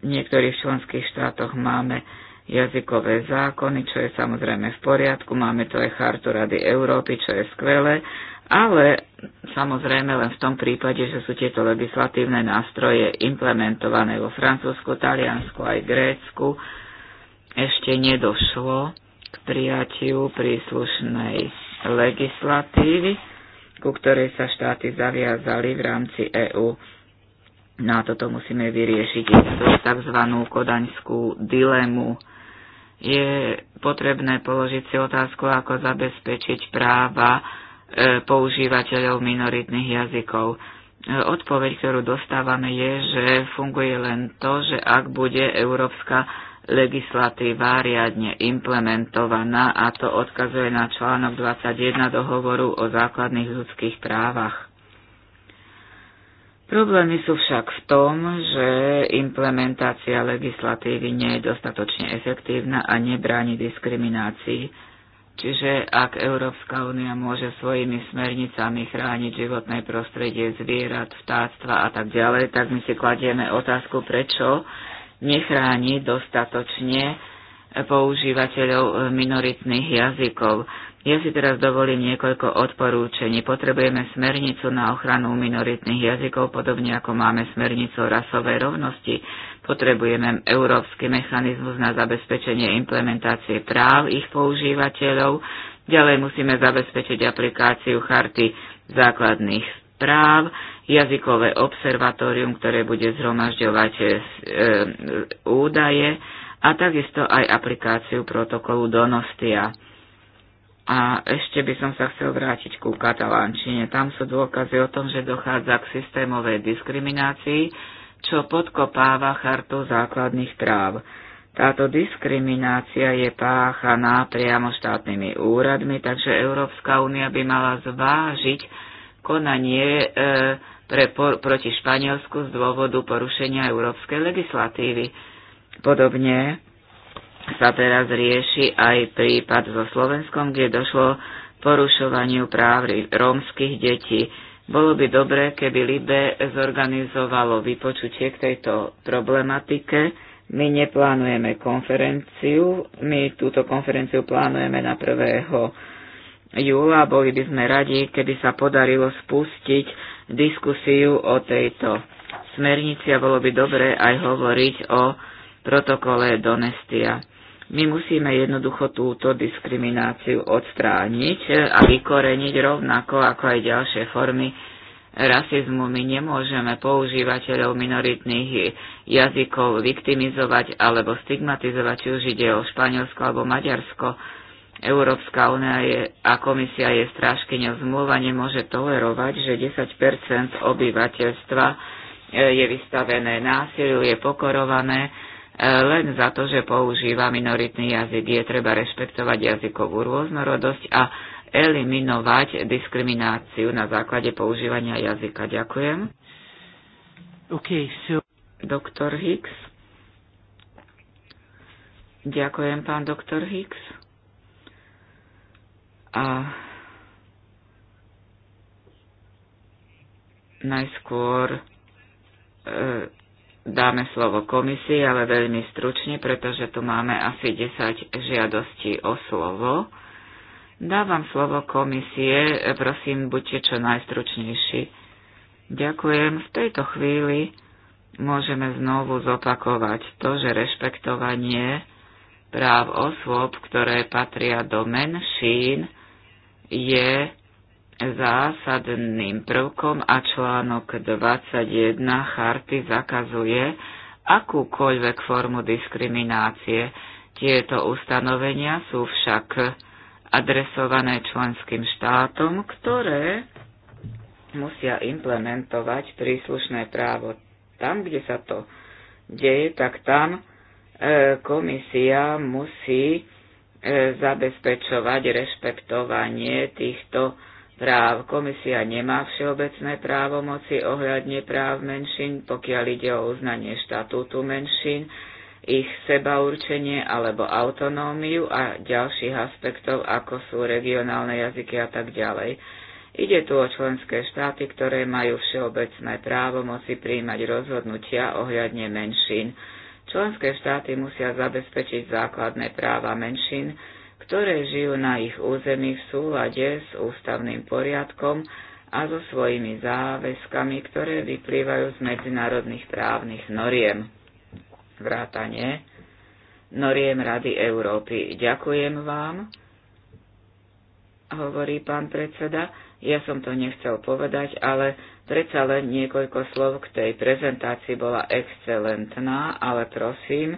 V niektorých členských štátoch máme jazykové zákony, čo je samozrejme v poriadku. Máme tu aj Chartu Rady Európy, čo je skvelé, ale samozrejme len v tom prípade, že sú tieto legislatívne nástroje implementované vo Francúzsku, Taliansku aj Grécku, ešte nedošlo k prijatiu príslušnej legislatívy, ku ktorej sa štáty zaviazali v rámci EÚ. Na no a toto musíme vyriešiť tzv. kodaňskú dilemu. Je potrebné položiť si otázku, ako zabezpečiť práva E, používateľov minoritných jazykov. E, odpoveď, ktorú dostávame, je, že funguje len to, že ak bude európska legislatíva riadne implementovaná, a to odkazuje na článok 21 dohovoru o základných ľudských právach. Problémy sú však v tom, že implementácia legislatívy nie je dostatočne efektívna a nebráni diskriminácii. Čiže ak Európska únia môže svojimi smernicami chrániť životné prostredie zvierat, vtáctva a tak ďalej, tak my si kladieme otázku, prečo nechráni dostatočne používateľov minoritných jazykov. Ja si teraz dovolím niekoľko odporúčení. Potrebujeme smernicu na ochranu minoritných jazykov, podobne ako máme smernicu o rasovej rovnosti. Potrebujeme európsky mechanizmus na zabezpečenie implementácie práv ich používateľov. Ďalej musíme zabezpečiť aplikáciu charty základných práv, jazykové observatórium, ktoré bude zhromažďovať e, údaje a takisto aj aplikáciu protokolu Donostia. A ešte by som sa chcel vrátiť ku katalánčine. Tam sú dôkazy o tom, že dochádza k systémovej diskriminácii čo podkopáva chartu základných práv. Táto diskriminácia je páchaná priamo štátnymi úradmi, takže Európska únia by mala zvážiť konanie e, pre, por, proti Španielsku z dôvodu porušenia európskej legislatívy. Podobne sa teraz rieši aj prípad so Slovenskom, kde došlo porušovaniu práv rómskych detí. Bolo by dobré, keby Libe zorganizovalo vypočutie k tejto problematike. My neplánujeme konferenciu, my túto konferenciu plánujeme na 1. júla. Boli by sme radi, keby sa podarilo spustiť diskusiu o tejto smernici a bolo by dobre aj hovoriť o protokole Donestia. My musíme jednoducho túto diskrimináciu odstrániť e, a vykoreniť rovnako ako aj ďalšie formy rasizmu. My nemôžeme používateľov minoritných jazykov viktimizovať alebo stigmatizovať, či už ide o Španielsko alebo Maďarsko. Európska únia a komisia je strážkyňou zmluva, nemôže tolerovať, že 10 obyvateľstva e, je vystavené násiliu, je pokorované len za to, že používa minoritný jazyk. Je treba rešpektovať jazykovú rôznorodosť a eliminovať diskrimináciu na základe používania jazyka. Ďakujem. Okay, so... Doktor Hicks. Ďakujem, pán doktor Hicks. A najskôr e, dáme slovo komisii, ale veľmi stručne, pretože tu máme asi 10 žiadostí o slovo. Dávam slovo komisie, prosím, buďte čo najstručnejší. Ďakujem. V tejto chvíli môžeme znovu zopakovať to, že rešpektovanie práv osôb, ktoré patria do menšín, je zásadným prvkom a článok 21 charty zakazuje akúkoľvek formu diskriminácie. Tieto ustanovenia sú však adresované členským štátom, ktoré musia implementovať príslušné právo. Tam, kde sa to deje, tak tam e, komisia musí e, zabezpečovať rešpektovanie týchto práv. Komisia nemá všeobecné právomoci ohľadne práv menšín, pokiaľ ide o uznanie štatútu menšín, ich sebaurčenie alebo autonómiu a ďalších aspektov, ako sú regionálne jazyky a tak ďalej. Ide tu o členské štáty, ktoré majú všeobecné právo moci príjmať rozhodnutia ohľadne menšín. Členské štáty musia zabezpečiť základné práva menšín, ktoré žijú na ich území v súlade s ústavným poriadkom a so svojimi záväzkami, ktoré vyplývajú z medzinárodných právnych noriem. Vrátanie noriem Rady Európy. Ďakujem vám, hovorí pán predseda. Ja som to nechcel povedať, ale predsa len niekoľko slov k tej prezentácii bola excelentná, ale prosím,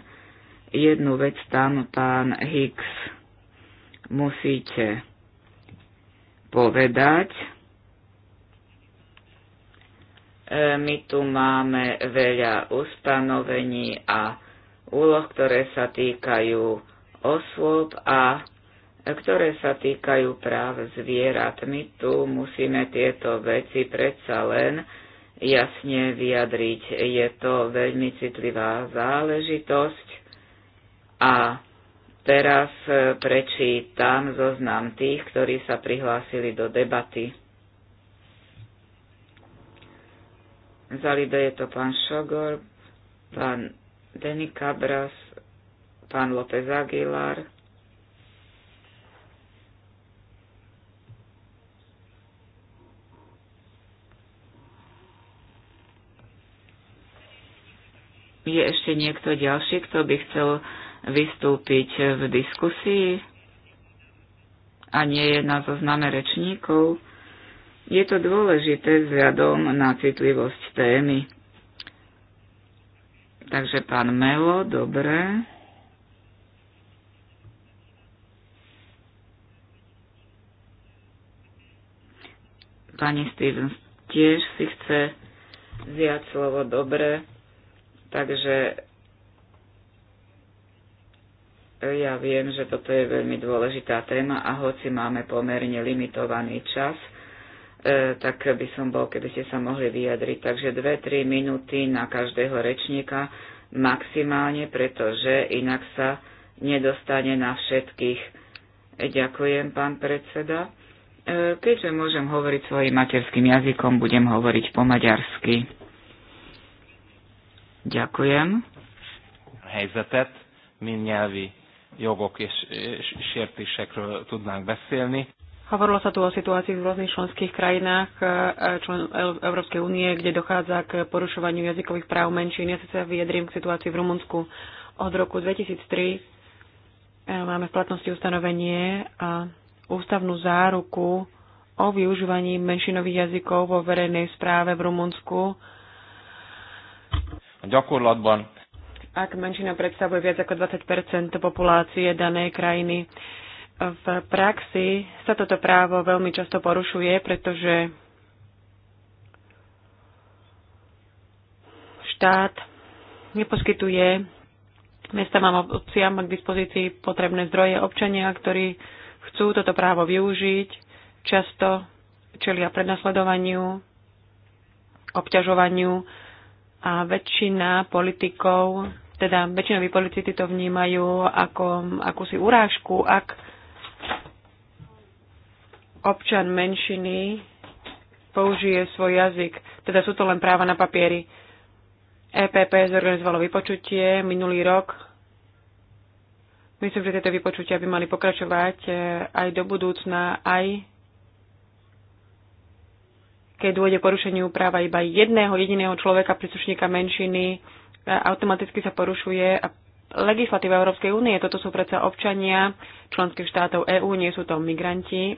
jednu vec tam pán Hicks musíte povedať. E, my tu máme veľa ustanovení a úloh, ktoré sa týkajú osôb a ktoré sa týkajú práv zvierat. My tu musíme tieto veci predsa len jasne vyjadriť. Je to veľmi citlivá záležitosť a Teraz e, prečítam zoznam tých, ktorí sa prihlásili do debaty. Za Lido je to pán Šogor, pán Denny Cabras, pán López Aguilar, Je ešte niekto ďalší, kto by chcel vystúpiť v diskusii a nie je na zozname rečníkov, je to dôležité vzhľadom na citlivosť témy. Takže pán Melo, dobre. Pani Stevens tiež si chce vziať slovo dobre, takže ja viem, že toto je veľmi dôležitá téma a hoci máme pomerne limitovaný čas, e, tak by som bol, keby ste sa mohli vyjadriť. Takže 2-3 minúty na každého rečníka maximálne, pretože inak sa nedostane na všetkých. E, ďakujem, pán predseda. E, keďže môžem hovoriť svojim materským jazykom, budem hovoriť po maďarsky. Ďakujem. Helyzetet, mint nyelvi jogok és, és sértésekről tudnánk beszélni. Hovorilo sa tu o situácii v rôznych členských krajinách e, člen Európskej únie, kde dochádza k porušovaniu jazykových práv menšín. Ja sa vyjadrím k situácii v Rumunsku. Od roku 2003 e, máme v platnosti ustanovenie a ústavnú záruku o využívaní menšinových jazykov vo verejnej správe v Rumunsku. A gyakorlatban ak menšina predstavuje viac ako 20 populácie danej krajiny. V praxi sa toto právo veľmi často porušuje, pretože štát neposkytuje mesta mám obciam k dispozícii potrebné zdroje občania, ktorí chcú toto právo využiť, často čelia prednasledovaniu, obťažovaniu a väčšina politikov teda väčšinoví politici to vnímajú ako akúsi urážku, ak občan menšiny použije svoj jazyk. Teda sú to len práva na papieri. EPP zorganizovalo vypočutie minulý rok. Myslím, že tieto vypočutia by mali pokračovať e, aj do budúcna, aj keď dôjde porušeniu práva iba jedného jediného človeka, príslušníka menšiny, automaticky sa porušuje legislatíva Európskej únie. Toto sú predsa občania členských štátov EÚ, nie sú to migranti.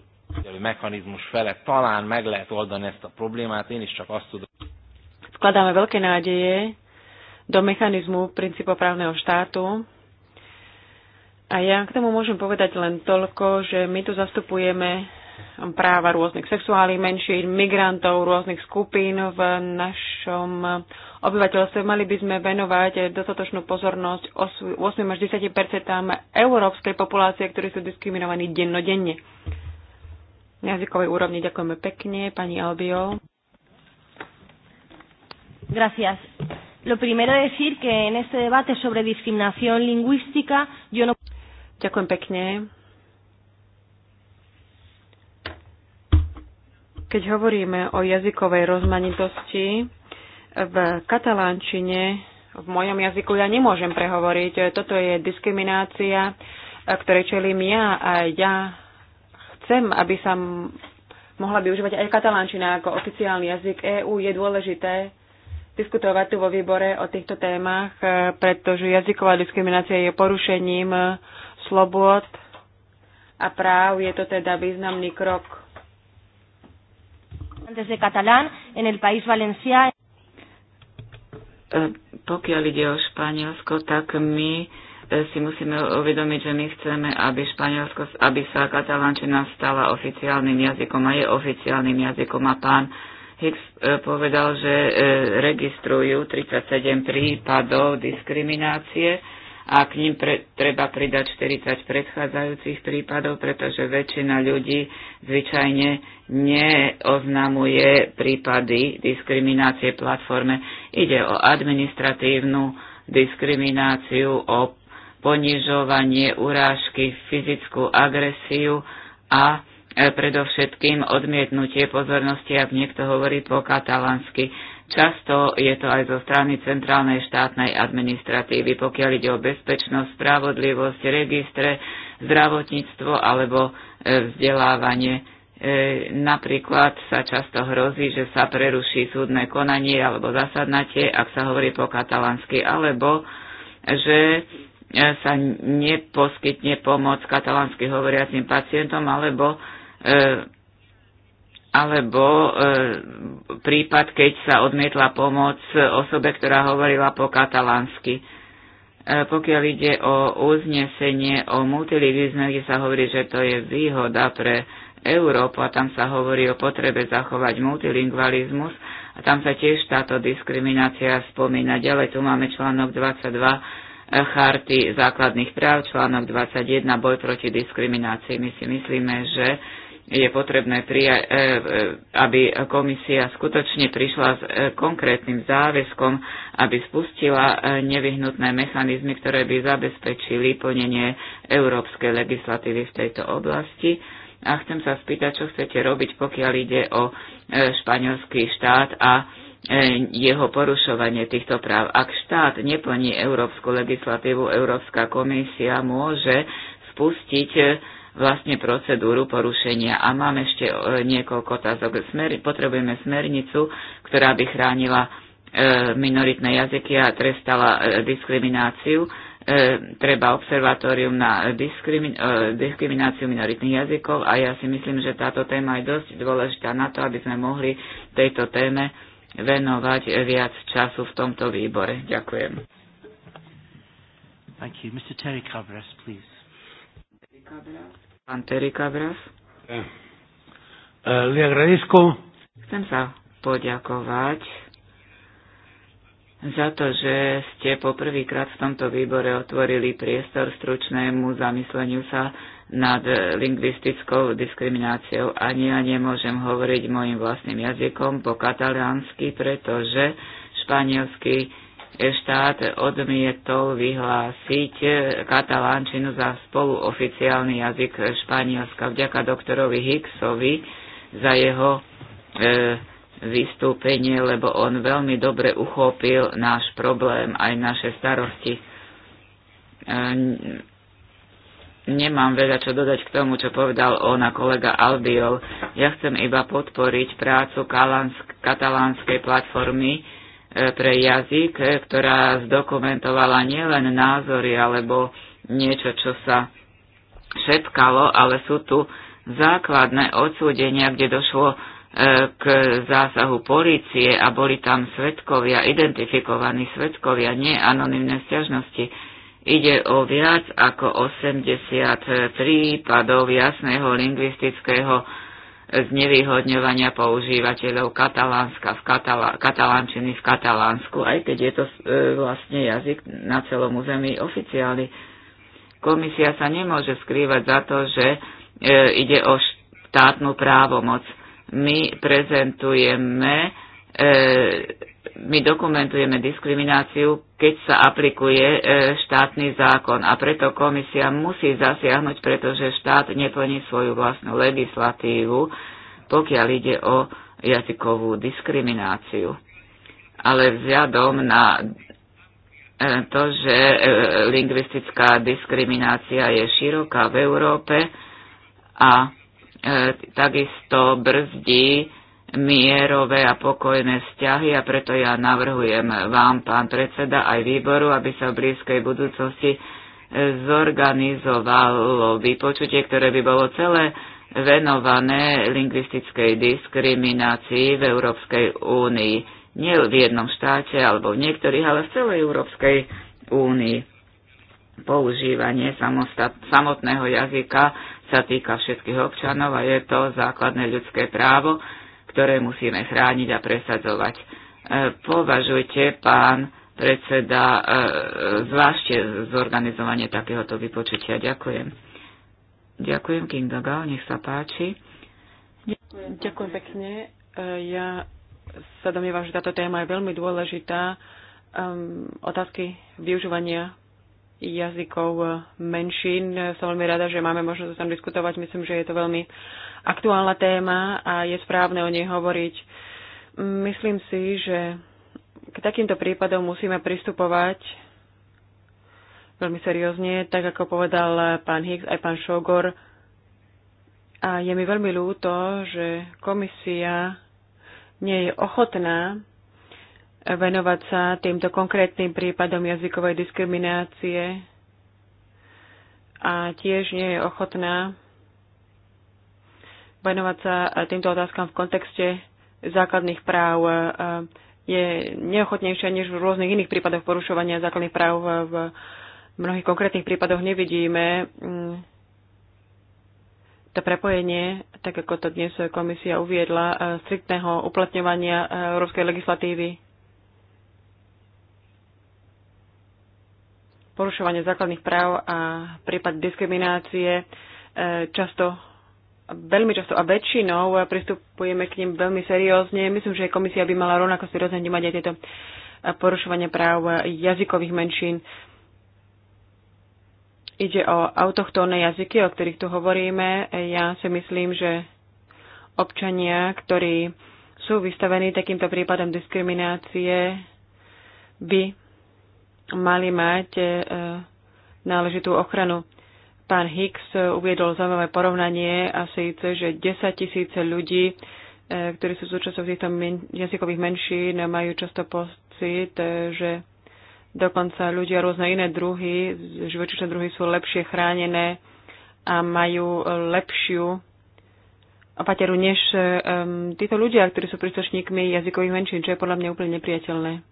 mechanizmus fele talán meg lehet oldani ezt a problémát, én is csak azt tudom. Skladáme veľké nádeje do mechanizmu princípoprávneho štátu. A ja k tomu môžem povedať len toľko, že my tu zastupujeme práva rôznych sexuálnych menšín, migrantov, rôznych skupín v našom obyvateľstve. Mali by sme venovať dostatočnú pozornosť 8 až 10 európskej populácie, ktorí sú diskriminovaní dennodenne. Na jazykovej úrovni ďakujeme pekne, pani Albio. Gracias. Lo primero decir que en este debate sobre discriminación lingüística yo no... Ďakujem pekne Keď hovoríme o jazykovej rozmanitosti, v katalánčine, v mojom jazyku ja nemôžem prehovoriť. Toto je diskriminácia, ktorej čelím ja a ja chcem, aby sa mohla využívať aj katalánčina ako oficiálny jazyk EÚ. Je dôležité diskutovať tu vo výbore o týchto témach, pretože jazyková diskriminácia je porušením slobod a práv. Je to teda významný krok desde catalán en el país Valencia. Eh, pokiaľ ide o Španielsko, tak my eh, si musíme uvedomiť, že my chceme, aby Španielsko, aby sa katalánčina stala oficiálnym jazykom a je oficiálnym jazykom a pán Hicks eh, povedal, že registrujú 37 prípadov diskriminácie a k ním pre, treba pridať 40 predchádzajúcich prípadov, pretože väčšina ľudí zvyčajne neoznamuje prípady diskriminácie platforme. Ide o administratívnu diskrimináciu, o ponižovanie, urážky, fyzickú agresiu a e, predovšetkým odmietnutie pozornosti, ak niekto hovorí po katalánsky. Často je to aj zo strany centrálnej štátnej administratívy, pokiaľ ide o bezpečnosť, spravodlivosť, registre, zdravotníctvo alebo e, vzdelávanie. E, napríklad sa často hrozí, že sa preruší súdne konanie alebo zasadnatie, ak sa hovorí po katalánsky, alebo že e, sa neposkytne pomoc katalánsky hovoriacim pacientom alebo alebo e, prípad, keď sa odmietla pomoc osobe, ktorá hovorila po katalánsky. E, pokiaľ ide o uznesenie o multilingvizme, kde sa hovorí, že to je výhoda pre Európu a tam sa hovorí o potrebe zachovať multilingvalizmus a tam sa tiež táto diskriminácia spomína. Ďalej tu máme článok 22 e, charty základných práv, článok 21 boj proti diskriminácii. My si myslíme, že je potrebné, prija- e, e, aby komisia skutočne prišla s e, konkrétnym záväzkom, aby spustila nevyhnutné mechanizmy, ktoré by zabezpečili plnenie európskej legislatívy v tejto oblasti. A chcem sa spýtať, čo chcete robiť, pokiaľ ide o španielský štát a jeho porušovanie týchto práv. Ak štát neplní európsku legislatívu, Európska komisia môže spustiť vlastne procedúru porušenia. A mám ešte e, niekoľko otázok. Smer, potrebujeme smernicu, ktorá by chránila e, minoritné jazyky a trestala e, diskrimináciu. Treba observatórium na diskrimináciu minoritných jazykov a ja si myslím, že táto téma je dosť dôležitá na to, aby sme mohli tejto téme venovať viac času v tomto výbore. Ďakujem. Thank you. Mr. Terry Cabres, please. Cabras. Eh, eh, le agradezco. Chcem sa poďakovať za to, že ste poprvýkrát v tomto výbore otvorili priestor stručnému zamysleniu sa nad eh, lingvistickou diskrimináciou. Ani ja nemôžem hovoriť môjim vlastným jazykom po katalánsky, pretože španielsky štát odmietol vyhlásiť katalánčinu za spoluoficiálny jazyk Španielska vďaka doktorovi Hicksovi za jeho e, vystúpenie, lebo on veľmi dobre uchopil náš problém, aj naše starosti. E, nemám veľa čo dodať k tomu, čo povedal on a kolega Albiol. Ja chcem iba podporiť prácu katalánskej platformy, E, pre jazyk, e, ktorá zdokumentovala nielen názory alebo niečo, čo sa šetkalo, ale sú tu základné odsúdenia, kde došlo e, k zásahu policie a boli tam svetkovia, identifikovaní svetkovia, nie anonimné stiažnosti. Ide o viac ako 80 prípadov jasného lingvistického znevýhodňovania používateľov katalánska v Katala, katalánčiny v Katalánsku, aj keď je to e, vlastne jazyk na celom území oficiálny. Komisia sa nemôže skrývať za to, že e, ide o štátnu právomoc. My prezentujeme e, my dokumentujeme diskrimináciu, keď sa aplikuje e, štátny zákon. A preto komisia musí zasiahnuť, pretože štát neplní svoju vlastnú legislatívu, pokiaľ ide o jazykovú diskrimináciu. Ale vzhľadom na e, to, že e, lingvistická diskriminácia je široká v Európe a takisto brzdí mierové a pokojné vzťahy a preto ja navrhujem vám, pán predseda, aj výboru, aby sa v blízkej budúcnosti zorganizovalo vypočutie, ktoré by bolo celé venované lingvistickej diskriminácii v Európskej únii. Nie v jednom štáte alebo v niektorých, ale v celej Európskej únii. Používanie samostat, samotného jazyka sa týka všetkých občanov a je to základné ľudské právo, ktoré musíme chrániť a presadzovať. E, považujte, pán predseda, e, zvlášte zorganizovanie takéhoto vypočutia. Ďakujem. Ďakujem, Kinga Gal, nech sa páči. Ďakujem, Ďakujem pekne. E, ja sa domnievam, že táto téma je veľmi dôležitá. Um, otázky využívania jazykov menšín. Som veľmi rada, že máme možnosť o tom diskutovať. Myslím, že je to veľmi aktuálna téma a je správne o nej hovoriť. Myslím si, že k takýmto prípadom musíme pristupovať veľmi seriózne, tak ako povedal pán Higgs aj pán Šogor. A je mi veľmi ľúto, že komisia nie je ochotná venovať sa týmto konkrétnym prípadom jazykovej diskriminácie a tiež nie je ochotná venovať sa e, týmto otázkam v kontexte základných práv e, e, je neochotnejšia než v rôznych iných prípadoch porušovania základných práv. V mnohých konkrétnych prípadoch nevidíme mm, to prepojenie, tak ako to dnes komisia uviedla, striktného uplatňovania európskej legislatívy. Porušovanie základných práv a prípad diskriminácie často veľmi často a väčšinou pristupujeme k ním veľmi seriózne. Myslím, že komisia by mala rovnako seriózne vnímať aj tieto porušovanie práv jazykových menšín. Ide o autochtónne jazyky, o ktorých tu hovoríme. Ja si myslím, že občania, ktorí sú vystavení takýmto prípadom diskriminácie, by mali mať eh, náležitú ochranu. Pán Hicks eh, uviedol zaujímavé porovnanie a síce, že 10 tisíce ľudí, eh, ktorí sú súčasťou týchto jazykových menšín, majú často pocit, eh, že dokonca ľudia rôzne iné druhy, živočíšne druhy sú lepšie chránené a majú lepšiu opateru než um, títo ľudia, ktorí sú príslušníkmi jazykových menšín, čo je podľa mňa úplne nepriateľné.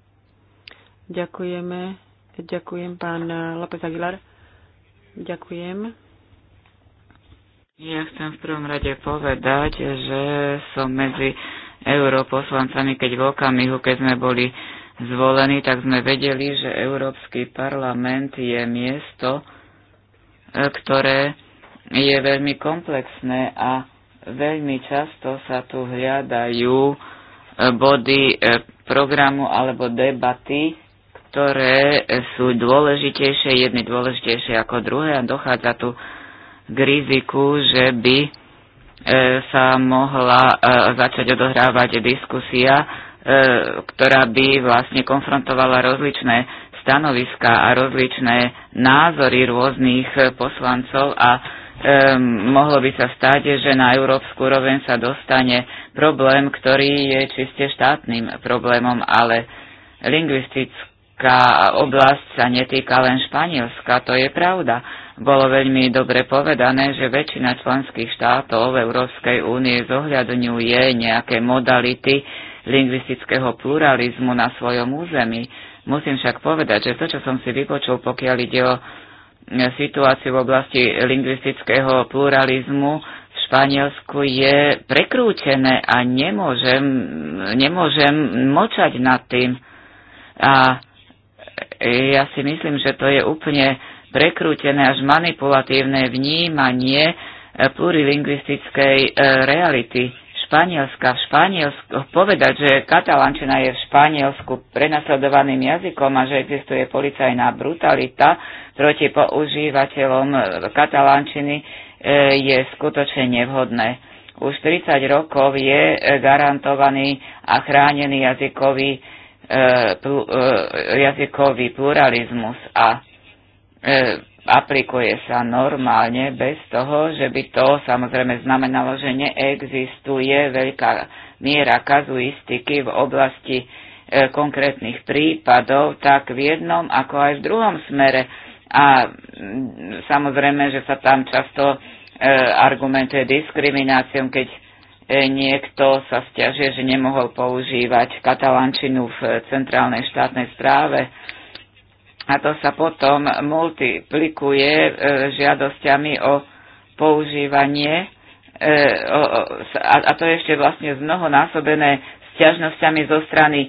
Ďakujeme. Ďakujem, pán López Aguilar. Ďakujem. Ja chcem v prvom rade povedať, že som medzi europoslancami, keď v okamihu, keď sme boli zvolení, tak sme vedeli, že Európsky parlament je miesto, e, ktoré je veľmi komplexné a veľmi často sa tu hľadajú e, body e, programu alebo debaty, ktoré sú dôležitejšie, jedny dôležitejšie ako druhé a dochádza tu k riziku, že by e, sa mohla e, začať odohrávať diskusia, e, ktorá by vlastne konfrontovala rozličné stanoviská a rozličné názory rôznych poslancov a um, mohlo by sa stať, že na európsku úroveň sa dostane problém, ktorý je čiste štátnym problémom, ale lingvistickým. Španielská oblasť sa netýka len Španielska, to je pravda. Bolo veľmi dobre povedané, že väčšina členských štátov v Európskej únie zohľadňuje nejaké modality lingvistického pluralizmu na svojom území. Musím však povedať, že to, čo som si vypočul, pokiaľ ide o e, situáciu v oblasti lingvistického pluralizmu v Španielsku, je prekrútené a nemôžem, nemôžem močať nad tým. A E, ja si myslím, že to je úplne prekrútené až manipulatívne vnímanie e, plurilingvistickej e, reality. Španielska. V Španielsku povedať, že katalančina je v Španielsku prenasledovaným jazykom a že existuje policajná brutalita proti používateľom katalančiny je skutočne nevhodné. Už 30 rokov je garantovaný a chránený jazykový E, e, jazykový pluralizmus a e, aplikuje sa normálne bez toho, že by to samozrejme znamenalo, že neexistuje veľká miera kazuistiky v oblasti konkrétnych prípadov, tak v jednom ako aj v druhom smere. A samozrejme, že sa tam často argumentuje diskrimináciou, keď E, niekto sa stiažuje, že nemohol používať katalančinu v centrálnej štátnej správe a to sa potom multiplikuje e, žiadosťami o používanie e, a to je ešte vlastne mnohonásobené sťažnosťami zo strany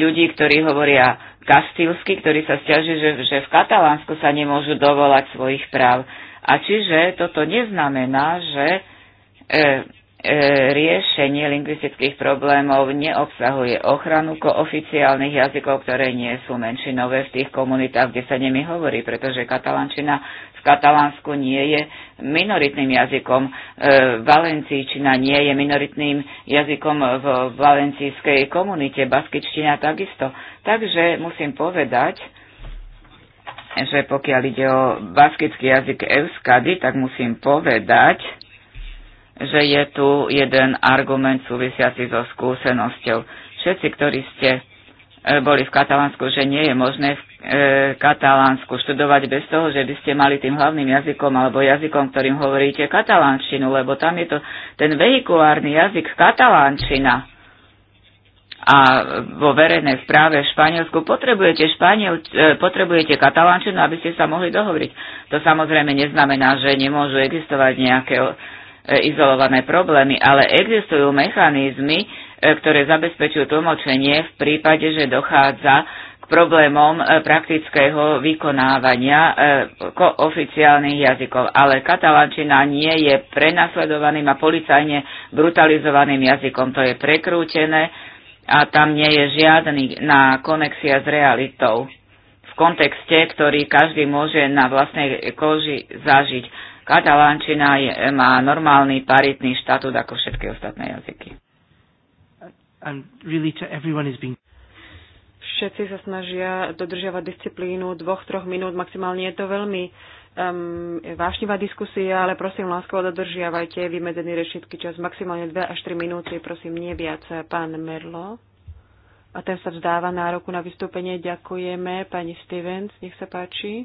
ľudí, ktorí hovoria kastilsky, ktorí sa stiažujú, že, že v Katalánsku sa nemôžu dovolať svojich práv. A čiže toto neznamená, že E, riešenie lingvistických problémov neobsahuje ochranu oficiálnych jazykov, ktoré nie sú menšinové v tých komunitách, kde sa nimi hovorí, pretože katalančina v Katalánsku nie je minoritným jazykom. E, valencíčina nie je minoritným jazykom v valencijskej komunite, baskičtina takisto. Takže musím povedať, že pokiaľ ide o baskický jazyk euskady, tak musím povedať, že je tu jeden argument súvisiaci so skúsenosťou. Všetci, ktorí ste e, boli v Katalánsku, že nie je možné v e, Katalánsku študovať bez toho, že by ste mali tým hlavným jazykom alebo jazykom, ktorým hovoríte katalánčinu, lebo tam je to ten vehikulárny jazyk katalánčina. A vo verejnej správe v Španielsku potrebujete, Španiel, e, potrebujete katalánčinu, aby ste sa mohli dohovoriť. To samozrejme neznamená, že nemôžu existovať nejaké E, izolované problémy, ale existujú mechanizmy, e, ktoré zabezpečujú tlmočenie v prípade, že dochádza k problémom e, praktického vykonávania oficiálnych jazykov. Ale katalančina nie je prenasledovaným a policajne brutalizovaným jazykom. To je prekrútené a tam nie je žiadny na konexia s realitou v kontexte, ktorý každý môže na vlastnej koži zažiť katalánčina je, má normálny paritný štatút ako všetky ostatné jazyky. And really to everyone is being... Všetci sa snažia dodržiavať disciplínu dvoch, troch minút maximálne. Je to veľmi um, vášnivá diskusia, ale prosím láskovo dodržiavajte vymedzený rečnický čas maximálne 2 až 3 minúty, prosím nie viac. Pán Merlo. A ten sa vzdáva nároku na vystúpenie. Ďakujeme. Pani Stevens, nech sa páči.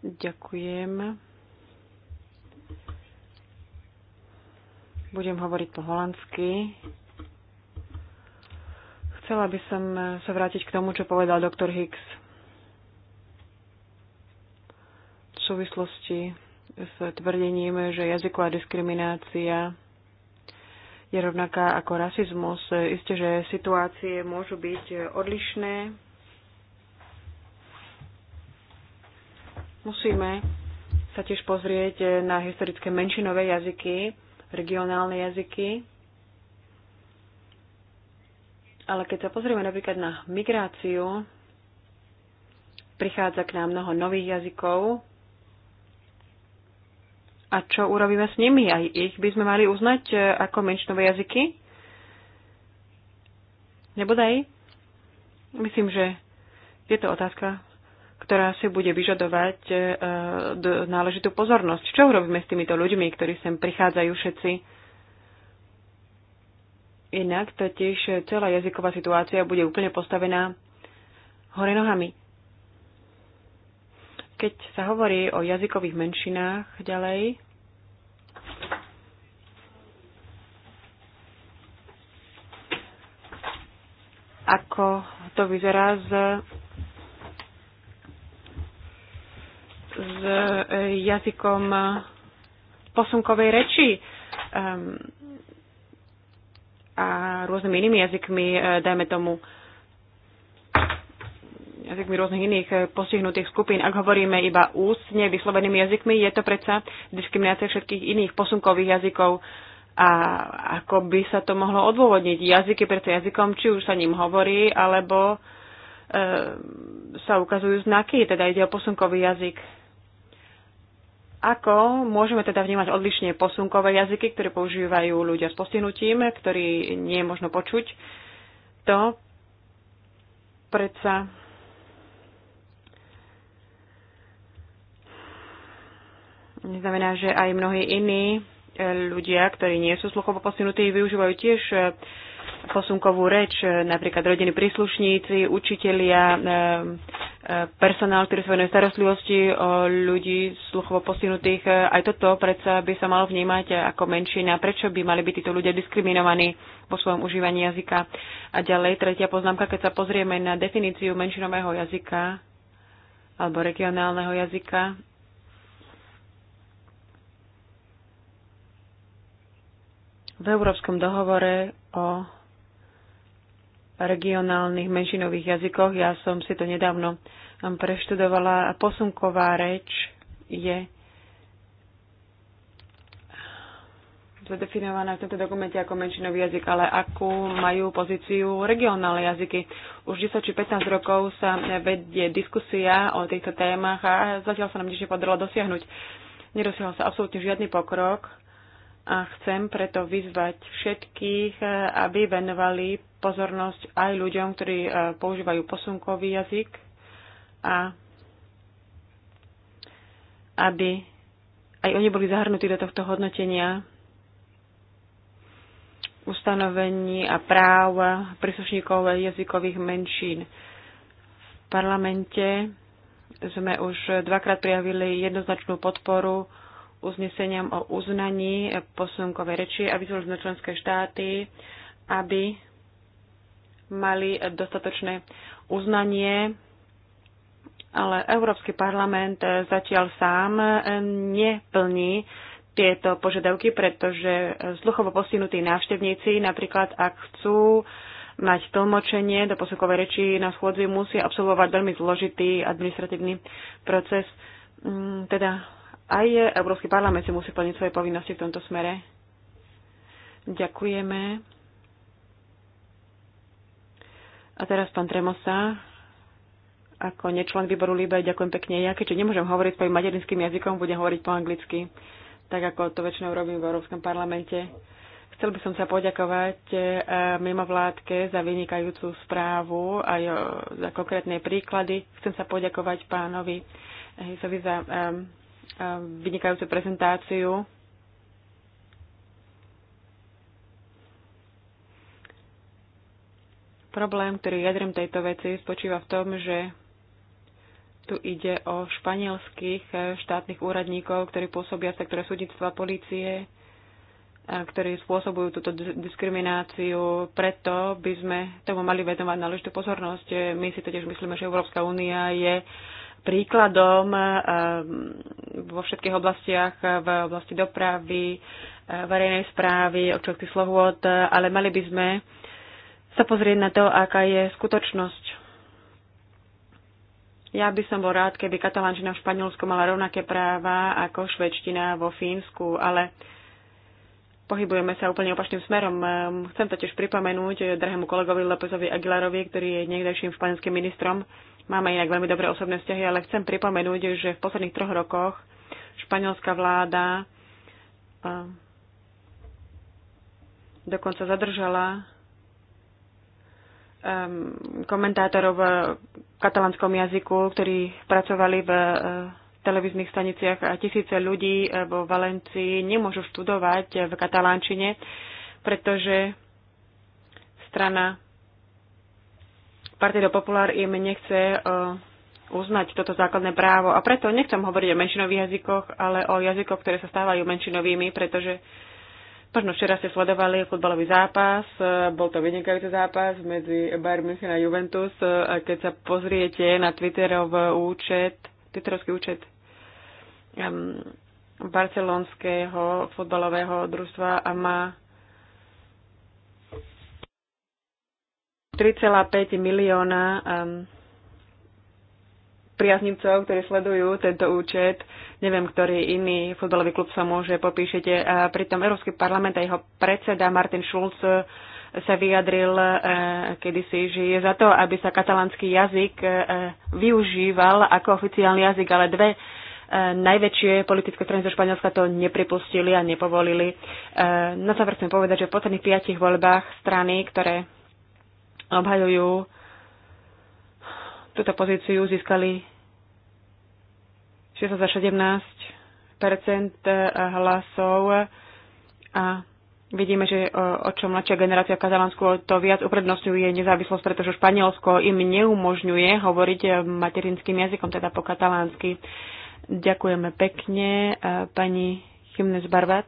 Ďakujem. Budem hovoriť po holandsky. Chcela by som sa vrátiť k tomu, čo povedal doktor Hicks v súvislosti s tvrdením, že jazyková diskriminácia je rovnaká ako rasizmus. Isté, že situácie môžu byť odlišné Musíme sa tiež pozrieť na historické menšinové jazyky, regionálne jazyky. Ale keď sa pozrieme napríklad na migráciu, prichádza k nám mnoho nových jazykov. A čo urobíme s nimi? Aj ich by sme mali uznať e, ako menšinové jazyky? Nebodaj? Myslím, že je to otázka, ktorá si bude vyžadovať e, náležitú pozornosť. Čo urobíme s týmito ľuďmi, ktorí sem prichádzajú všetci? Inak totiž celá jazyková situácia bude úplne postavená hore nohami. Keď sa hovorí o jazykových menšinách ďalej, ako to vyzerá s s e, jazykom e, posunkovej reči a rôznymi inými jazykmi, e, dajme tomu jazykmi rôznych iných postihnutých skupín. Ak hovoríme iba ústne vyslovenými jazykmi, je to predsa diskriminácia všetkých iných posunkových jazykov. A ako by sa to mohlo odôvodniť? Jazyky predsa jazykom, či už sa ním hovorí, alebo e, sa ukazujú znaky, teda ide o posunkový jazyk. Ako môžeme teda vnímať odlišne posunkové jazyky, ktoré používajú ľudia s postihnutím, ktorí nie je možno počuť? To predsa Neznamená, že aj mnohí iní ľudia, ktorí nie sú sluchovo postihnutí, využívajú tiež posunkovú reč, e, napríklad rodiny príslušníci, učitelia, e, e, personál, ktorý sa venuje starostlivosti o ľudí sluchovo postihnutých. Aj toto predsa by sa malo vnímať ako menšina. Prečo by mali byť títo ľudia diskriminovaní po svojom užívaní jazyka? A ďalej, tretia poznámka, keď sa pozrieme na definíciu menšinového jazyka alebo regionálneho jazyka, v Európskom dohovore o regionálnych menšinových jazykoch. Ja som si to nedávno um, preštudovala. Posunková reč je zadefinovaná v tomto dokumente ako menšinový jazyk, ale akú majú pozíciu regionálne jazyky. Už 10 či 15 rokov sa vedie diskusia o týchto témach a zatiaľ sa nám nič nepodarilo dosiahnuť. Nedosiahol sa absolútne žiadny pokrok a chcem preto vyzvať všetkých, e, aby venovali pozornosť aj ľuďom, ktorí e, používajú posunkový jazyk a aby aj oni boli zahrnutí do tohto hodnotenia ustanovení a práv príslušníkov jazykových menšín. V parlamente sme už dvakrát prijavili jednoznačnú podporu uzneseniam o uznaní posunkovej reči a vyzvali sme členské štáty, aby mali dostatočné uznanie, ale Európsky parlament zatiaľ sám neplní tieto požiadavky, pretože sluchovo postihnutí návštevníci, napríklad ak chcú mať tlmočenie do posunkovej reči na schôdzi, musia absolvovať veľmi zložitý administratívny proces. Mm, teda aj Európsky parlament si musí plniť svoje povinnosti v tomto smere. Ďakujeme. A teraz pán Tremosa, ako nečlen výboru Libe, ďakujem pekne. Ja keďže nemôžem hovoriť svojim materinským jazykom, budem hovoriť po anglicky, tak ako to väčšinou robím v Európskom parlamente. Chcel by som sa poďakovať eh, mimovládke za vynikajúcu správu aj za konkrétne príklady. Chcem sa poďakovať pánovi Hisovi za um, vynikajúcu prezentáciu. Problém, ktorý jadrem tejto veci, spočíva v tom, že tu ide o španielských e, štátnych úradníkov, ktorí pôsobia v sektore súdnictva polície, e, ktorí spôsobujú túto diskrimináciu. Preto by sme tomu mali vedovať náležitú pozornosť. My si totiž myslíme, že Európska únia je príkladom eh, vo všetkých oblastiach, v oblasti dopravy, eh, verejnej správy, občanských slohôd, eh, ale mali by sme sa pozrieť na to, aká je skutočnosť. Ja by som bol rád, keby katalánčina v Španielsku mala rovnaké práva ako švedština vo Fínsku, ale pohybujeme sa úplne opačným smerom. Ehm, chcem totiž pripomenúť drahému kolegovi Lópezovi Aguilarovi, ktorý je niekdejším španielským ministrom, Máme inak veľmi dobré osobné vzťahy, ale chcem pripomenúť, že v posledných troch rokoch španielská vláda ehm, dokonca zadržala ehm, komentátorov v katalánskom jazyku, ktorí pracovali v eh, televíznych staniciach a tisíce ľudí eh, vo Valencii nemôžu študovať v katalánčine, pretože strana Partido Popular im nechce e, uznať toto základné právo. A preto nechcem hovoriť o menšinových jazykoch, ale o jazykoch, ktoré sa stávajú menšinovými, pretože možno včera ste sledovali futbalový zápas, e, bol to vynikajúci zápas medzi Bayern München a Juventus. E, a keď sa pozriete na Twitterov účet, Twitterovský účet um, barcelonského futbalového družstva a má 3,5 milióna ehm, priaznivcov, ktorí sledujú tento účet. Neviem, ktorý iný futbalový klub sa môže popíšete. A pritom Európsky parlament a jeho predseda Martin Schulz eh, sa vyjadril eh, kedysi, že je za to, aby sa katalánsky jazyk eh, využíval ako oficiálny jazyk, ale dve najväčšie politické strany zo Španielska to nepripustili a nepovolili. Na no záver chcem povedať, že v posledných piatich voľbách strany, ktoré obhajujú túto pozíciu, získali 6 za 17 eh, hlasov a vidíme, že eh, o, čo mladšia generácia v Katalánsku, to viac uprednostňuje nezávislosť, pretože Španielsko im neumožňuje hovoriť eh, materinským jazykom, teda po katalánsky. Ďakujeme pekne. Pani Chimnes Barvat.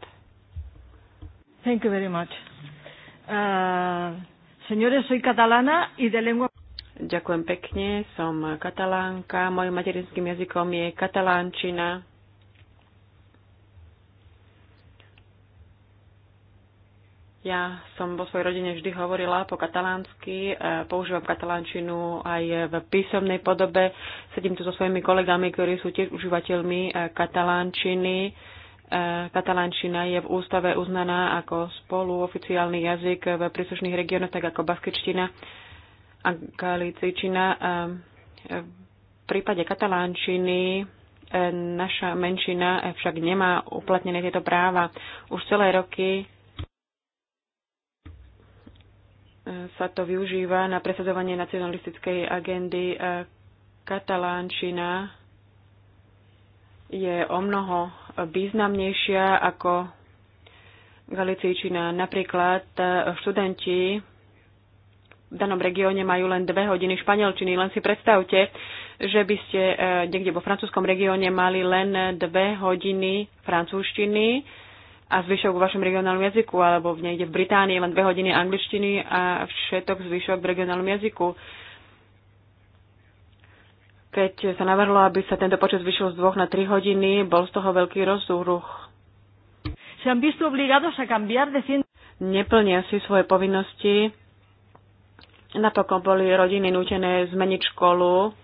Thank you very much. Uh... Señores, soy catalana y de lengua... Ďakujem pekne, som katalánka, mojim materinským jazykom je katalánčina. Ja som vo svojej rodine vždy hovorila po katalánsky, e, používam katalánčinu aj v písomnej podobe. Sedím tu so svojimi kolegami, ktorí sú tiež užívateľmi e, katalánčiny katalánčina je v ústave uznaná ako spoluoficiálny jazyk v príslušných regiónoch, tak ako baskečtina a galicíčina. Ehm, v prípade katalánčiny ehm, naša menšina však nemá uplatnené tieto práva. Už celé roky ehm, sa to využíva na presadzovanie nacionalistickej agendy. Katalánčina je o mnoho významnejšia ako Galicíčina. Napríklad e, študenti v danom regióne majú len dve hodiny španielčiny. Len si predstavte, že by ste e, niekde vo francúzskom regióne mali len dve hodiny francúzštiny a zvyšok v vašom regionálnom jazyku, alebo v niekde v Británii len dve hodiny angličtiny a všetok zvyšok v regionálnom jazyku. Keď sa navrhlo, aby sa tento počet zvyšil z dvoch na tri hodiny, bol z toho veľký rozúruch. Neplnia si svoje povinnosti. Napokon boli rodiny nútené zmeniť školu,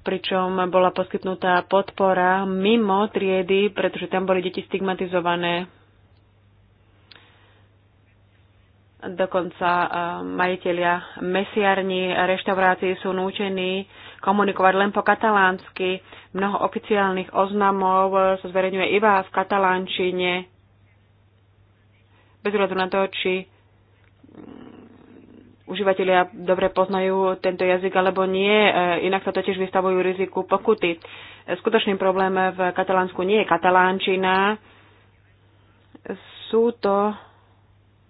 pričom bola poskytnutá podpora mimo triedy, pretože tam boli deti stigmatizované. Dokonca eh, majiteľia mesiarní, reštaurácií sú núčení komunikovať len po katalánsky. Mnoho oficiálnych oznamov eh, sa zverejňuje iba v katalánčine. Bez hľadu na to, či mm, užívateľia dobre poznajú tento jazyk alebo nie, eh, inak sa totiž vystavujú riziku pokuty. Skutočným problém v Katalánsku nie je katalánčina, sú to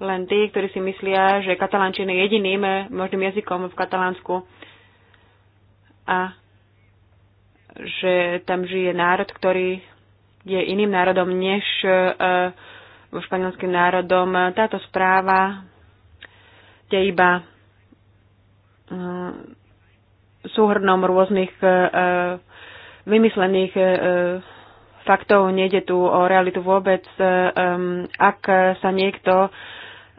len tí, ktorí si myslia, že katalánčina je jediným možným jazykom v Katalánsku a že tam žije národ, ktorý je iným národom než e, e, španielským národom. Táto správa je iba e, súhrnom rôznych vymyslených faktov. Nejde tu o realitu vôbec. Ak sa niekto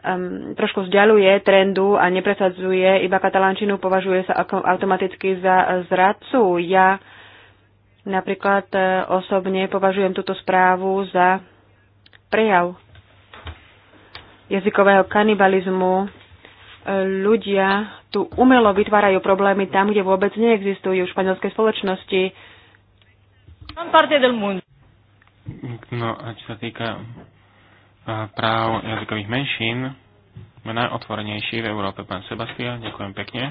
um, trošku vzdialuje trendu a nepresadzuje iba katalánčinu, považuje sa ako automaticky za zradcu. Ja napríklad e, osobne považujem túto správu za prejav jazykového kanibalizmu. E, ľudia tu umelo vytvárajú problémy tam, kde vôbec neexistujú v španielskej spoločnosti. No a čo sa týka práv jazykových menšín najotvorenejší v Európe. Pán Sebastian, ďakujem pekne.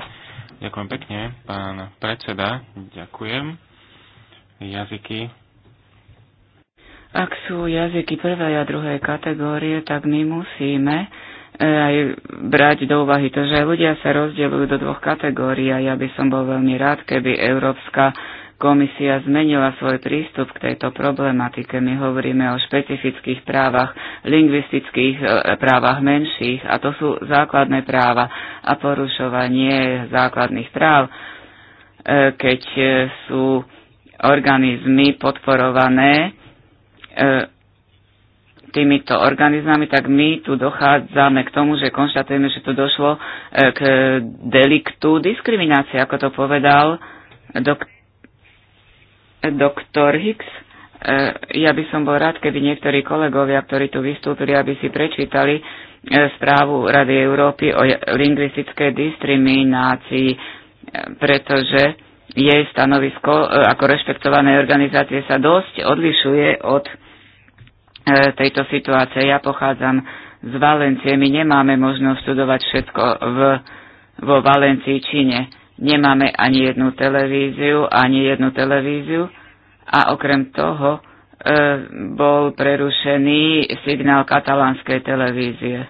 Ďakujem pekne, pán predseda, ďakujem. Jazyky. Ak sú jazyky prvej a druhej kategórie, tak my musíme e, aj brať do úvahy to, že ľudia sa rozdeľujú do dvoch kategórií a ja by som bol veľmi rád, keby Európska Komisia zmenila svoj prístup k tejto problematike. My hovoríme o špecifických právach, lingvistických e, právach menších a to sú základné práva a porušovanie základných práv, e, keď e, sú organizmy podporované týmito organizmami, tak my tu dochádzame k tomu, že konštatujeme, že tu došlo k deliktu diskriminácie, ako to povedal doktor doktor Hicks. E, ja by som bol rád, keby niektorí kolegovia, ktorí tu vystúpili, aby si prečítali e, správu Rady Európy o lingvistickej diskriminácii, e, pretože jej stanovisko ako rešpektované organizácie sa dosť odlišuje od tejto situácie. Ja pochádzam z Valencie, my nemáme možnosť študovať všetko v, vo Valencii, Číne nemáme ani jednu televíziu, ani jednu televíziu a okrem toho e, bol prerušený signál katalánskej televízie.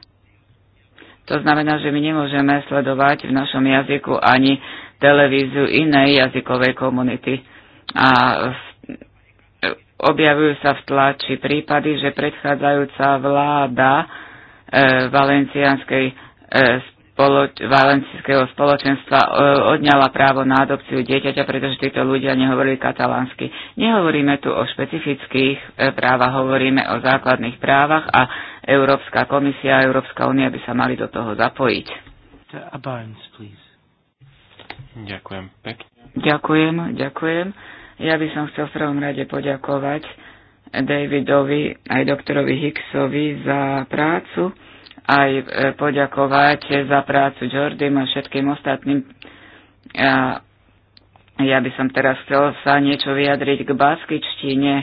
To znamená, že my nemôžeme sledovať v našom jazyku ani televíziu inej jazykovej komunity. A e, objavujú sa v tlači prípady, že predchádzajúca vláda e, valenciánskej e, spoloč- valencijského spoločenstva e, odňala právo na adopciu dieťaťa, pretože títo ľudia nehovorili katalánsky. Nehovoríme tu o špecifických e, právach, hovoríme o základných právach a Európska komisia a Európska únia by sa mali do toho zapojiť. ďakujem pekne. Ďakujem, ďakujem. Ja by som chcel v prvom rade poďakovať Davidovi aj doktorovi Hicksovi za prácu aj e, poďakovať za prácu Jordym a všetkým ostatným. A ja by som teraz chcel sa niečo vyjadriť k baskičtine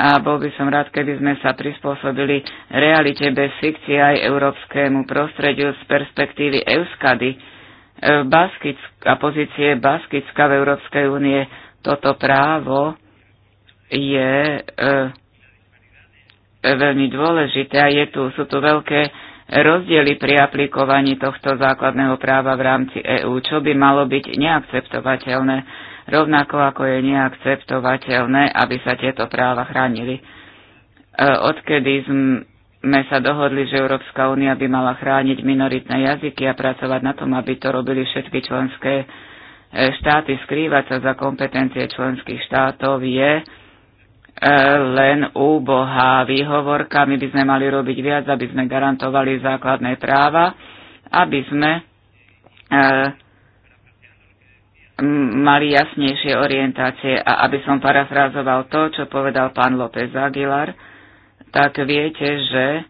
a bol by som rád, keby sme sa prispôsobili realite bez fikcie aj európskemu prostrediu z perspektívy Euskady. E, Baskická, pozície Baskická v Európskej únie toto právo je e, veľmi dôležité a je tu, sú tu veľké rozdiely pri aplikovaní tohto základného práva v rámci EÚ, čo by malo byť neakceptovateľné, rovnako ako je neakceptovateľné, aby sa tieto práva chránili. E, odkedy sme sa dohodli, že Európska únia by mala chrániť minoritné jazyky a pracovať na tom, aby to robili všetky členské e, štáty, skrývať sa za kompetencie členských štátov je len úbohá výhovorka. My by sme mali robiť viac, aby sme garantovali základné práva, aby sme e, mali jasnejšie orientácie a aby som parafrázoval to, čo povedal pán López Aguilar, tak viete, že e,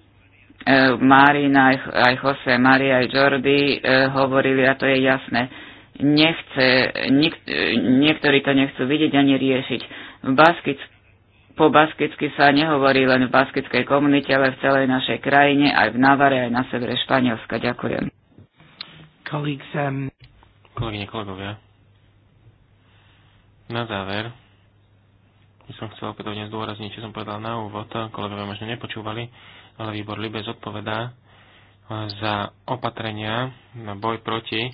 Marina, aj Jose, Maria, aj Jordi e, hovorili, a to je jasné, nechce, niek, niektorí to nechcú vidieť ani riešiť. V Baskicku po baskicky sa nehovorí len v baskickej komunite, ale v celej našej krajine, aj v Navare, aj na severe Španielska. Ďakujem. Um, Kolegyne, kolegovia, na záver by som chcel opätovne zdôrazniť, čo som povedal na úvod. Kolegovia možno nepočúvali, ale výbor Libes odpovedá za opatrenia na boj proti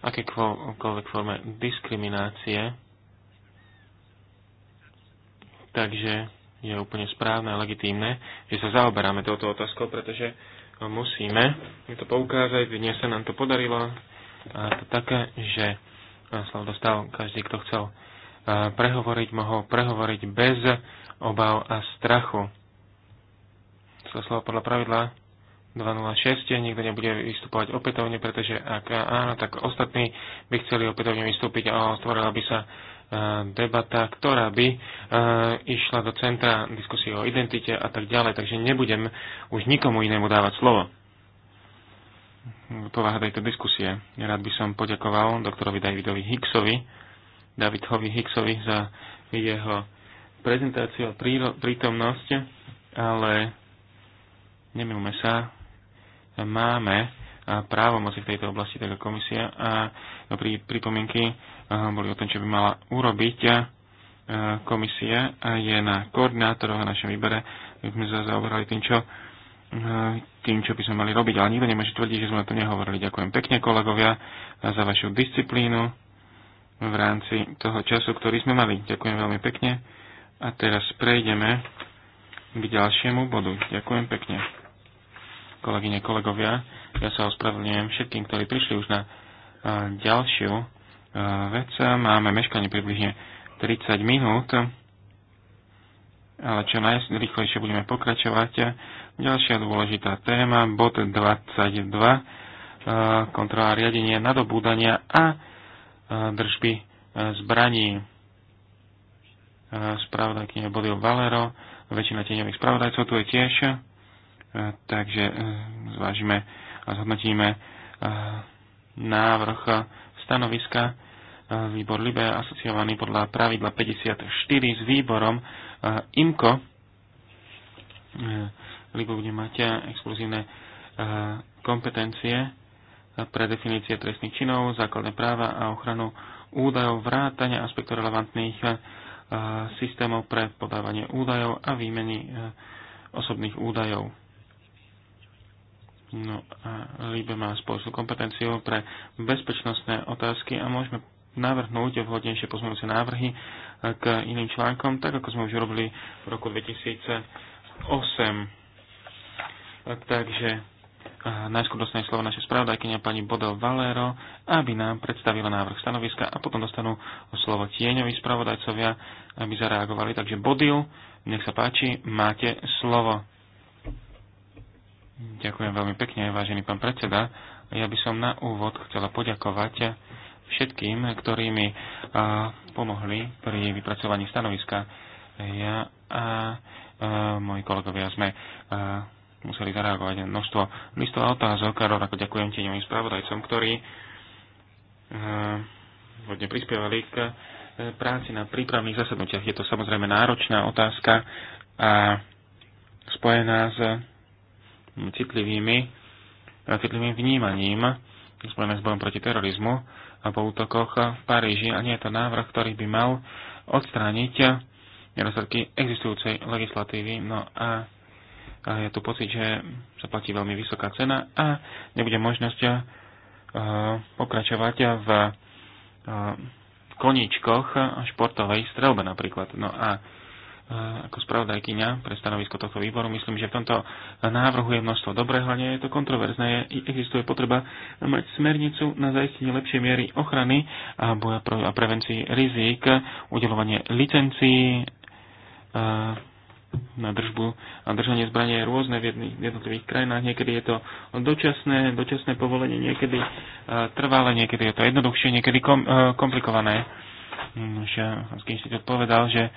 akékoľvek forme diskriminácie Takže je úplne správne a legitímne, že sa zaoberáme touto otázkou, pretože musíme to poukázať, dnes sa nám to podarilo, a to také, že slovo dostal každý, kto chcel prehovoriť, mohol prehovoriť bez obav a strachu. slovo podľa pravidla 206, nikto nebude vystupovať opätovne, pretože ak áno, tak ostatní by chceli opätovne vystúpiť a stvorila by sa e, debata, ktorá by e, išla do centra diskusie o identite a tak ďalej, takže nebudem už nikomu inému dávať slovo. Povaha tejto diskusie. Rád by som poďakoval doktorovi Davidovi Hicksovi, Davidovi Hicksovi za jeho prezentáciu a prítomnosť, ale nemilme sa, máme právomoci v tejto oblasti, tak komisia a pri pripomienky boli o tom, čo by mala urobiť komisia a je na koordinátoroch a našom výbere. My sme sa zaoberali tým, čo tým, čo by sme mali robiť, ale nikto nemôže tvrdiť, že sme o to nehovorili. Ďakujem pekne, kolegovia, za vašu disciplínu v rámci toho času, ktorý sme mali. Ďakujem veľmi pekne. A teraz prejdeme k ďalšiemu bodu. Ďakujem pekne kolegyne, kolegovia. Ja sa ospravedlňujem všetkým, ktorí prišli už na e, ďalšiu e, vec. Máme meškanie približne 30 minút, ale čo najrychlejšie budeme pokračovať. Ďalšia dôležitá téma, bod 22, e, kontrola riadenie nadobúdania a držby zbraní. Spravodajkyne Bodil Valero, väčšina tieňových spravodajcov tu je tiež takže eh, zvážime a zhodnotíme eh, návrh stanoviska eh, výbor Libe asociovaný podľa pravidla 54 s výborom IMCO. Libo kde máte exkluzívne kompetencie pre definície trestných činov, základné práva a ochranu údajov, vrátania aspektov relevantných systémov pre podávanie údajov a výmeny osobných údajov. No a Líbe má spoločnú kompetenciu pre bezpečnostné otázky a môžeme navrhnúť vhodnejšie pozmeňujúce návrhy k iným článkom, tak ako sme už robili v roku 2008. Takže najskôr dostane slovo naše spravodajkynia pani Bodo Valero, aby nám predstavila návrh stanoviska a potom dostanú slovo tieňoví spravodajcovia, aby zareagovali. Takže Bodil, nech sa páči, máte slovo. Ďakujem veľmi pekne, vážený pán predseda. Ja by som na úvod chcela poďakovať všetkým, ktorí mi pomohli pri vypracovaní stanoviska. Ja a moji kolegovia sme museli zareagovať na množstvo listov a otázok a rovnako ďakujem tieňovým spravodajcom, ktorí hodne prispievali k e, práci na prípravných zasadnutiach. Je to samozrejme náročná otázka a spojená s citlivými, eh, citlivým vnímaním spojené s bojom proti terorizmu a po útokoch v Paríži a nie je to návrh, ktorý by mal odstrániť nedostatky existujúcej legislatívy. No a, je tu pocit, že sa platí veľmi vysoká cena a nebude možnosť eh, pokračovať v koničkoch eh, koníčkoch športovej strelbe napríklad. No a ako spravodajkyňa pre stanovisko tohto výboru. Myslím, že v tomto návrhu je množstvo dobrého, nie je to kontroverzné. Existuje potreba mať smernicu na zaistenie lepšej miery ochrany a boja a prevencii rizik, udelovanie licencií na držbu a držanie zbranie je rôzne v jednotlivých krajinách. Niekedy je to dočasné, dočasné povolenie, niekedy trvalé, niekedy je to jednoduchšie, niekedy komplikované. Franský inštitút povedal, že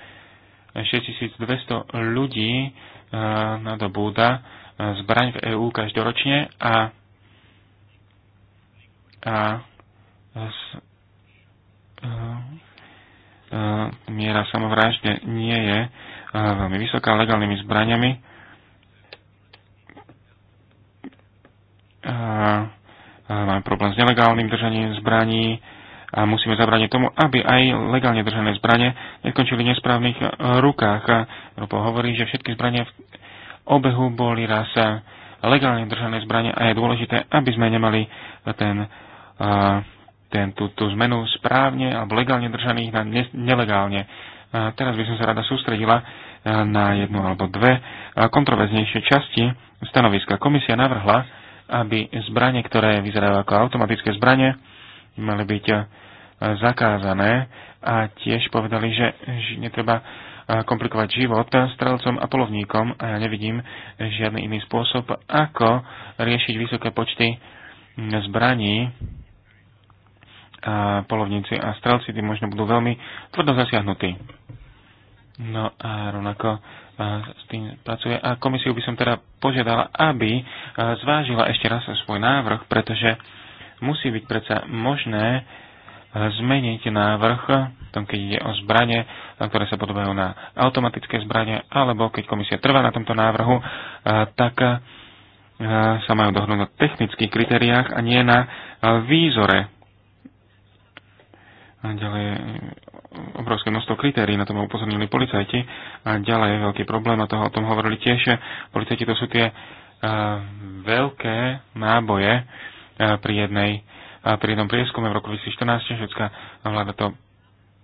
6200 ľudí eh, na dobúda eh, zbraň v EÚ každoročne a, a s, a, eh, a, miera samovrážde nie je veľmi vysoká legálnymi zbraňami. A, a, máme problém s nelegálnym držaním zbraní, a musíme zabrániť tomu, aby aj legálne držané zbranie nekončili v nesprávnych eh, rukách. Rupo hovorí, že všetky zbranie v obehu boli raz eh, legálne držané zbranie a je dôležité, aby sme nemali eh, ten, ten, tú, tú zmenu správne alebo legálne držaných na ne, nelegálne. A teraz by som sa rada sústredila na jednu alebo dve kontroverznejšie časti stanoviska. Komisia navrhla, aby zbranie, ktoré vyzerajú ako automatické zbranie, mali byť zakázané a tiež povedali, že, netreba eh, komplikovať život strelcom a polovníkom a ja nevidím žiadny iný spôsob, ako riešiť vysoké počty zbraní a polovníci a strelci tým možno budú veľmi tvrdo zasiahnutí. No a rovnako eh, s tým pracuje. A komisiu by som teda požiadala, aby eh, zvážila ešte raz svoj návrh, pretože musí byť predsa možné zmeniť návrh, tom, keď ide o zbranie, ktoré sa podobajú na automatické zbranie, alebo keď komisia trvá na tomto návrhu, tak sa majú dohodnúť na technických kritériách a nie na výzore. A ďalej obrovské množstvo kritérií, na tom upozornili policajti. A ďalej je veľký problém, a toho o tom hovorili tiež. Policajti to sú tie veľké náboje pri jednej a pri jednom prieskume v roku 2014 švedská vláda to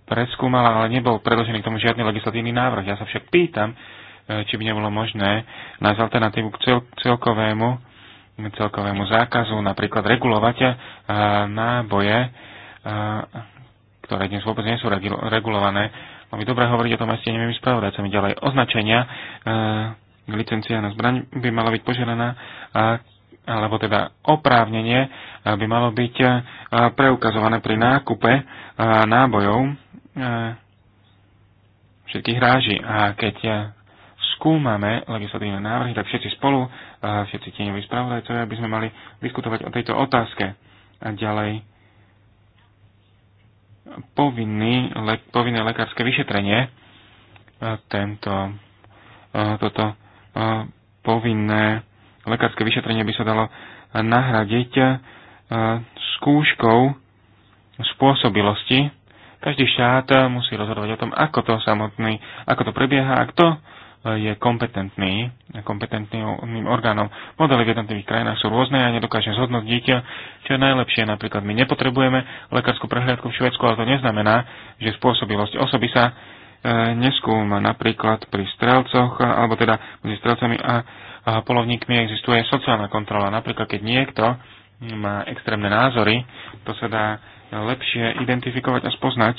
preskúmala, ale nebol predložený k tomu žiadny legislatívny návrh. Ja sa však pýtam, e, či by nebolo možné nájsť alternatívu k cel- celkovému, celkovému zákazu, napríklad regulovať e, náboje, e, ktoré dnes vôbec nie sú regulované. by dobre hovoriť o tom aj spravodať sa mi Ďalej označenia, licencia na zbraň by mala byť požiadaná, alebo teda oprávnenie by malo byť eh, preukazované pri nákupe eh, nábojov eh, všetkých hráží. A keď skúmame legislatívne návrhy, tak všetci spolu, všetci tieňoví spravodajcovia, aby sme mali diskutovať o tejto otázke. A ďalej povinný, le, povinné lekárske vyšetrenie, tento, toto povinné lekárske vyšetrenie by sa dalo nahradiť skúškou spôsobilosti. Každý štát musí rozhodovať o tom, ako to samotný, ako to prebieha a kto je kompetentný, kompetentným orgánom. Modely v jednotlivých krajinách sú rôzne a ja nedokážem zhodnúť dieťa, čo je najlepšie. Napríklad my nepotrebujeme lekárskú prehliadku v Švedsku, ale to neznamená, že spôsobilosť osoby sa e, neskúma napríklad pri strelcoch, alebo teda medzi strelcami a, a polovníkmi existuje sociálna kontrola. Napríklad, keď niekto má extrémne názory, to sa dá lepšie identifikovať a spoznať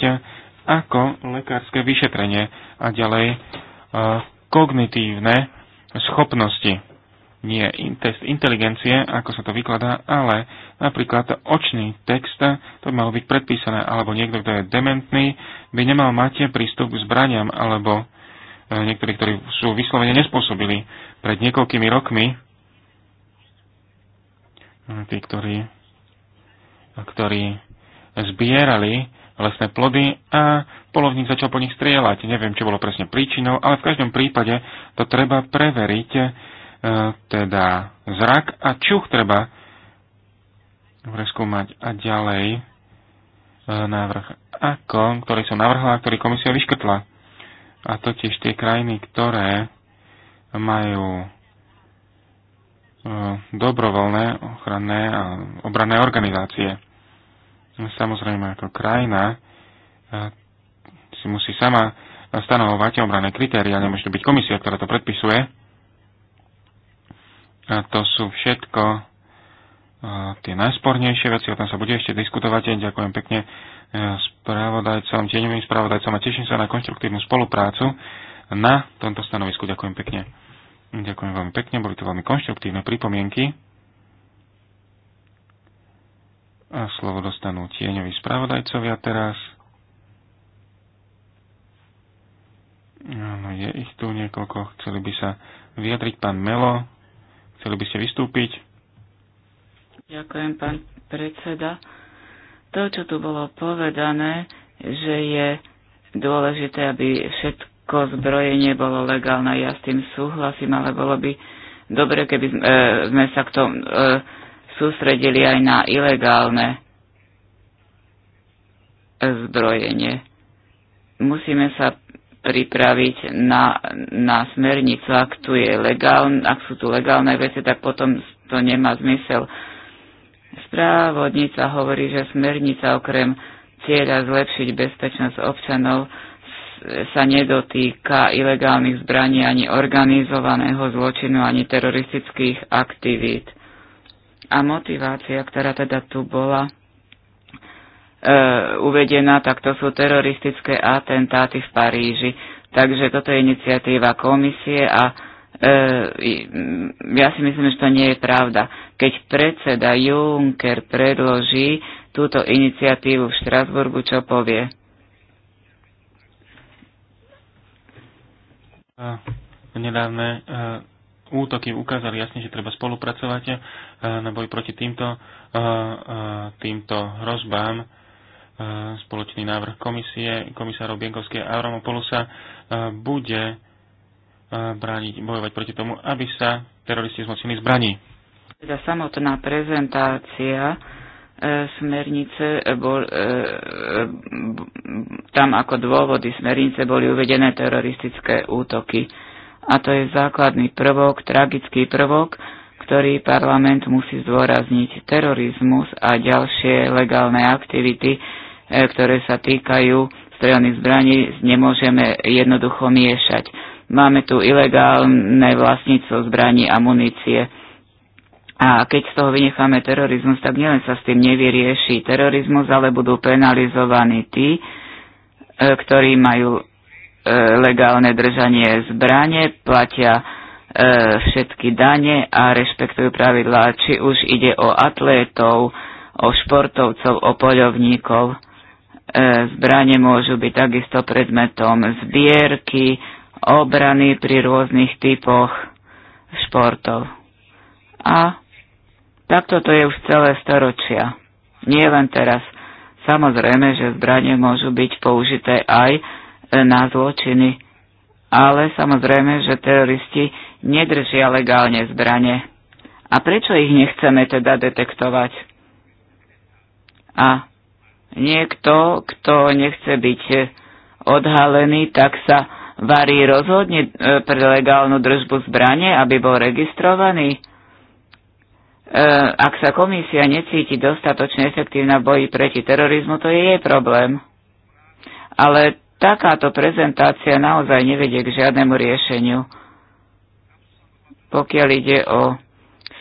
ako lekárske vyšetrenie a ďalej e, kognitívne schopnosti. Nie test inteligencie, ako sa to vykladá, ale napríklad očný text, to by malo byť predpísané, alebo niekto, kto je dementný, by nemal mať prístup k zbraniam, alebo e, niektorí, ktorí sú vyslovene nespôsobili. Pred niekoľkými rokmi tí, ktorí, ktorí zbierali lesné plody a polovník začal po nich strieľať. Neviem, čo bolo presne príčinou, ale v každom prípade to treba preveriť, e, teda zrak a čuch treba preskúmať a ďalej e, návrh ako, ktorý som navrhla ktorý komisia vyškrtla. A totiž tie krajiny, ktoré majú E, dobrovoľné ochranné a obranné organizácie. Samozrejme, ako krajina e, si musí sama stanovovať obranné kritéria, nemôže to byť komisia, ktorá to predpisuje. A to sú všetko e, tie najspornejšie veci, o tom sa bude ešte diskutovať. Ďakujem pekne spravodajcom, tieňovým spravodajcom a teším sa na konštruktívnu spoluprácu na tomto stanovisku. Ďakujem pekne. Ďakujem veľmi pekne, boli to veľmi konštruktívne pripomienky. A slovo dostanú tieňoví spravodajcovia teraz. Áno, je ich tu niekoľko. Chceli by sa vyjadriť pán Melo. Chceli by ste vystúpiť? Ďakujem, pán predseda. To, čo tu bolo povedané, že je dôležité, aby všetko ako zbrojenie bolo legálne. Ja s tým súhlasím, ale bolo by dobre, keby sme, e, sme sa k tomu e, sústredili aj na ilegálne zbrojenie. Musíme sa pripraviť na, na smernicu, ak, tu je legálne, ak sú tu legálne veci, tak potom to nemá zmysel. Správodnica hovorí, že smernica okrem cieľa zlepšiť bezpečnosť občanov sa nedotýka ilegálnych zbraní ani organizovaného zločinu, ani teroristických aktivít. A motivácia, ktorá teda tu bola e, uvedená, tak to sú teroristické atentáty v Paríži. Takže toto je iniciatíva komisie a e, ja si myslím, že to nie je pravda. Keď predseda Juncker predloží túto iniciatívu v Štrasburgu, čo povie? Nedávne e, útoky ukázali jasne, že treba spolupracovať e, na boj proti týmto, e, týmto hrozbám. Spoločný návrh komisie, komisárov Bienkovského a Romopolusa bude brániť, bojovať proti tomu, aby sa teroristi zmocnili zbraní. Teda samotná prezentácia E, smernice, e, bol, e, tam ako dôvody smernice boli uvedené teroristické útoky. A to je základný prvok, tragický prvok, ktorý parlament musí zdôrazniť. Terorizmus a ďalšie legálne aktivity, ktoré sa týkajú strelných zbraní, nemôžeme jednoducho miešať. Máme tu ilegálne vlastníctvo zbraní a munície a keď z toho vynecháme terorizmus, tak nielen sa s tým nevyrieši terorizmus, ale budú penalizovaní tí, e, ktorí majú e, legálne držanie zbranie, platia e, všetky dane a rešpektujú pravidlá, či už ide o atlétov, o športovcov, o poľovníkov. Zbranie môžu byť takisto predmetom zbierky, obrany pri rôznych typoch športov. A Takto to je už celé storočia. Nie len teraz. Samozrejme, že zbranie môžu byť použité aj e, na zločiny. Ale samozrejme, že teroristi nedržia legálne zbranie. A prečo ich nechceme teda detektovať? A niekto, kto nechce byť e, odhalený, tak sa varí rozhodne e, pre legálnu držbu zbranie, aby bol registrovaný. E, ak sa komisia necíti dostatočne efektívna v boji proti terorizmu, to je jej problém. Ale takáto prezentácia naozaj nevedie k žiadnemu riešeniu. Pokiaľ ide o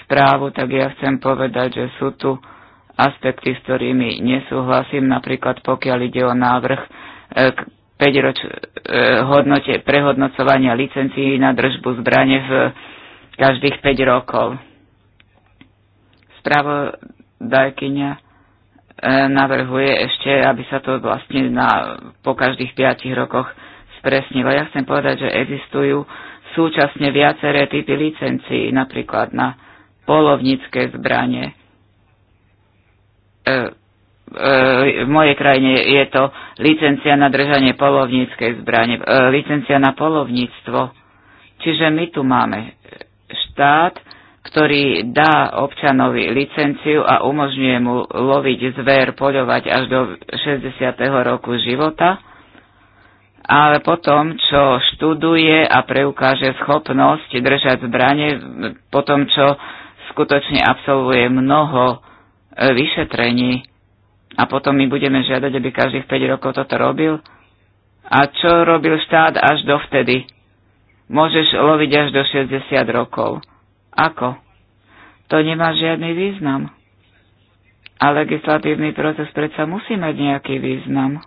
správu, tak ja chcem povedať, že sú tu aspekty, s ktorými nesúhlasím, napríklad pokiaľ ide o návrh e, k 5 roč, e, hodnote prehodnocovania licencií na držbu zbrane v každých 5 rokov Spravodajkyňa e, navrhuje ešte, aby sa to vlastne na, po každých piatich rokoch spresnilo. Ja chcem povedať, že existujú súčasne viaceré typy licencií, napríklad na polovnícke zbranie. E, e v mojej krajine je to licencia na držanie polovníckej zbrane, e, licencia na polovníctvo. Čiže my tu máme štát, ktorý dá občanovi licenciu a umožňuje mu loviť zver, poľovať až do 60. roku života, ale potom, čo študuje a preukáže schopnosť držať zbranie, potom, čo skutočne absolvuje mnoho e, vyšetrení a potom my budeme žiadať, aby každých 5 rokov toto robil. A čo robil štát až dovtedy? Môžeš loviť až do 60 rokov. Ako? To nemá žiadny význam. A legislatívny proces predsa musí mať nejaký význam.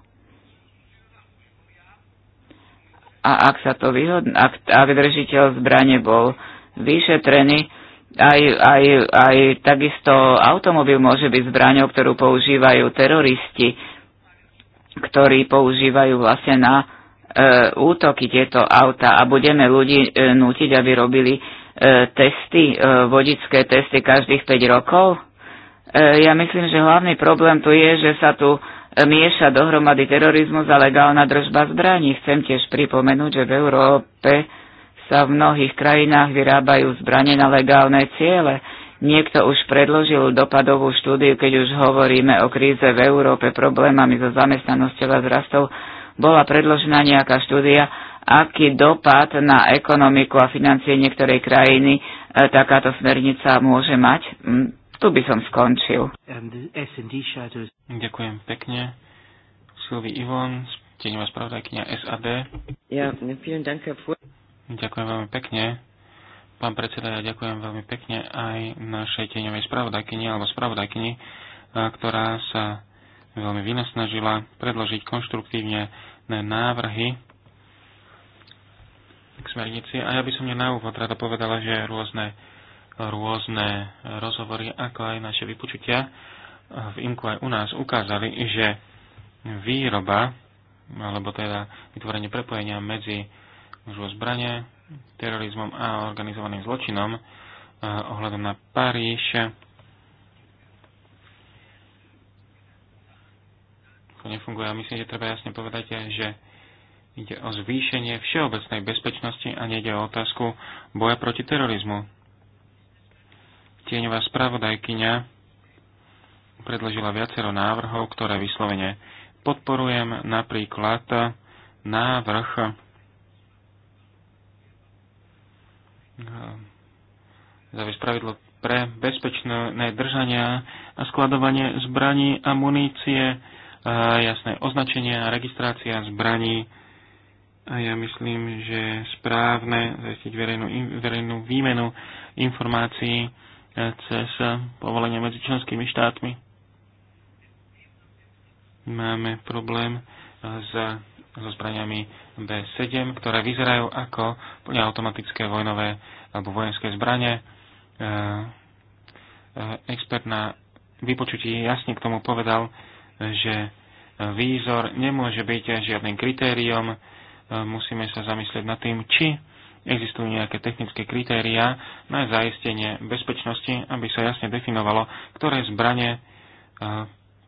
A ak sa to vyhodná, ak, ak držiteľ zbrane bol vyšetrený, aj, aj, aj takisto automobil môže byť zbraňou, ktorú používajú teroristi, ktorí používajú vlastne na e, útoky tieto auta a budeme ľudí e, nútiť, aby robili E, testy, e, vodické testy každých 5 rokov. E, ja myslím, že hlavný problém tu je, že sa tu mieša dohromady terorizmus a legálna držba zbraní. Chcem tiež pripomenúť, že v Európe sa v mnohých krajinách vyrábajú zbranie na legálne ciele. Niekto už predložil dopadovú štúdiu, keď už hovoríme o kríze v Európe problémami so zamestnanosťou a zrastou. Bola predložená nejaká štúdia aký dopad na ekonomiku a financie niektorej krajiny e, takáto smernica môže mať. Mm, tu by som skončil. Ďakujem pekne. Silvi Ivon, tieňová spravodajkynia SAD. Ja, dank, Ďakujem veľmi pekne. Pán predseda, ja ďakujem veľmi pekne aj našej tieňovej spravodajkyni alebo spravodajkyni, e, ktorá sa veľmi vynasnažila predložiť konštruktívne návrhy k smernici. A ja by som na úvod rada povedala, že rôzne, rôzne rozhovory, ako aj naše vypočutia v IMKU aj u nás ukázali, že výroba, alebo teda vytvorenie prepojenia medzi zlo zbranie, terorizmom a organizovaným zločinom eh, ohľadom na Paríž, to nefunguje. A myslím, že treba jasne povedať, že Ide o zvýšenie všeobecnej bezpečnosti a nejde o otázku boja proti terorizmu. Tieňová spravodajkyňa predložila viacero návrhov, ktoré vyslovene podporujem, napríklad návrh eh, zaviesť pravidlo pre bezpečné držania a skladovanie zbraní a munície, eh, jasné označenia, a registrácia zbraní, a ja myslím, že je správne zajistiť verejnú, verejnú výmenu informácií e, cez povolenie medzi členskými štátmi. Máme problém e, s, so zbraniami B7, ktoré vyzerajú ako automatické vojnové alebo vojenské zbranie. E, expert na vypočutí jasne k tomu povedal, že výzor nemôže byť žiadnym kritériom, E, musíme sa zamyslieť nad tým, či existujú nejaké technické kritériá na zaistenie bezpečnosti, aby sa jasne definovalo, ktoré zbranie e,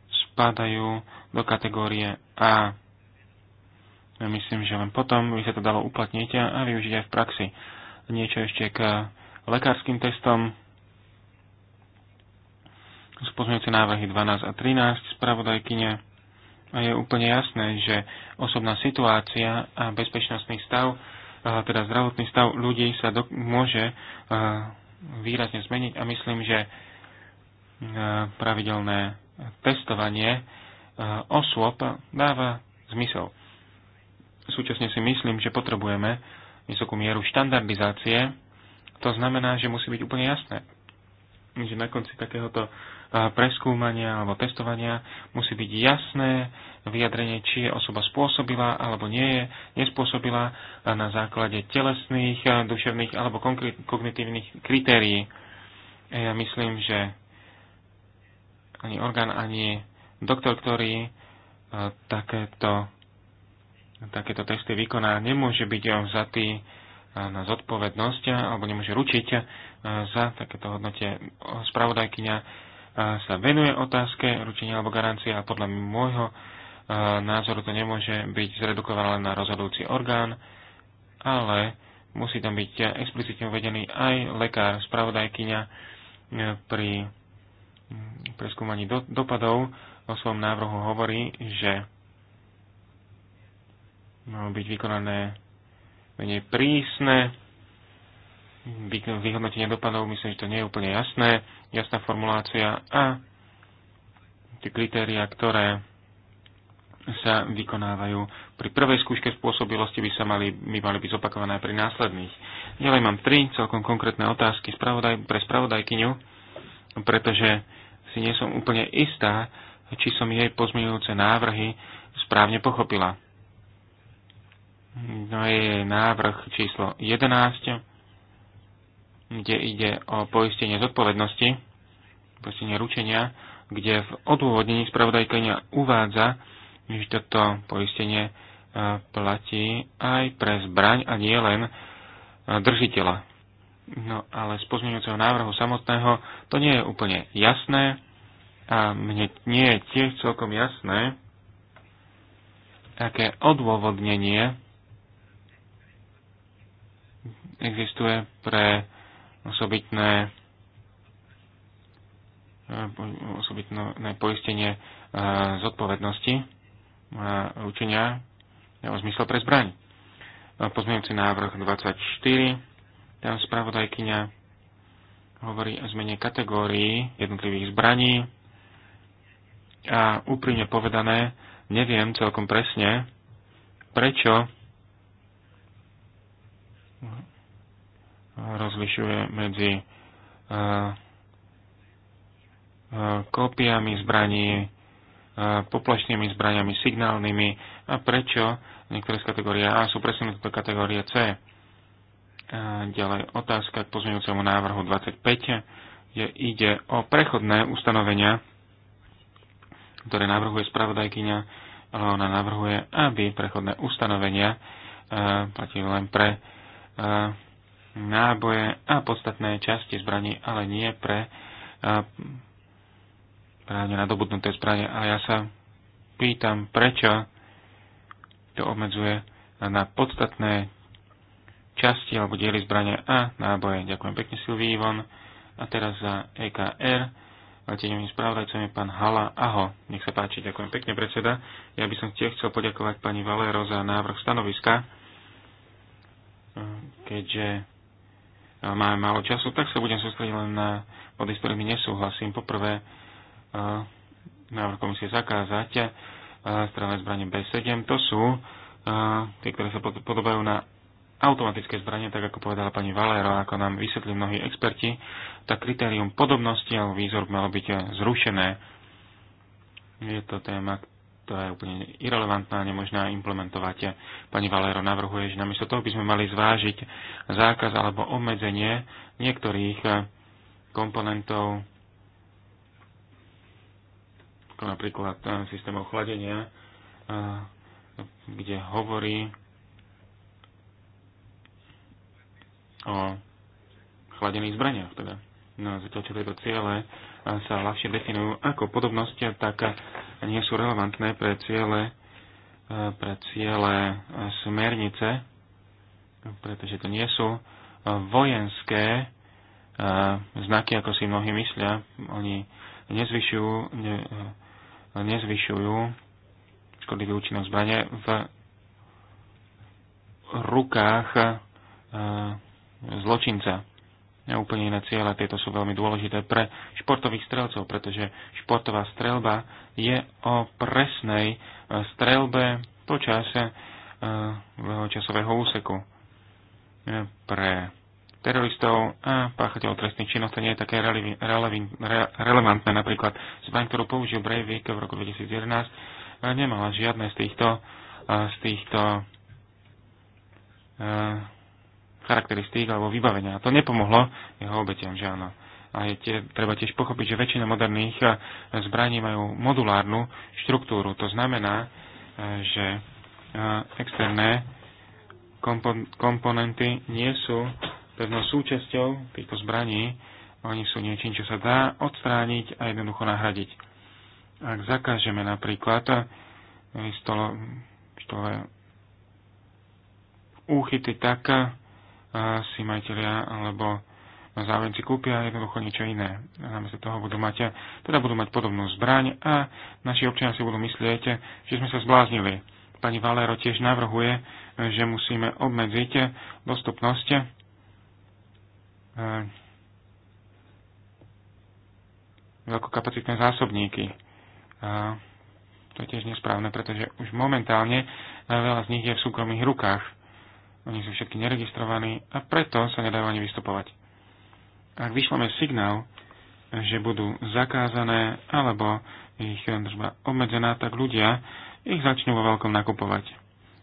spadajú do kategórie A. Ja myslím, že len potom by sa to dalo uplatniť a využiť aj v praxi. Niečo ešte k lekárskym testom. Spozňujúce návrhy 12 a 13 spravodajkyne je úplne jasné, že osobná situácia a bezpečnostný stav, teda zdravotný stav ľudí sa do, môže výrazne zmeniť a myslím, že pravidelné testovanie osôb dáva zmysel. Súčasne si myslím, že potrebujeme vysokú mieru štandardizácie. To znamená, že musí byť úplne jasné, že na konci takéhoto preskúmania alebo testovania musí byť jasné vyjadrenie, či je osoba spôsobila alebo nie je, nespôsobila na základe telesných, eh, duševných alebo kognitívnych kritérií. Ja myslím, že ani orgán, ani doktor, ktorý eh, takéto, takéto testy vykoná, nemôže byť eh, vzatý na zodpovednosť alebo nemôže ručiť za takéto hodnotie. Spravodajkyňa sa venuje otázke ručenia alebo garancie a podľa môjho e, názoru to nemôže byť zredukované len na rozhodujúci orgán, ale musí tam byť explicitne uvedený aj lekár, spravodajkyňa e, pri preskúmaní do, dopadov o svojom návrhu hovorí, že malo byť vykonané menej prísne vyhodnotenia dopadov, myslím, že to nie je úplne jasné, jasná formulácia a tie kritéria, ktoré sa vykonávajú pri prvej skúške spôsobilosti, by, sa mali, by mali byť zopakované aj pri následných. Ďalej mám tri celkom konkrétne otázky spravodaj, pre spravodajkyňu, pretože si nie som úplne istá, či som jej pozmeňujúce návrhy správne pochopila. No je návrh číslo 11, kde ide o poistenie zodpovednosti, poistenie ručenia, kde v odôvodnení spravodajkania uvádza, že toto poistenie e, platí aj pre zbraň a nie len e, držiteľa. No ale z pozmeňujúceho návrhu samotného to nie je úplne jasné a mne nie je tiež celkom jasné, aké odôvodnenie existuje pre osobitné eh, osobitné poistenie eh, zodpovednosti eh, učenia o zmysle pre zbraň. Pozmeňujúci návrh 24, tam spravodajkyňa hovorí o zmene kategórií jednotlivých zbraní a úprimne povedané neviem celkom presne, prečo rozlišuje medzi eh, eh, kópiami zbraní, eh, poplašnými zbraniami, signálnymi a prečo niektoré z kategórie A sú presunuté do kategórie C. ďalej otázka k pozmeňujúcemu návrhu 25, kde ide o prechodné ustanovenia, ktoré navrhuje spravodajkyňa, ale ona navrhuje, aby prechodné ustanovenia platili len pre náboje a podstatné časti zbraní, ale nie pre právne nadobudnuté zbranie. A ja sa pýtam, prečo to obmedzuje na podstatné časti alebo diely zbrania a náboje. Ďakujem pekne Silvý Ivon. A teraz za EKR leteňovým spravodajcom je pán Hala Aho. Nech sa páči, ďakujem pekne predseda. Ja by som tiež chcel poďakovať pani Valero za návrh stanoviska, keďže máme málo času, tak sa budem sústrediť len na body, s ktorými nesúhlasím. Poprvé, e, návrh komisie zakázať e, strelné zbranie B7. To sú e, tie, ktoré sa podobajú na automatické zbranie, tak ako povedala pani Valero, ako nám vysvetli mnohí experti, tak kritérium podobnosti alebo výzor malo byť zrušené. Je to téma, to je úplne irrelevantná a nemožná implementovať. Pani Valero navrhuje, že namiesto toho by sme mali zvážiť zákaz alebo obmedzenie niektorých eh, komponentov, ako napríklad eh, systémov chladenia, eh, kde hovorí o chladených zbraniach. Teda. No, zatiaľ, čo tieto ciele sa ľahšie definujú ako podobnosť, tak nie sú relevantné pre ciele, e, pre ciele e, smernice, pretože to nie sú e, vojenské znaky, ako si mnohí myslia. Oni nezvyšujú, ne, nezvyšujú škodlivý účinok zbrane v rukách zločinca úplne iné ciele. Tieto sú veľmi dôležité pre športových strelcov, pretože športová strelba je o presnej e, strelbe počas e, časového úseku. E, pre teroristov a páchateľov trestných činov to nie je také relevi, relevi, re, relevantné. Napríklad zbraň, ktorú použil Breivik v roku 2011, nemala žiadne z týchto, z týchto charakteristík alebo vybavenia. A to nepomohlo jeho obetiam, že áno. A je tie, treba tiež pochopiť, že väčšina moderných eh, zbraní majú modulárnu štruktúru. To znamená, eh, že eh, externé kompon komponenty nie sú pevnou súčasťou týchto zbraní. Oni sú niečím, čo sa dá odstrániť a jednoducho nahradiť. Ak zakážeme napríklad stolo, stolo úchyty tak, si majiteľia alebo záujemci kúpia jednoducho niečo iné. A namiesto toho budú mať, teda budú mať podobnú zbraň a naši občania si budú myslieť, že sme sa zbláznili. Pani Valero tiež navrhuje, že musíme obmedziť dostupnosť e, veľkokapacitné zásobníky. A to je tiež nesprávne, pretože už momentálne e, veľa z nich je v súkromných rukách. Oni sú všetky neregistrovaní a preto sa nedajú ani vystupovať. Ak vyšleme signál, že budú zakázané alebo ich držba obmedzená, tak ľudia ich začnú vo veľkom nakupovať.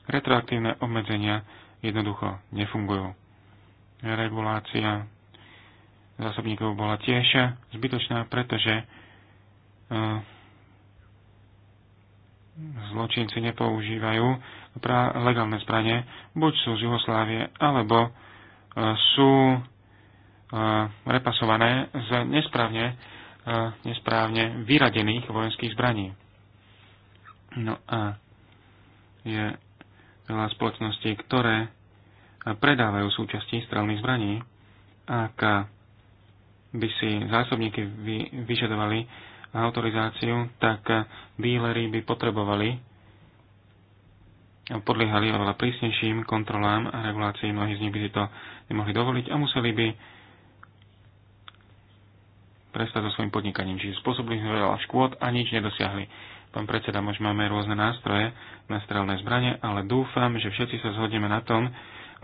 Retroaktívne obmedzenia jednoducho nefungujú. Regulácia zásobníkov bola tiež zbytočná, pretože eh, zločinci nepoužívajú pra- legálne zbranie, buď sú z Jugoslávie, alebo uh, sú uh, repasované z nesprávne, uh, nesprávne vyradených vojenských zbraní. No a je veľa spoločností, ktoré predávajú súčasti strelných zbraní, ak by si zásobníky vy, vyžadovali autorizáciu, tak eh, díleri by potrebovali eh, podliehali oveľa prísnejším kontrolám a regulácii. Mnohí z nich by si to nemohli dovoliť a museli by prestať so svojim podnikaním. Čiže spôsobili sme veľa škôd a nič nedosiahli. Pán predseda, možno máme rôzne nástroje na strelné zbranie, ale dúfam, že všetci sa zhodneme na tom,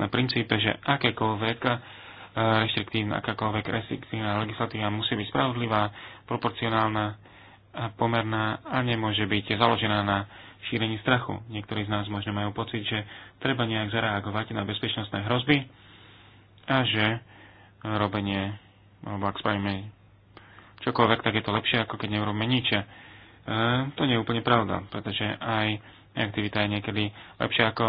na princípe, že akékoľvek reštriktívna, akákoľvek reštriktívna legislatíva musí byť spravodlivá, proporcionálna a pomerná a nemôže byť založená na šírení strachu. Niektorí z nás možno majú pocit, že treba nejak zareagovať na bezpečnostné hrozby a že robenie, alebo ak spravíme čokoľvek, tak je to lepšie, ako keď neurobíme nič. E, to nie je úplne pravda, pretože aj aktivita je niekedy lepšia ako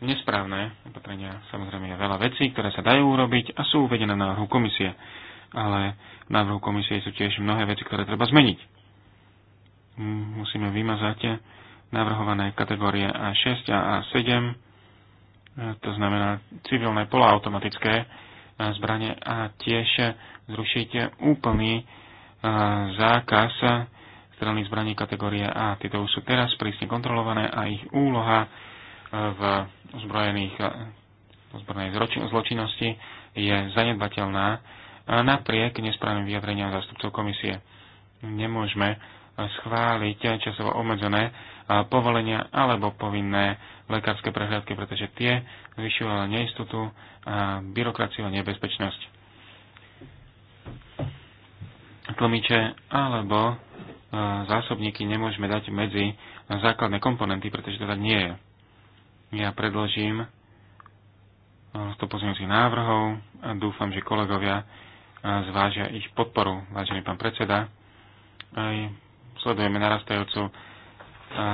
nesprávne opatrenia. Samozrejme je veľa vecí, ktoré sa dajú urobiť a sú uvedené na návrhu komisie. Ale na návrhu komisie sú tiež mnohé veci, ktoré treba zmeniť. Musíme vymazať navrhované kategórie A6 a A7, to znamená civilné poloautomatické zbranie a tiež zrušiť úplný zákaz strelných zbraní kategórie A. Tieto už sú teraz prísne kontrolované a ich úloha v ozbrojených ozbrojenej zločinnosti je zanedbateľná napriek nesprávnym vyjadreniam zástupcov komisie. Nemôžeme schváliť časovo obmedzené povolenia alebo povinné lekárske prehľadky, pretože tie zvyšujú neistotu, a byrokraciu a nebezpečnosť. Tlmiče alebo e, zásobníky nemôžeme dať medzi základné komponenty, pretože to teda nie je ja predložím e, to pozmeňujúcich návrhov a dúfam, že kolegovia e, zvážia ich podporu, vážený pán predseda. Aj sledujeme narastajúcu, e,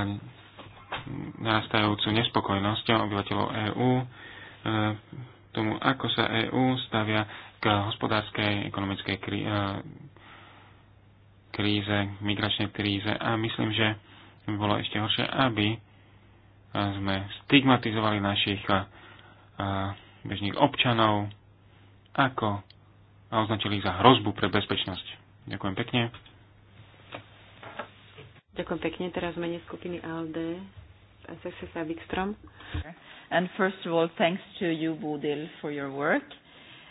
narastajúcu nespokojnosť obyvateľov EÚ tomu, ako sa EÚ stavia k hospodárskej, ekonomickej kríze, migračnej kríze a myslím, že by bolo ešte horšie, aby sme stigmatizovali našich bežných občanov ako a označili ich za hrozbu pre bezpečnosť. Ďakujem pekne. Ďakujem pekne. Teraz mene skupiny ALD. And first of all, thanks to you, Bodil, for your work.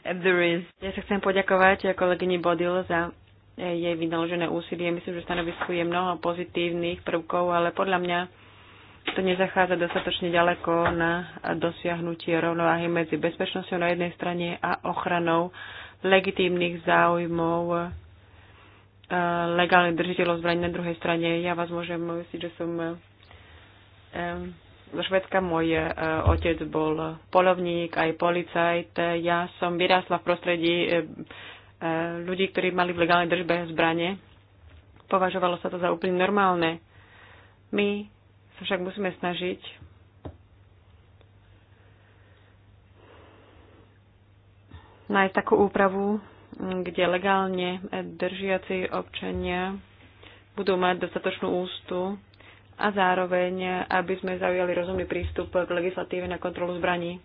And there is... Ja sa chcem poďakovať kolegyni Bodil za e, jej vynaložené úsilie. Myslím, že stanovisku je mnoho pozitívnych prvkov, ale podľa mňa to nezachádza dostatočne ďaleko na dosiahnutie rovnováhy medzi bezpečnosťou na jednej strane a ochranou legitímnych záujmov eh, legálnych držiteľov zbraní na druhej strane. Ja vás môžem myslieť, že som eh, zo Švedska. Môj eh, otec bol polovník, aj policajt. Ja som vyrásla v prostredí ľudí, ktorí mali v legálnej držbe zbranie. Považovalo sa to za úplne normálne. My sa však musíme snažiť nájsť takú úpravu, kde legálne držiaci občania budú mať dostatočnú ústu a zároveň, aby sme zaujali rozumný prístup k legislatíve na kontrolu zbraní.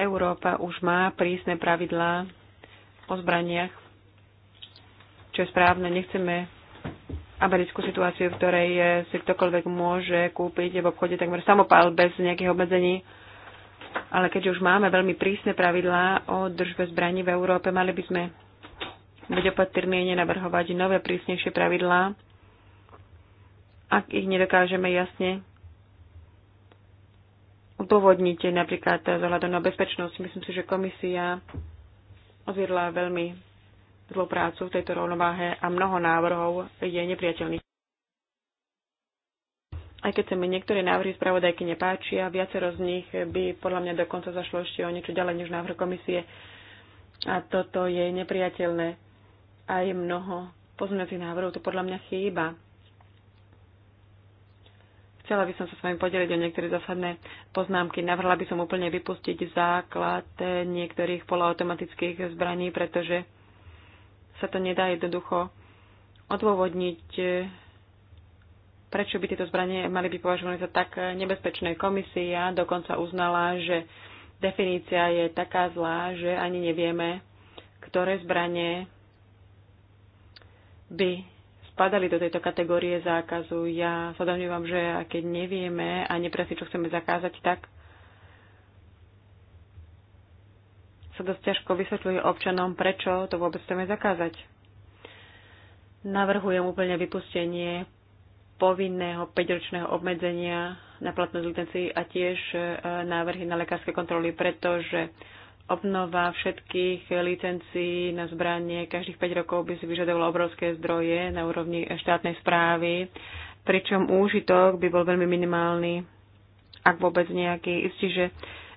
Európa už má prísne pravidlá o zbraniach, čo je správne. Nechceme americkú situáciu, v ktorej si ktokoľvek môže kúpiť v obchode takmer samopal bez nejakých obmedzení. Ale keďže už máme veľmi prísne pravidlá o držbe zbraní v Európe, mali by sme byť opatrní nenavrhovať nové prísnejšie pravidlá, ak ich nedokážeme jasne upovodniť napríklad z na bezpečnosť. Myslím si, že komisia odviedla veľmi spoluprácu v tejto rovnováhe a mnoho návrhov je nepriateľných. Aj keď sa mi niektoré návrhy spravodajky nepáčia, viacero z nich by podľa mňa dokonca zašlo ešte o niečo ďalej než návrh komisie. A toto je nepriateľné. Aj mnoho pozmeňacích návrhov to podľa mňa chýba. Chcela by som sa s vami podeliť o niektoré zásadné poznámky. Navrhla by som úplne vypustiť základ niektorých poloautomatických zbraní, pretože sa to nedá jednoducho odôvodniť, eh, prečo by tieto zbranie mali byť považované za tak eh, nebezpečné. Komisia dokonca uznala, že definícia je taká zlá, že ani nevieme, ktoré zbranie by spadali do tejto kategórie zákazu. Ja sa domnívam, že keď nevieme a nepresne, čo chceme zakázať, tak sa dosť ťažko vysvetľuje občanom, prečo to vôbec chceme zakázať. Navrhujem úplne vypustenie povinného 5-ročného obmedzenia na platnosť licencií a tiež e, návrhy na lekárske kontroly, pretože obnova všetkých licencií na zbranie každých 5 rokov by si vyžadovala obrovské zdroje na úrovni štátnej správy, pričom úžitok by bol veľmi minimálny, ak vôbec nejaký. Isti, že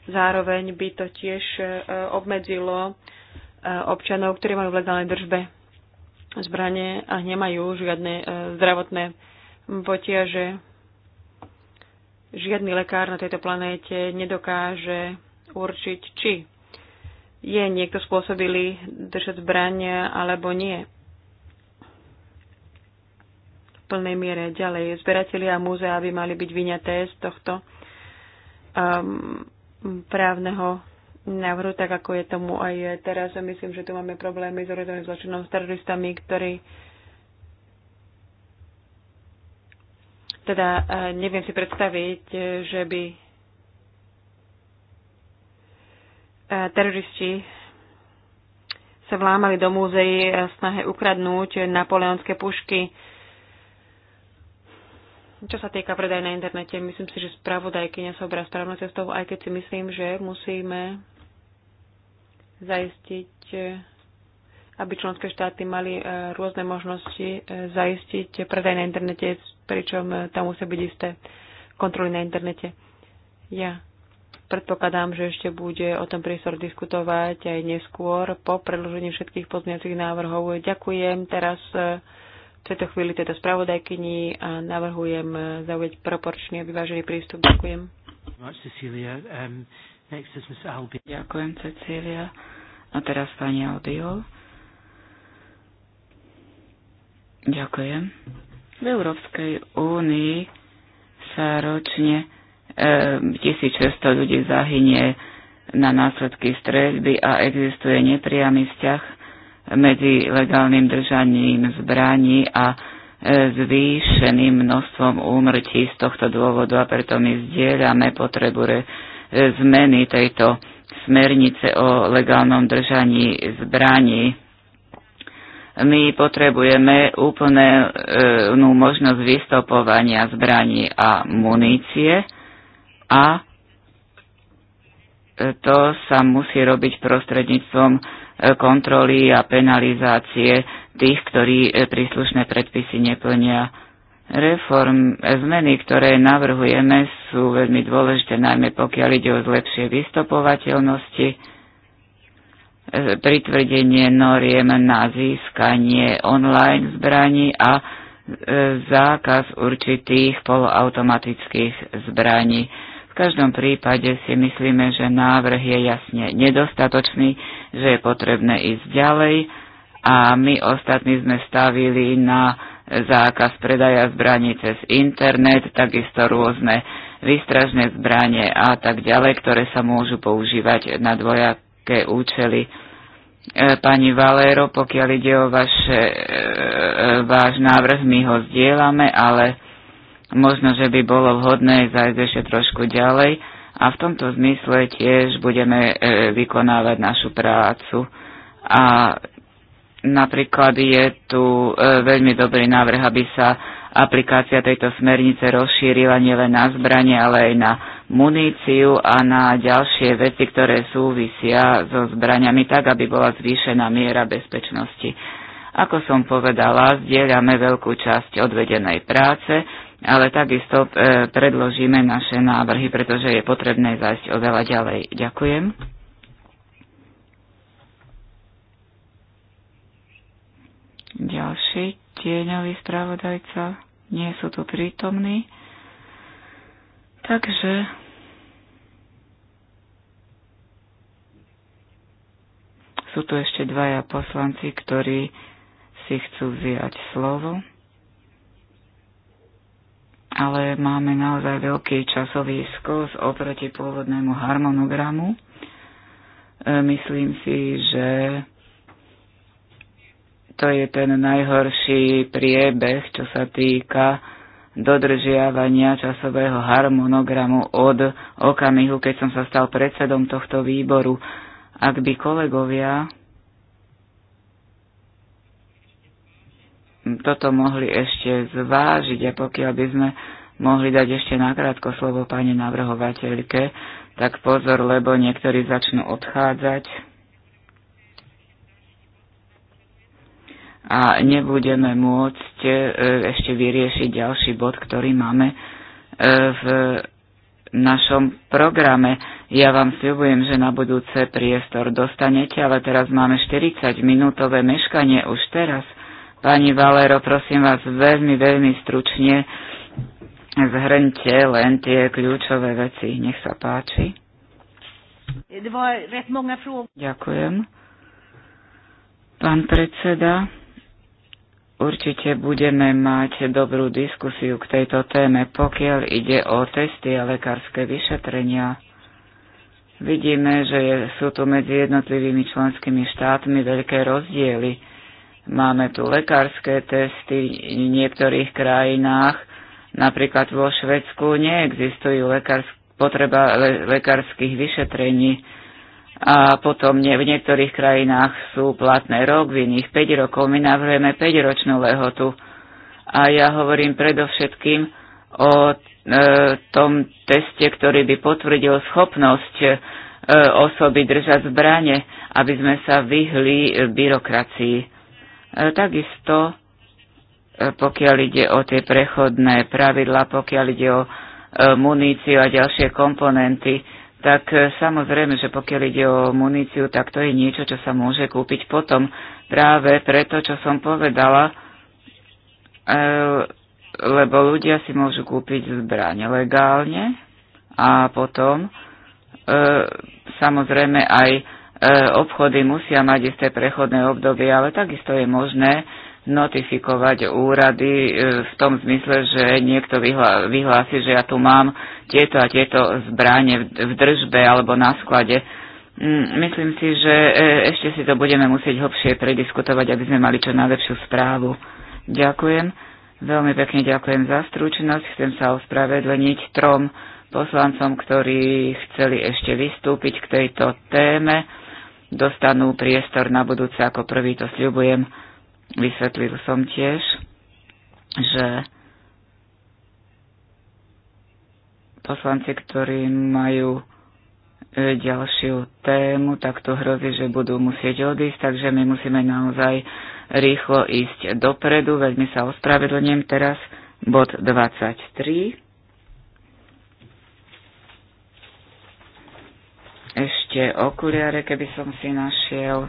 Zároveň by to tiež e, obmedzilo e, občanov, ktorí majú v legálnej držbe zbranie a nemajú žiadne e, zdravotné potiaže. Žiadny lekár na tejto planéte nedokáže určiť, či je niekto spôsobili držať zbrania alebo nie. V plnej miere ďalej. Zberatelia a múzea by mali byť vyňaté z tohto um, právneho návrhu, tak ako je tomu aj teraz. Myslím, že tu máme problémy s organizovaným zločinom, s teroristami, ktorí teda e, neviem si predstaviť, e, že by e, teroristi sa vlámali do múzeí v snahe ukradnúť napoleonské pušky. Čo sa týka predaj na internete, myslím si, že spravodajkyňa sa obrá správnou cestou, aj keď si myslím, že musíme zaistiť, aby členské štáty mali e, rôzne možnosti e, zaistiť predaj na internete, pričom e, tam musia byť isté kontroly na internete. Ja predpokladám, že ešte bude o tom priestor diskutovať aj neskôr po predložení všetkých pozmiacich návrhov. Ďakujem. Teraz v tejto chvíli tejto teda spravodajkyni a navrhujem zaujať proporčný a vyvážený prístup. Ďakujem. Um, Ďakujem, Cecília. A teraz pani Audio. Ďakujem. V Európskej únii sa ročne um, e, 1600 ľudí zahynie na následky streľby a existuje nepriamy vzťah medzi legálnym držaním zbraní a e, zvýšeným množstvom úmrtí z tohto dôvodu a preto my zdieľame potrebu e, zmeny tejto smernice o legálnom držaní zbraní. My potrebujeme úplnú možnosť vystopovania zbraní a munície a to sa musí robiť prostredníctvom kontroly a penalizácie tých, ktorí e, príslušné predpisy neplnia. Reform, e, zmeny, ktoré navrhujeme, sú veľmi dôležité, najmä pokiaľ ide o zlepšie vystopovateľnosti, e, pritvrdenie noriem na získanie online zbraní a zákaz určitých poloautomatických zbraní. V každom prípade si myslíme, že návrh je jasne nedostatočný, že je potrebné ísť ďalej a my ostatní sme stavili na zákaz predaja zbraní cez internet, takisto rôzne výstražné zbranie a tak ďalej, ktoré sa môžu používať na dvojaké účely. E, pani Valero, pokiaľ ide o vaše, e, váš návrh, my ho zdieľame, ale možno, že by bolo vhodné zajsť ešte trošku ďalej a v tomto zmysle tiež budeme e, vykonávať našu prácu. A napríklad je tu e, veľmi dobrý návrh, aby sa aplikácia tejto smernice rozšírila nielen na zbranie, ale aj na muníciu a na ďalšie veci, ktoré súvisia so zbraniami, tak aby bola zvýšená miera bezpečnosti. Ako som povedala, zdieľame veľkú časť odvedenej práce, ale takisto e, predložíme naše návrhy, pretože je potrebné zajsť oveľa ďalej. Ďakujem. Ďalší tieňový spravodajca nie sú tu prítomní. Takže sú tu ešte dvaja poslanci, ktorí si chcú vziať slovo ale máme naozaj veľký časový skos oproti pôvodnému harmonogramu. E, myslím si, že to je ten najhorší priebeh, čo sa týka dodržiavania časového harmonogramu od okamihu, keď som sa stal predsedom tohto výboru. Ak by kolegovia toto mohli ešte zvážiť a pokiaľ by sme mohli dať ešte nakrátko slovo pani navrhovateľke, tak pozor, lebo niektorí začnú odchádzať a nebudeme môcť e, ešte vyriešiť ďalší bod, ktorý máme e, v našom programe. Ja vám sľubujem, že na budúce priestor dostanete, ale teraz máme 40-minútové meškanie už teraz Pani Valero, prosím vás veľmi, veľmi stručne zhrňte len tie kľúčové veci. Nech sa páči. Ďakujem. Pán predseda, určite budeme mať dobrú diskusiu k tejto téme, pokiaľ ide o testy a lekárske vyšetrenia. Vidíme, že sú tu medzi jednotlivými členskými štátmi veľké rozdiely Máme tu lekárske testy v niektorých krajinách, napríklad vo Švedsku neexistujú lekársk, potreba le, lekárskych vyšetrení a potom nie, v niektorých krajinách sú platné rok, v iných 5 rokov, my navrhujeme 5-ročnú lehotu. A ja hovorím predovšetkým o e, tom teste, ktorý by potvrdil schopnosť e, osoby držať zbranie, aby sme sa vyhli byrokracii. E, takisto, e, pokiaľ ide o tie prechodné pravidla, pokiaľ ide o e, muníciu a ďalšie komponenty, tak samozrejme, že pokiaľ ide o muníciu, tak to je niečo, čo sa môže kúpiť potom. Práve preto, čo som povedala, lebo ľudia si môžu kúpiť zbraň legálne a potom samozrejme aj E, obchody musia mať isté prechodné obdobie, ale takisto je možné notifikovať úrady e, v tom zmysle, že niekto vyhlá, vyhlási, že ja tu mám tieto a tieto zbranie v držbe alebo na sklade. Mm, myslím si, že e, ešte si to budeme musieť hlbšie prediskutovať, aby sme mali čo najlepšiu správu. Ďakujem. Veľmi pekne ďakujem za stručnosť. Chcem sa ospravedlniť trom poslancom, ktorí chceli ešte vystúpiť k tejto téme dostanú priestor na budúce ako prvý, to sľubujem. Vysvetlil som tiež, že poslanci, ktorí majú e, ďalšiu tému, tak to hrozí, že budú musieť odísť, takže my musíme naozaj rýchlo ísť dopredu. my sa ospravedlňujem teraz bod 23. ešte okuliare, keby som si našiel.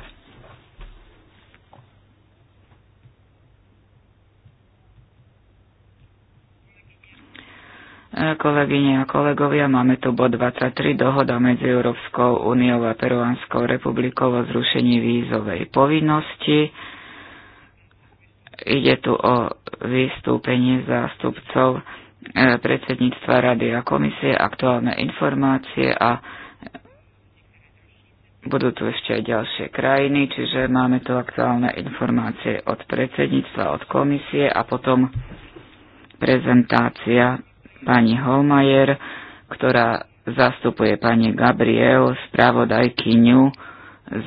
E, kolegyne a kolegovia, máme tu bod 23, dohoda medzi Európskou úniou a Peruánskou republikou o zrušení vízovej povinnosti. Ide tu o vystúpenie zástupcov e, predsedníctva Rady a komisie, aktuálne informácie a budú tu ešte aj ďalšie krajiny, čiže máme tu aktuálne informácie od predsedníctva, od komisie a potom prezentácia pani Holmajer, ktorá zastupuje pani Gabriel, spravodajkyňu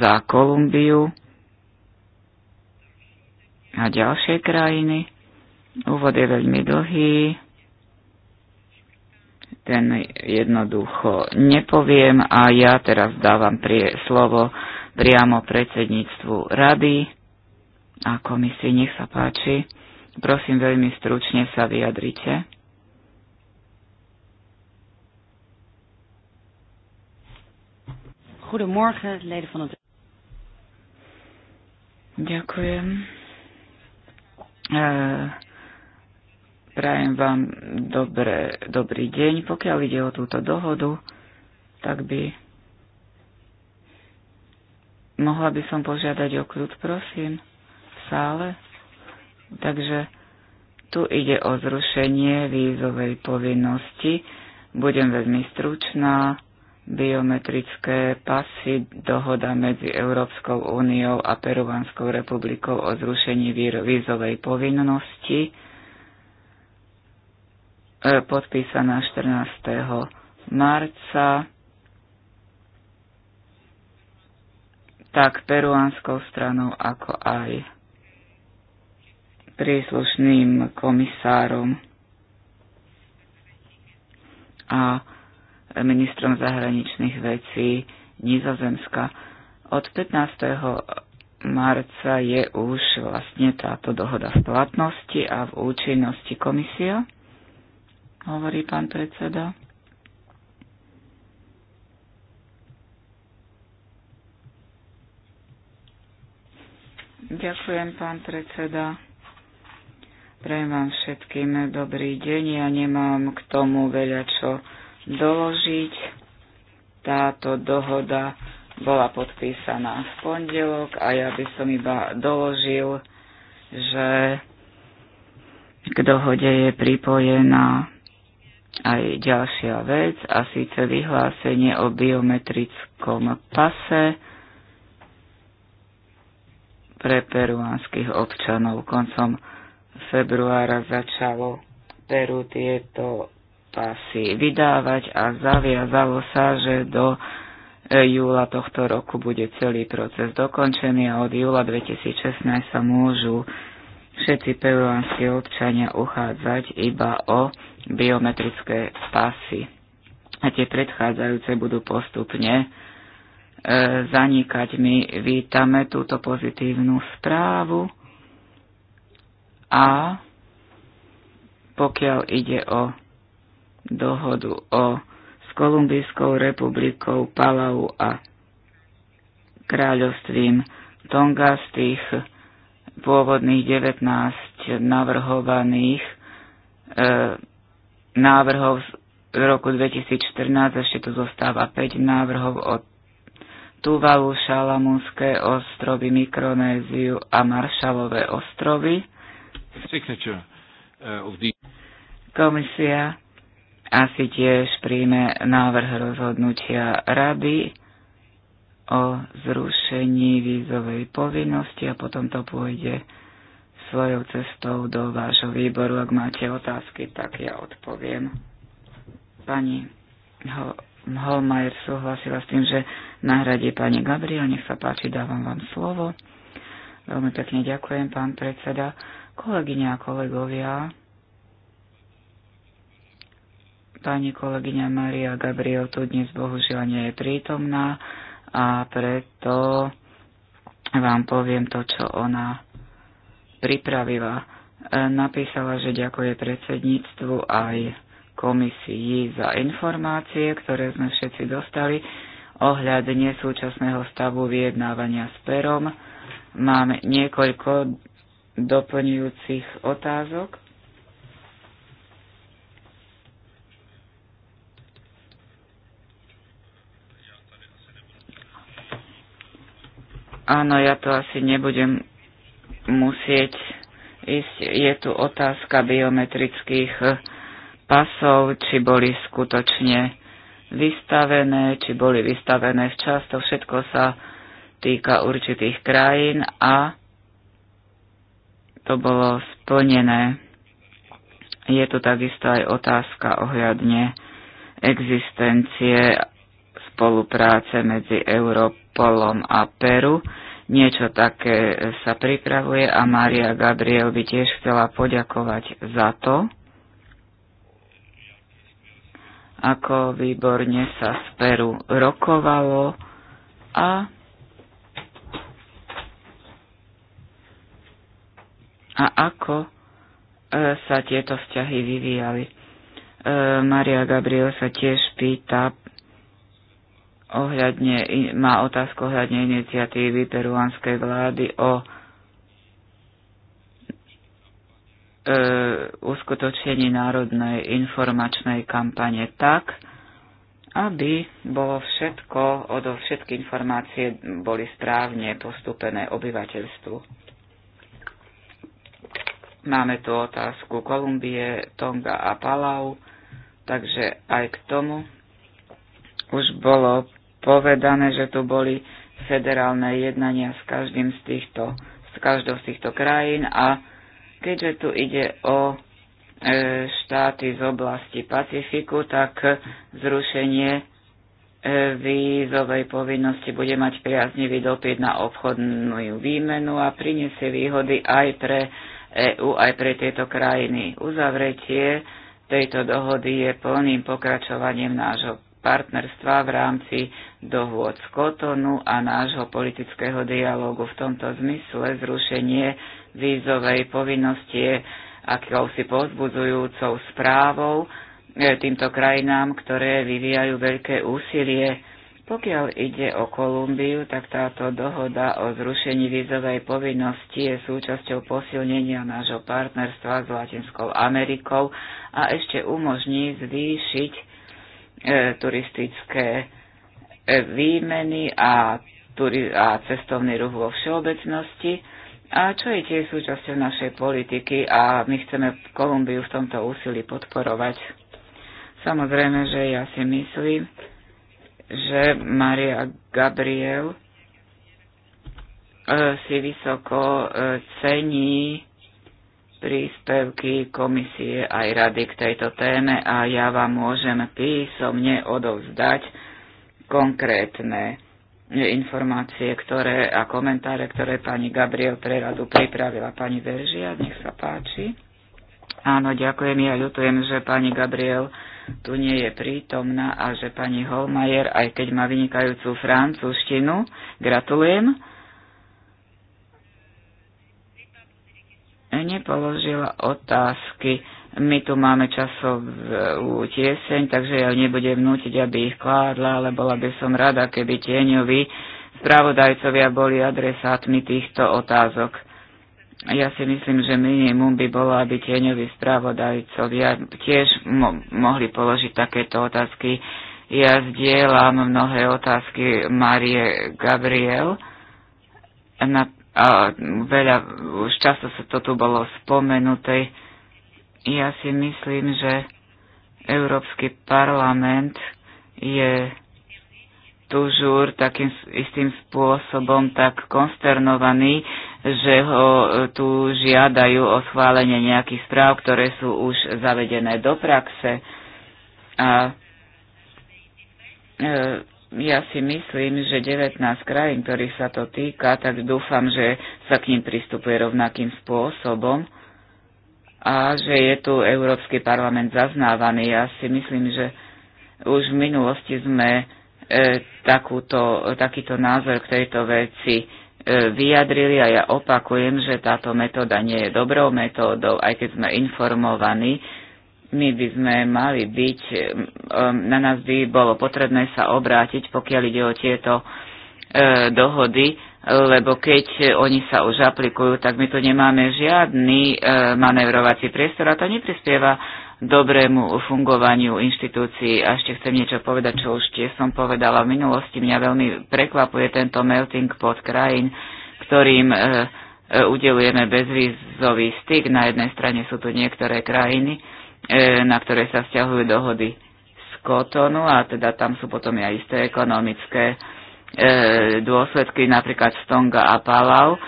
za Kolumbiu a ďalšie krajiny. Úvod je veľmi dlhý ten jednoducho nepoviem a ja teraz dávam prie, slovo priamo predsedníctvu rady a komisii. Nech sa páči. Prosím, veľmi stručne sa vyjadrite. Ďakujem. Uh, Prajem vám dobré, dobrý deň. Pokiaľ ide o túto dohodu, tak by... Mohla by som požiadať o kľud, prosím, v sále? Takže tu ide o zrušenie vízovej povinnosti. Budem veľmi stručná. Biometrické pasy, dohoda medzi Európskou úniou a Peruvanskou republikou o zrušení vízovej povinnosti E, podpísaná 14. marca tak peruánskou stranou, ako aj príslušným komisárom a ministrom zahraničných vecí Nizozemska. Od 15. marca je už vlastne táto dohoda v platnosti a v účinnosti komisia hovorí pán predseda. Ďakujem, pán predseda. Prejem vám všetkým dobrý deň. Ja nemám k tomu veľa čo doložiť. Táto dohoda bola podpísaná v pondelok a ja by som iba doložil, že k dohode je pripojená aj ďalšia vec, a síce vyhlásenie o biometrickom pase pre peruánskych občanov. Koncom februára začalo Peru tieto pasy vydávať a zaviazalo sa, že do e, júla tohto roku bude celý proces dokončený a od júla 2016 sa môžu všetci peruánsky občania uchádzať iba o biometrické pasy. A tie predchádzajúce budú postupne e, zanikať. My vítame túto pozitívnu správu a pokiaľ ide o dohodu o, s Kolumbijskou republikou Palau a kráľovstvím Tonga z tých pôvodných 19 navrhovaných e, návrhov z roku 2014, ešte tu zostáva 5 návrhov od Tuvalu, Šalamúnske ostrovy, Mikronéziu a Maršalové ostrovy. Uh, Komisia asi tiež príjme návrh rozhodnutia rady o zrušení vízovej povinnosti a potom to pôjde svojou cestou do vášho výboru. Ak máte otázky, tak ja odpoviem. Pani Holmajer súhlasila s tým, že nahradí pani Gabriel. Nech sa páči, dávam vám slovo. Veľmi pekne ďakujem, pán predseda. Kolegyňa a kolegovia, pani kolegyňa Maria Gabriel tu dnes bohužiaľ nie je prítomná a preto vám poviem to, čo ona pripravila. E, napísala, že ďakuje predsedníctvu aj komisii za informácie, ktoré sme všetci dostali ohľadne súčasného stavu vyjednávania s Perom. Mám niekoľko doplňujúcich otázok. Áno, ja to asi nebudem musieť ísť. Je tu otázka biometrických eh, pasov, či boli skutočne vystavené, či boli vystavené včas. To všetko sa týka určitých krajín a to bolo splnené. Je tu takisto aj otázka ohľadne existencie spolupráce medzi Europolom a Peru Niečo také sa pripravuje a Mária Gabriel by tiež chcela poďakovať za to, ako výborne sa z Peru rokovalo a a ako e, sa tieto vzťahy vyvíjali. E, Maria Gabriel sa tiež pýta ohľadne, má otázku ohľadne iniciatívy peruánskej vlády o e, uskutočení národnej informačnej kampane tak, aby bolo všetko, odo všetky informácie boli správne postupené obyvateľstvu. Máme tu otázku Kolumbie, Tonga a Palau, takže aj k tomu už bolo povedané, že tu boli federálne jednania s, každým z, týchto, s každou z týchto krajín a keďže tu ide o e, štáty z oblasti Pacifiku, tak zrušenie e, vízovej povinnosti bude mať priaznivý dopyt na obchodnú výmenu a priniesie výhody aj pre EÚ, aj pre tieto krajiny. Uzavretie tejto dohody je plným pokračovaním nášho partnerstva v rámci dohôd z Kotonu a nášho politického dialógu. V tomto zmysle zrušenie vízovej povinnosti je akousi pozbudzujúcou správou e, týmto krajinám, ktoré vyvíjajú veľké úsilie. Pokiaľ ide o Kolumbiu, tak táto dohoda o zrušení vízovej povinnosti je súčasťou posilnenia nášho partnerstva s Latinskou Amerikou a ešte umožní zvýšiť E, turistické e, výmeny a, turi- a cestovný ruch vo všeobecnosti a čo je tiež súčasťou našej politiky a my chceme Kolumbiu v tomto úsilí podporovať. Samozrejme, že ja si myslím, že Maria Gabriel e, si vysoko cení príspevky komisie aj rady k tejto téme a ja vám môžem písomne odovzdať konkrétne informácie ktoré, a komentáre, ktoré pani Gabriel pre radu pripravila. Pani Veržia, nech sa páči. Áno, ďakujem. Ja ľutujem, že pani Gabriel tu nie je prítomná a že pani Holmajer, aj keď má vynikajúcu francúzštinu, gratulujem nepoložila otázky. My tu máme časovú tieseň, takže ja nebudem nútiť, aby ich kládla, ale bola by som rada, keby tieňoví spravodajcovia boli adresátmi týchto otázok. Ja si myslím, že minimum by bolo, aby tieňoví spravodajcovia tiež mo- mohli položiť takéto otázky. Ja zdieľam mnohé otázky Marie Gabriel na a veľa, už často sa to tu bolo spomenuté. Ja si myslím, že Európsky parlament je žúr takým istým spôsobom tak konsternovaný, že ho e, tu žiadajú o schválenie nejakých správ, ktoré sú už zavedené do praxe. A e, ja si myslím, že 19 krajín, ktorých sa to týka, tak dúfam, že sa k ním pristupuje rovnakým spôsobom a že je tu Európsky parlament zaznávaný. Ja si myslím, že už v minulosti sme e, takúto, takýto názor k tejto veci e, vyjadrili a ja opakujem, že táto metóda nie je dobrou metódou, aj keď sme informovaní, my by sme mali byť, na nás by bolo potrebné sa obrátiť, pokiaľ ide o tieto e, dohody, lebo keď oni sa už aplikujú, tak my tu nemáme žiadny e, manevrovací priestor a to neprispieva dobrému fungovaniu inštitúcií. A ešte chcem niečo povedať, čo už tiež som povedala v minulosti. Mňa veľmi prekvapuje tento melting pod krajín, ktorým e, udelujeme bezvízový styk. Na jednej strane sú tu niektoré krajiny, E, na ktoré sa vzťahujú dohody z Kotonu a teda tam sú potom aj isté ekonomické e, dôsledky napríklad z Tonga a Palau. E,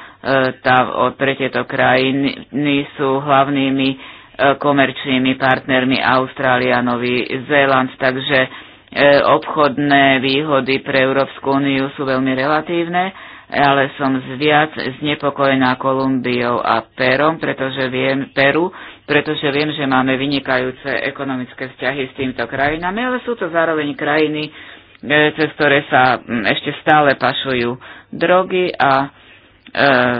tá, pre tieto krajiny sú hlavnými komerčnými partnermi Austrália, Nový Zéland, takže obchodné výhody pre Európsku úniu sú veľmi relatívne, ale som viac znepokojená Kolumbiou a Perom, pretože viem, Peru, pretože viem, že máme vynikajúce ekonomické vzťahy s týmto krajinami, ale sú to zároveň krajiny, e, cez ktoré sa ešte stále pašujú drogy a e,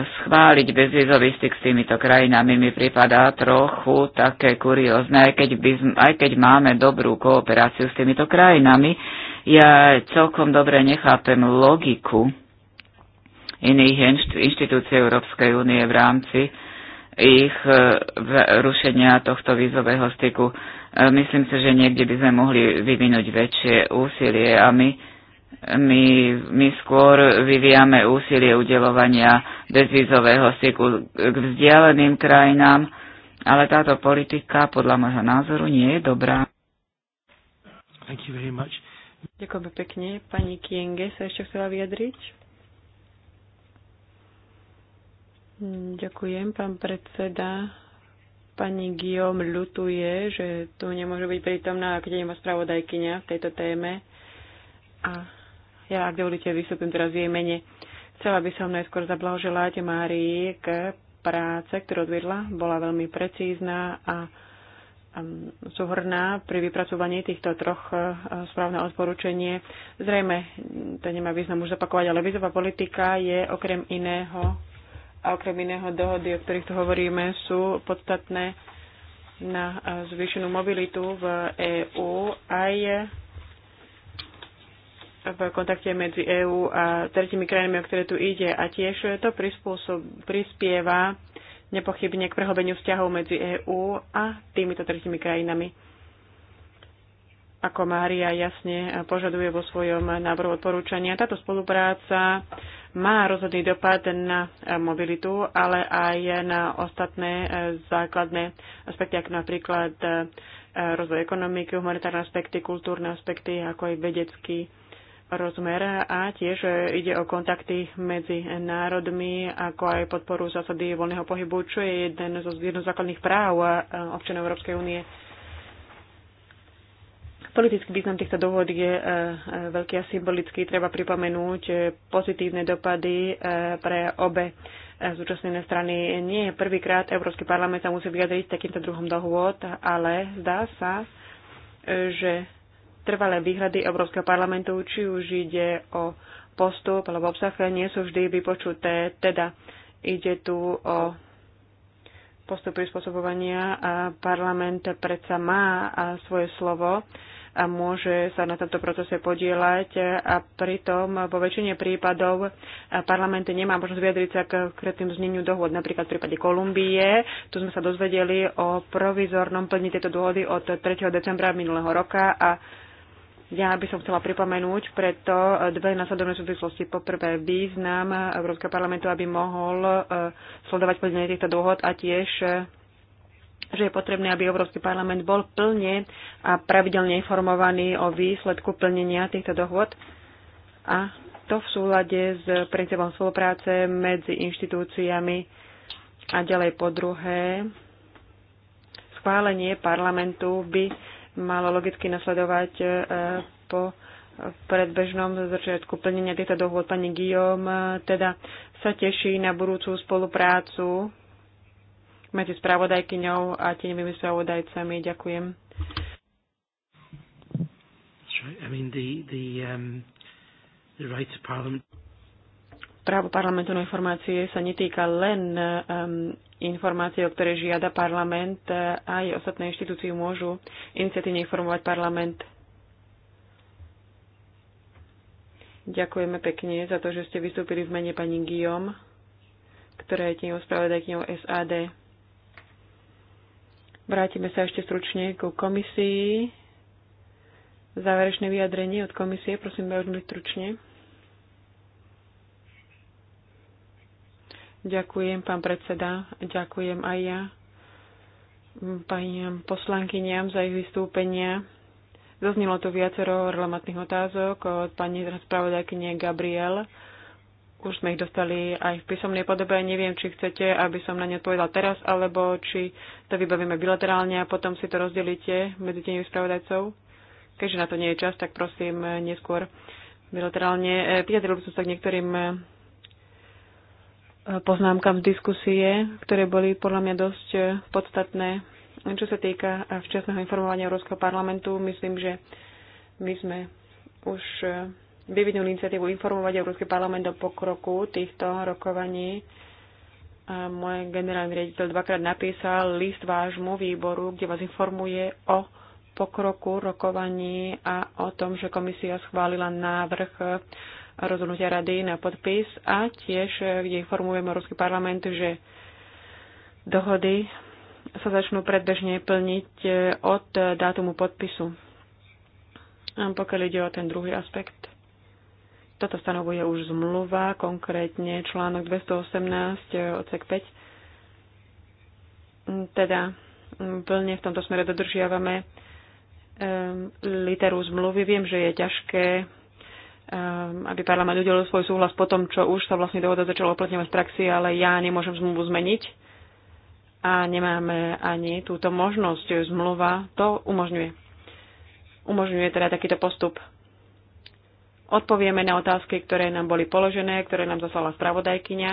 schváliť bezvizový styk s týmito krajinami mi pripadá trochu také kuriózne, aj keď, by, aj keď máme dobrú kooperáciu s týmito krajinami. Ja celkom dobre nechápem logiku iných inštitúcií Európskej únie v rámci ich e, rušenia tohto vízového styku. E, myslím si, že niekde by sme mohli vyvinúť väčšie úsilie a my, my, my skôr vyvíjame úsilie udelovania bezvízového styku k vzdialeným krajinám, ale táto politika podľa môjho názoru nie je dobrá. Thank you very much. Ďakujem pekne. Pani Kienge sa ešte chcela vyjadriť. Ďakujem, pán predseda. Pani Guillaume ľutuje, že tu nemôže byť prítomná keď deň spravodajkyňa v tejto téme. A ja, ak dovolíte, vystúpim teraz v jej mene. Chcela by som najskôr zablahoželať Márii k práce, ktorú odvedla. Bola veľmi precízna a súhrná pri vypracovaní týchto troch e, správne na odporúčanie. Zrejme, to nemá význam už zapakovať, ale výzová politika je okrem iného a okrem iného dohody, o ktorých tu hovoríme, sú podstatné na zvýšenú mobilitu v EÚ aj v kontakte medzi EÚ a tretimi krajinami, o ktoré tu ide. A tiež to prispieva nepochybne k prehobeniu vzťahov medzi EÚ a týmito tretimi krajinami. Ako Mária jasne požaduje vo svojom návrhu odporúčania, táto spolupráca má rozhodný dopad na eh, mobilitu, ale aj na ostatné eh, základné aspekty, ako napríklad eh, rozvoj ekonomiky, humanitárne aspekty, kultúrne aspekty, ako aj vedecký rozmer a tiež ide o kontakty medzi národmi, ako aj podporu zásady voľného pohybu, čo je jeden zo základných práv občanov Európskej únie. Politický význam týchto dohod je e, e, veľký a symbolický. Treba pripomenúť e, pozitívne dopady pre obe zúčastnené strany. Nie je prvýkrát Európsky parlament sa musí vyjadriť takýmto druhom dohôd, ale zdá sa, že trvalé výhľady Európskeho parlamentu, či už ide o postup alebo obsah, nie sú vždy vypočuté. Teda ide tu o postup prispôsobovania a parlament predsa má svoje slovo a môže sa na tomto procese podielať a pritom vo väčšine prípadov parlament nemá možnosť vyjadriť sa k konkrétnym zneniu dohôd. Napríklad v prípade Kolumbie, tu sme sa dozvedeli o provizornom plní tejto dohody od 3. decembra minulého roka a ja by som chcela pripomenúť preto dve následovné súvislosti. Poprvé význam Európskeho parlamentu, aby mohol eh, sledovať plnenie týchto dohod a tiež eh, že je potrebné, aby Európsky parlament bol plne a pravidelne informovaný o výsledku plnenia týchto dohôd a to v súlade s princípom spolupráce medzi inštitúciami a ďalej po druhé. Schválenie parlamentu by malo logicky nasledovať e, po predbežnom začiatku plnenia týchto dohôd. Pani Guillaume e, teda sa teší na budúcu spoluprácu medzi spravodajkyňou a tieňovými spravodajcami. Ďakujem. Um, Právo parlamentu na informácie sa netýka len um, informácie, o ktoré žiada parlament, aj ostatné inštitúcie môžu iniciatívne informovať parlament. Ďakujeme pekne za to, že ste vystúpili v mene pani Guillaume, ktorá je tým spravodajkňou SAD. Vrátime sa ešte stručne ku komisii. Záverečné vyjadrenie od komisie, prosím, veľmi stručne. Ďakujem, pán predseda. Ďakujem aj ja pani poslankyniam za ich vystúpenia. Zaznilo tu viacero relevantných otázok od pani spravodajkyne Gabriel už sme ich dostali aj v písomnej podobe. Neviem, či chcete, aby som na ne odpovedal teraz, alebo či to vybavíme bilaterálne a potom si to rozdelíte medzi tými spravodajcov. Keďže na to nie je čas, tak prosím neskôr bilaterálne. E, vyjadril som sa k niektorým e, poznámkam z diskusie, ktoré boli podľa mňa dosť e, podstatné. Čo sa týka včasného informovania Európskeho parlamentu, myslím, že my sme už vyvinul iniciatívu informovať Európsky parlament o pokroku týchto rokovaní. A môj generálny riaditeľ dvakrát napísal list vášmu výboru, kde vás informuje o pokroku rokovaní a o tom, že komisia schválila návrh rozhodnutia rady na podpis a tiež, kde informujem Európsky parlament, že dohody sa začnú predbežne plniť od dátumu podpisu. A pokiaľ ide o ten druhý aspekt, toto stanovuje už zmluva, konkrétne článok 218 eh, odsek 5. Mm, teda mm, plne v tomto smere dodržiavame ehm, literu zmluvy. Viem, že je ťažké, ehm, aby parlament udelil svoj súhlas po tom, čo už sa vlastne dohoda začala uplatňovať v praxi, ale ja nemôžem zmluvu zmeniť a nemáme ani túto možnosť. Zmluva to umožňuje. Umožňuje teda takýto postup odpovieme na otázky, ktoré nám boli položené, ktoré nám zaslala spravodajkyňa.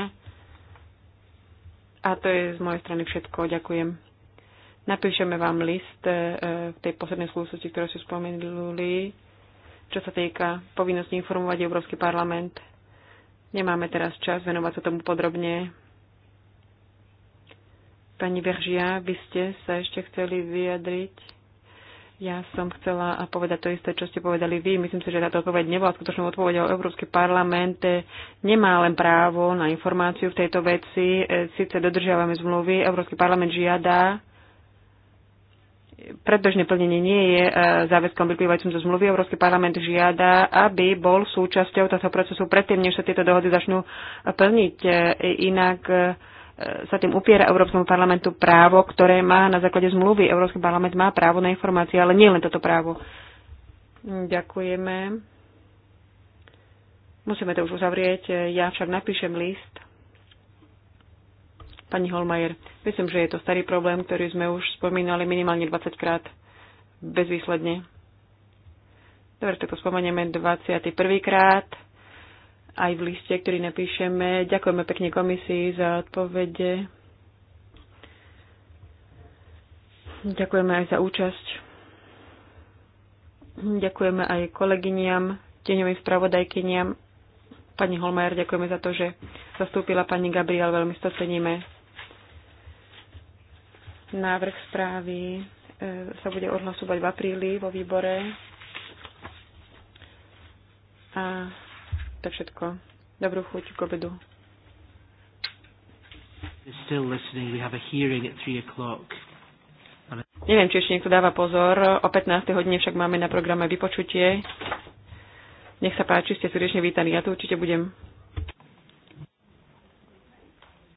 A to je z mojej strany všetko. Ďakujem. Napíšeme vám list e, v tej poslednej skúsenosti, ktorú ste spomenuli, čo sa týka povinnosti informovať Európsky parlament. Nemáme teraz čas venovať sa tomu podrobne. Pani Veržia, vy ste sa ešte chceli vyjadriť? Ja som chcela povedať to isté, čo ste povedali vy. Myslím si, že táto odpoveď nebola skutočnou o Európsky parlament eh, nemá len právo na informáciu v tejto veci. Eh, Sice dodržiavame zmluvy, Európsky parlament žiada predbežné plnenie nie je eh, záväzkom vyplývajúcim zo zmluvy. Európsky parlament žiada, aby bol súčasťou tohto procesu predtým, než sa tieto dohody začnú plniť. Inak E, sa tým upiera Európskom parlamentu právo, ktoré má na základe zmluvy. Európsky parlament má právo na informácie, ale nie len toto právo. Ďakujeme. Musíme to už uzavrieť. Ja však napíšem list. Pani Holmajer, myslím, že je to starý problém, ktorý sme už spomínali minimálne 20 krát bezvýsledne. Dobre, tak to spomenieme 21. krát aj v liste, ktorý napíšeme. Ďakujeme pekne komisii za odpovede. Ďakujeme aj za účasť. Ďakujeme aj kolegyniam, tieňovým spravodajkyniam. Pani Holmajer, ďakujeme za to, že zastúpila pani Gabriel, veľmi to ceníme. Návrh správy e, sa bude odhlasovať v apríli vo výbore. A to všetko. Dobrú chuť k obedu. Neviem, či ešte niekto dáva pozor. O 15. hodine však máme na programe vypočutie. Nech sa páči, ste srdečne vítaní. Ja tu určite budem.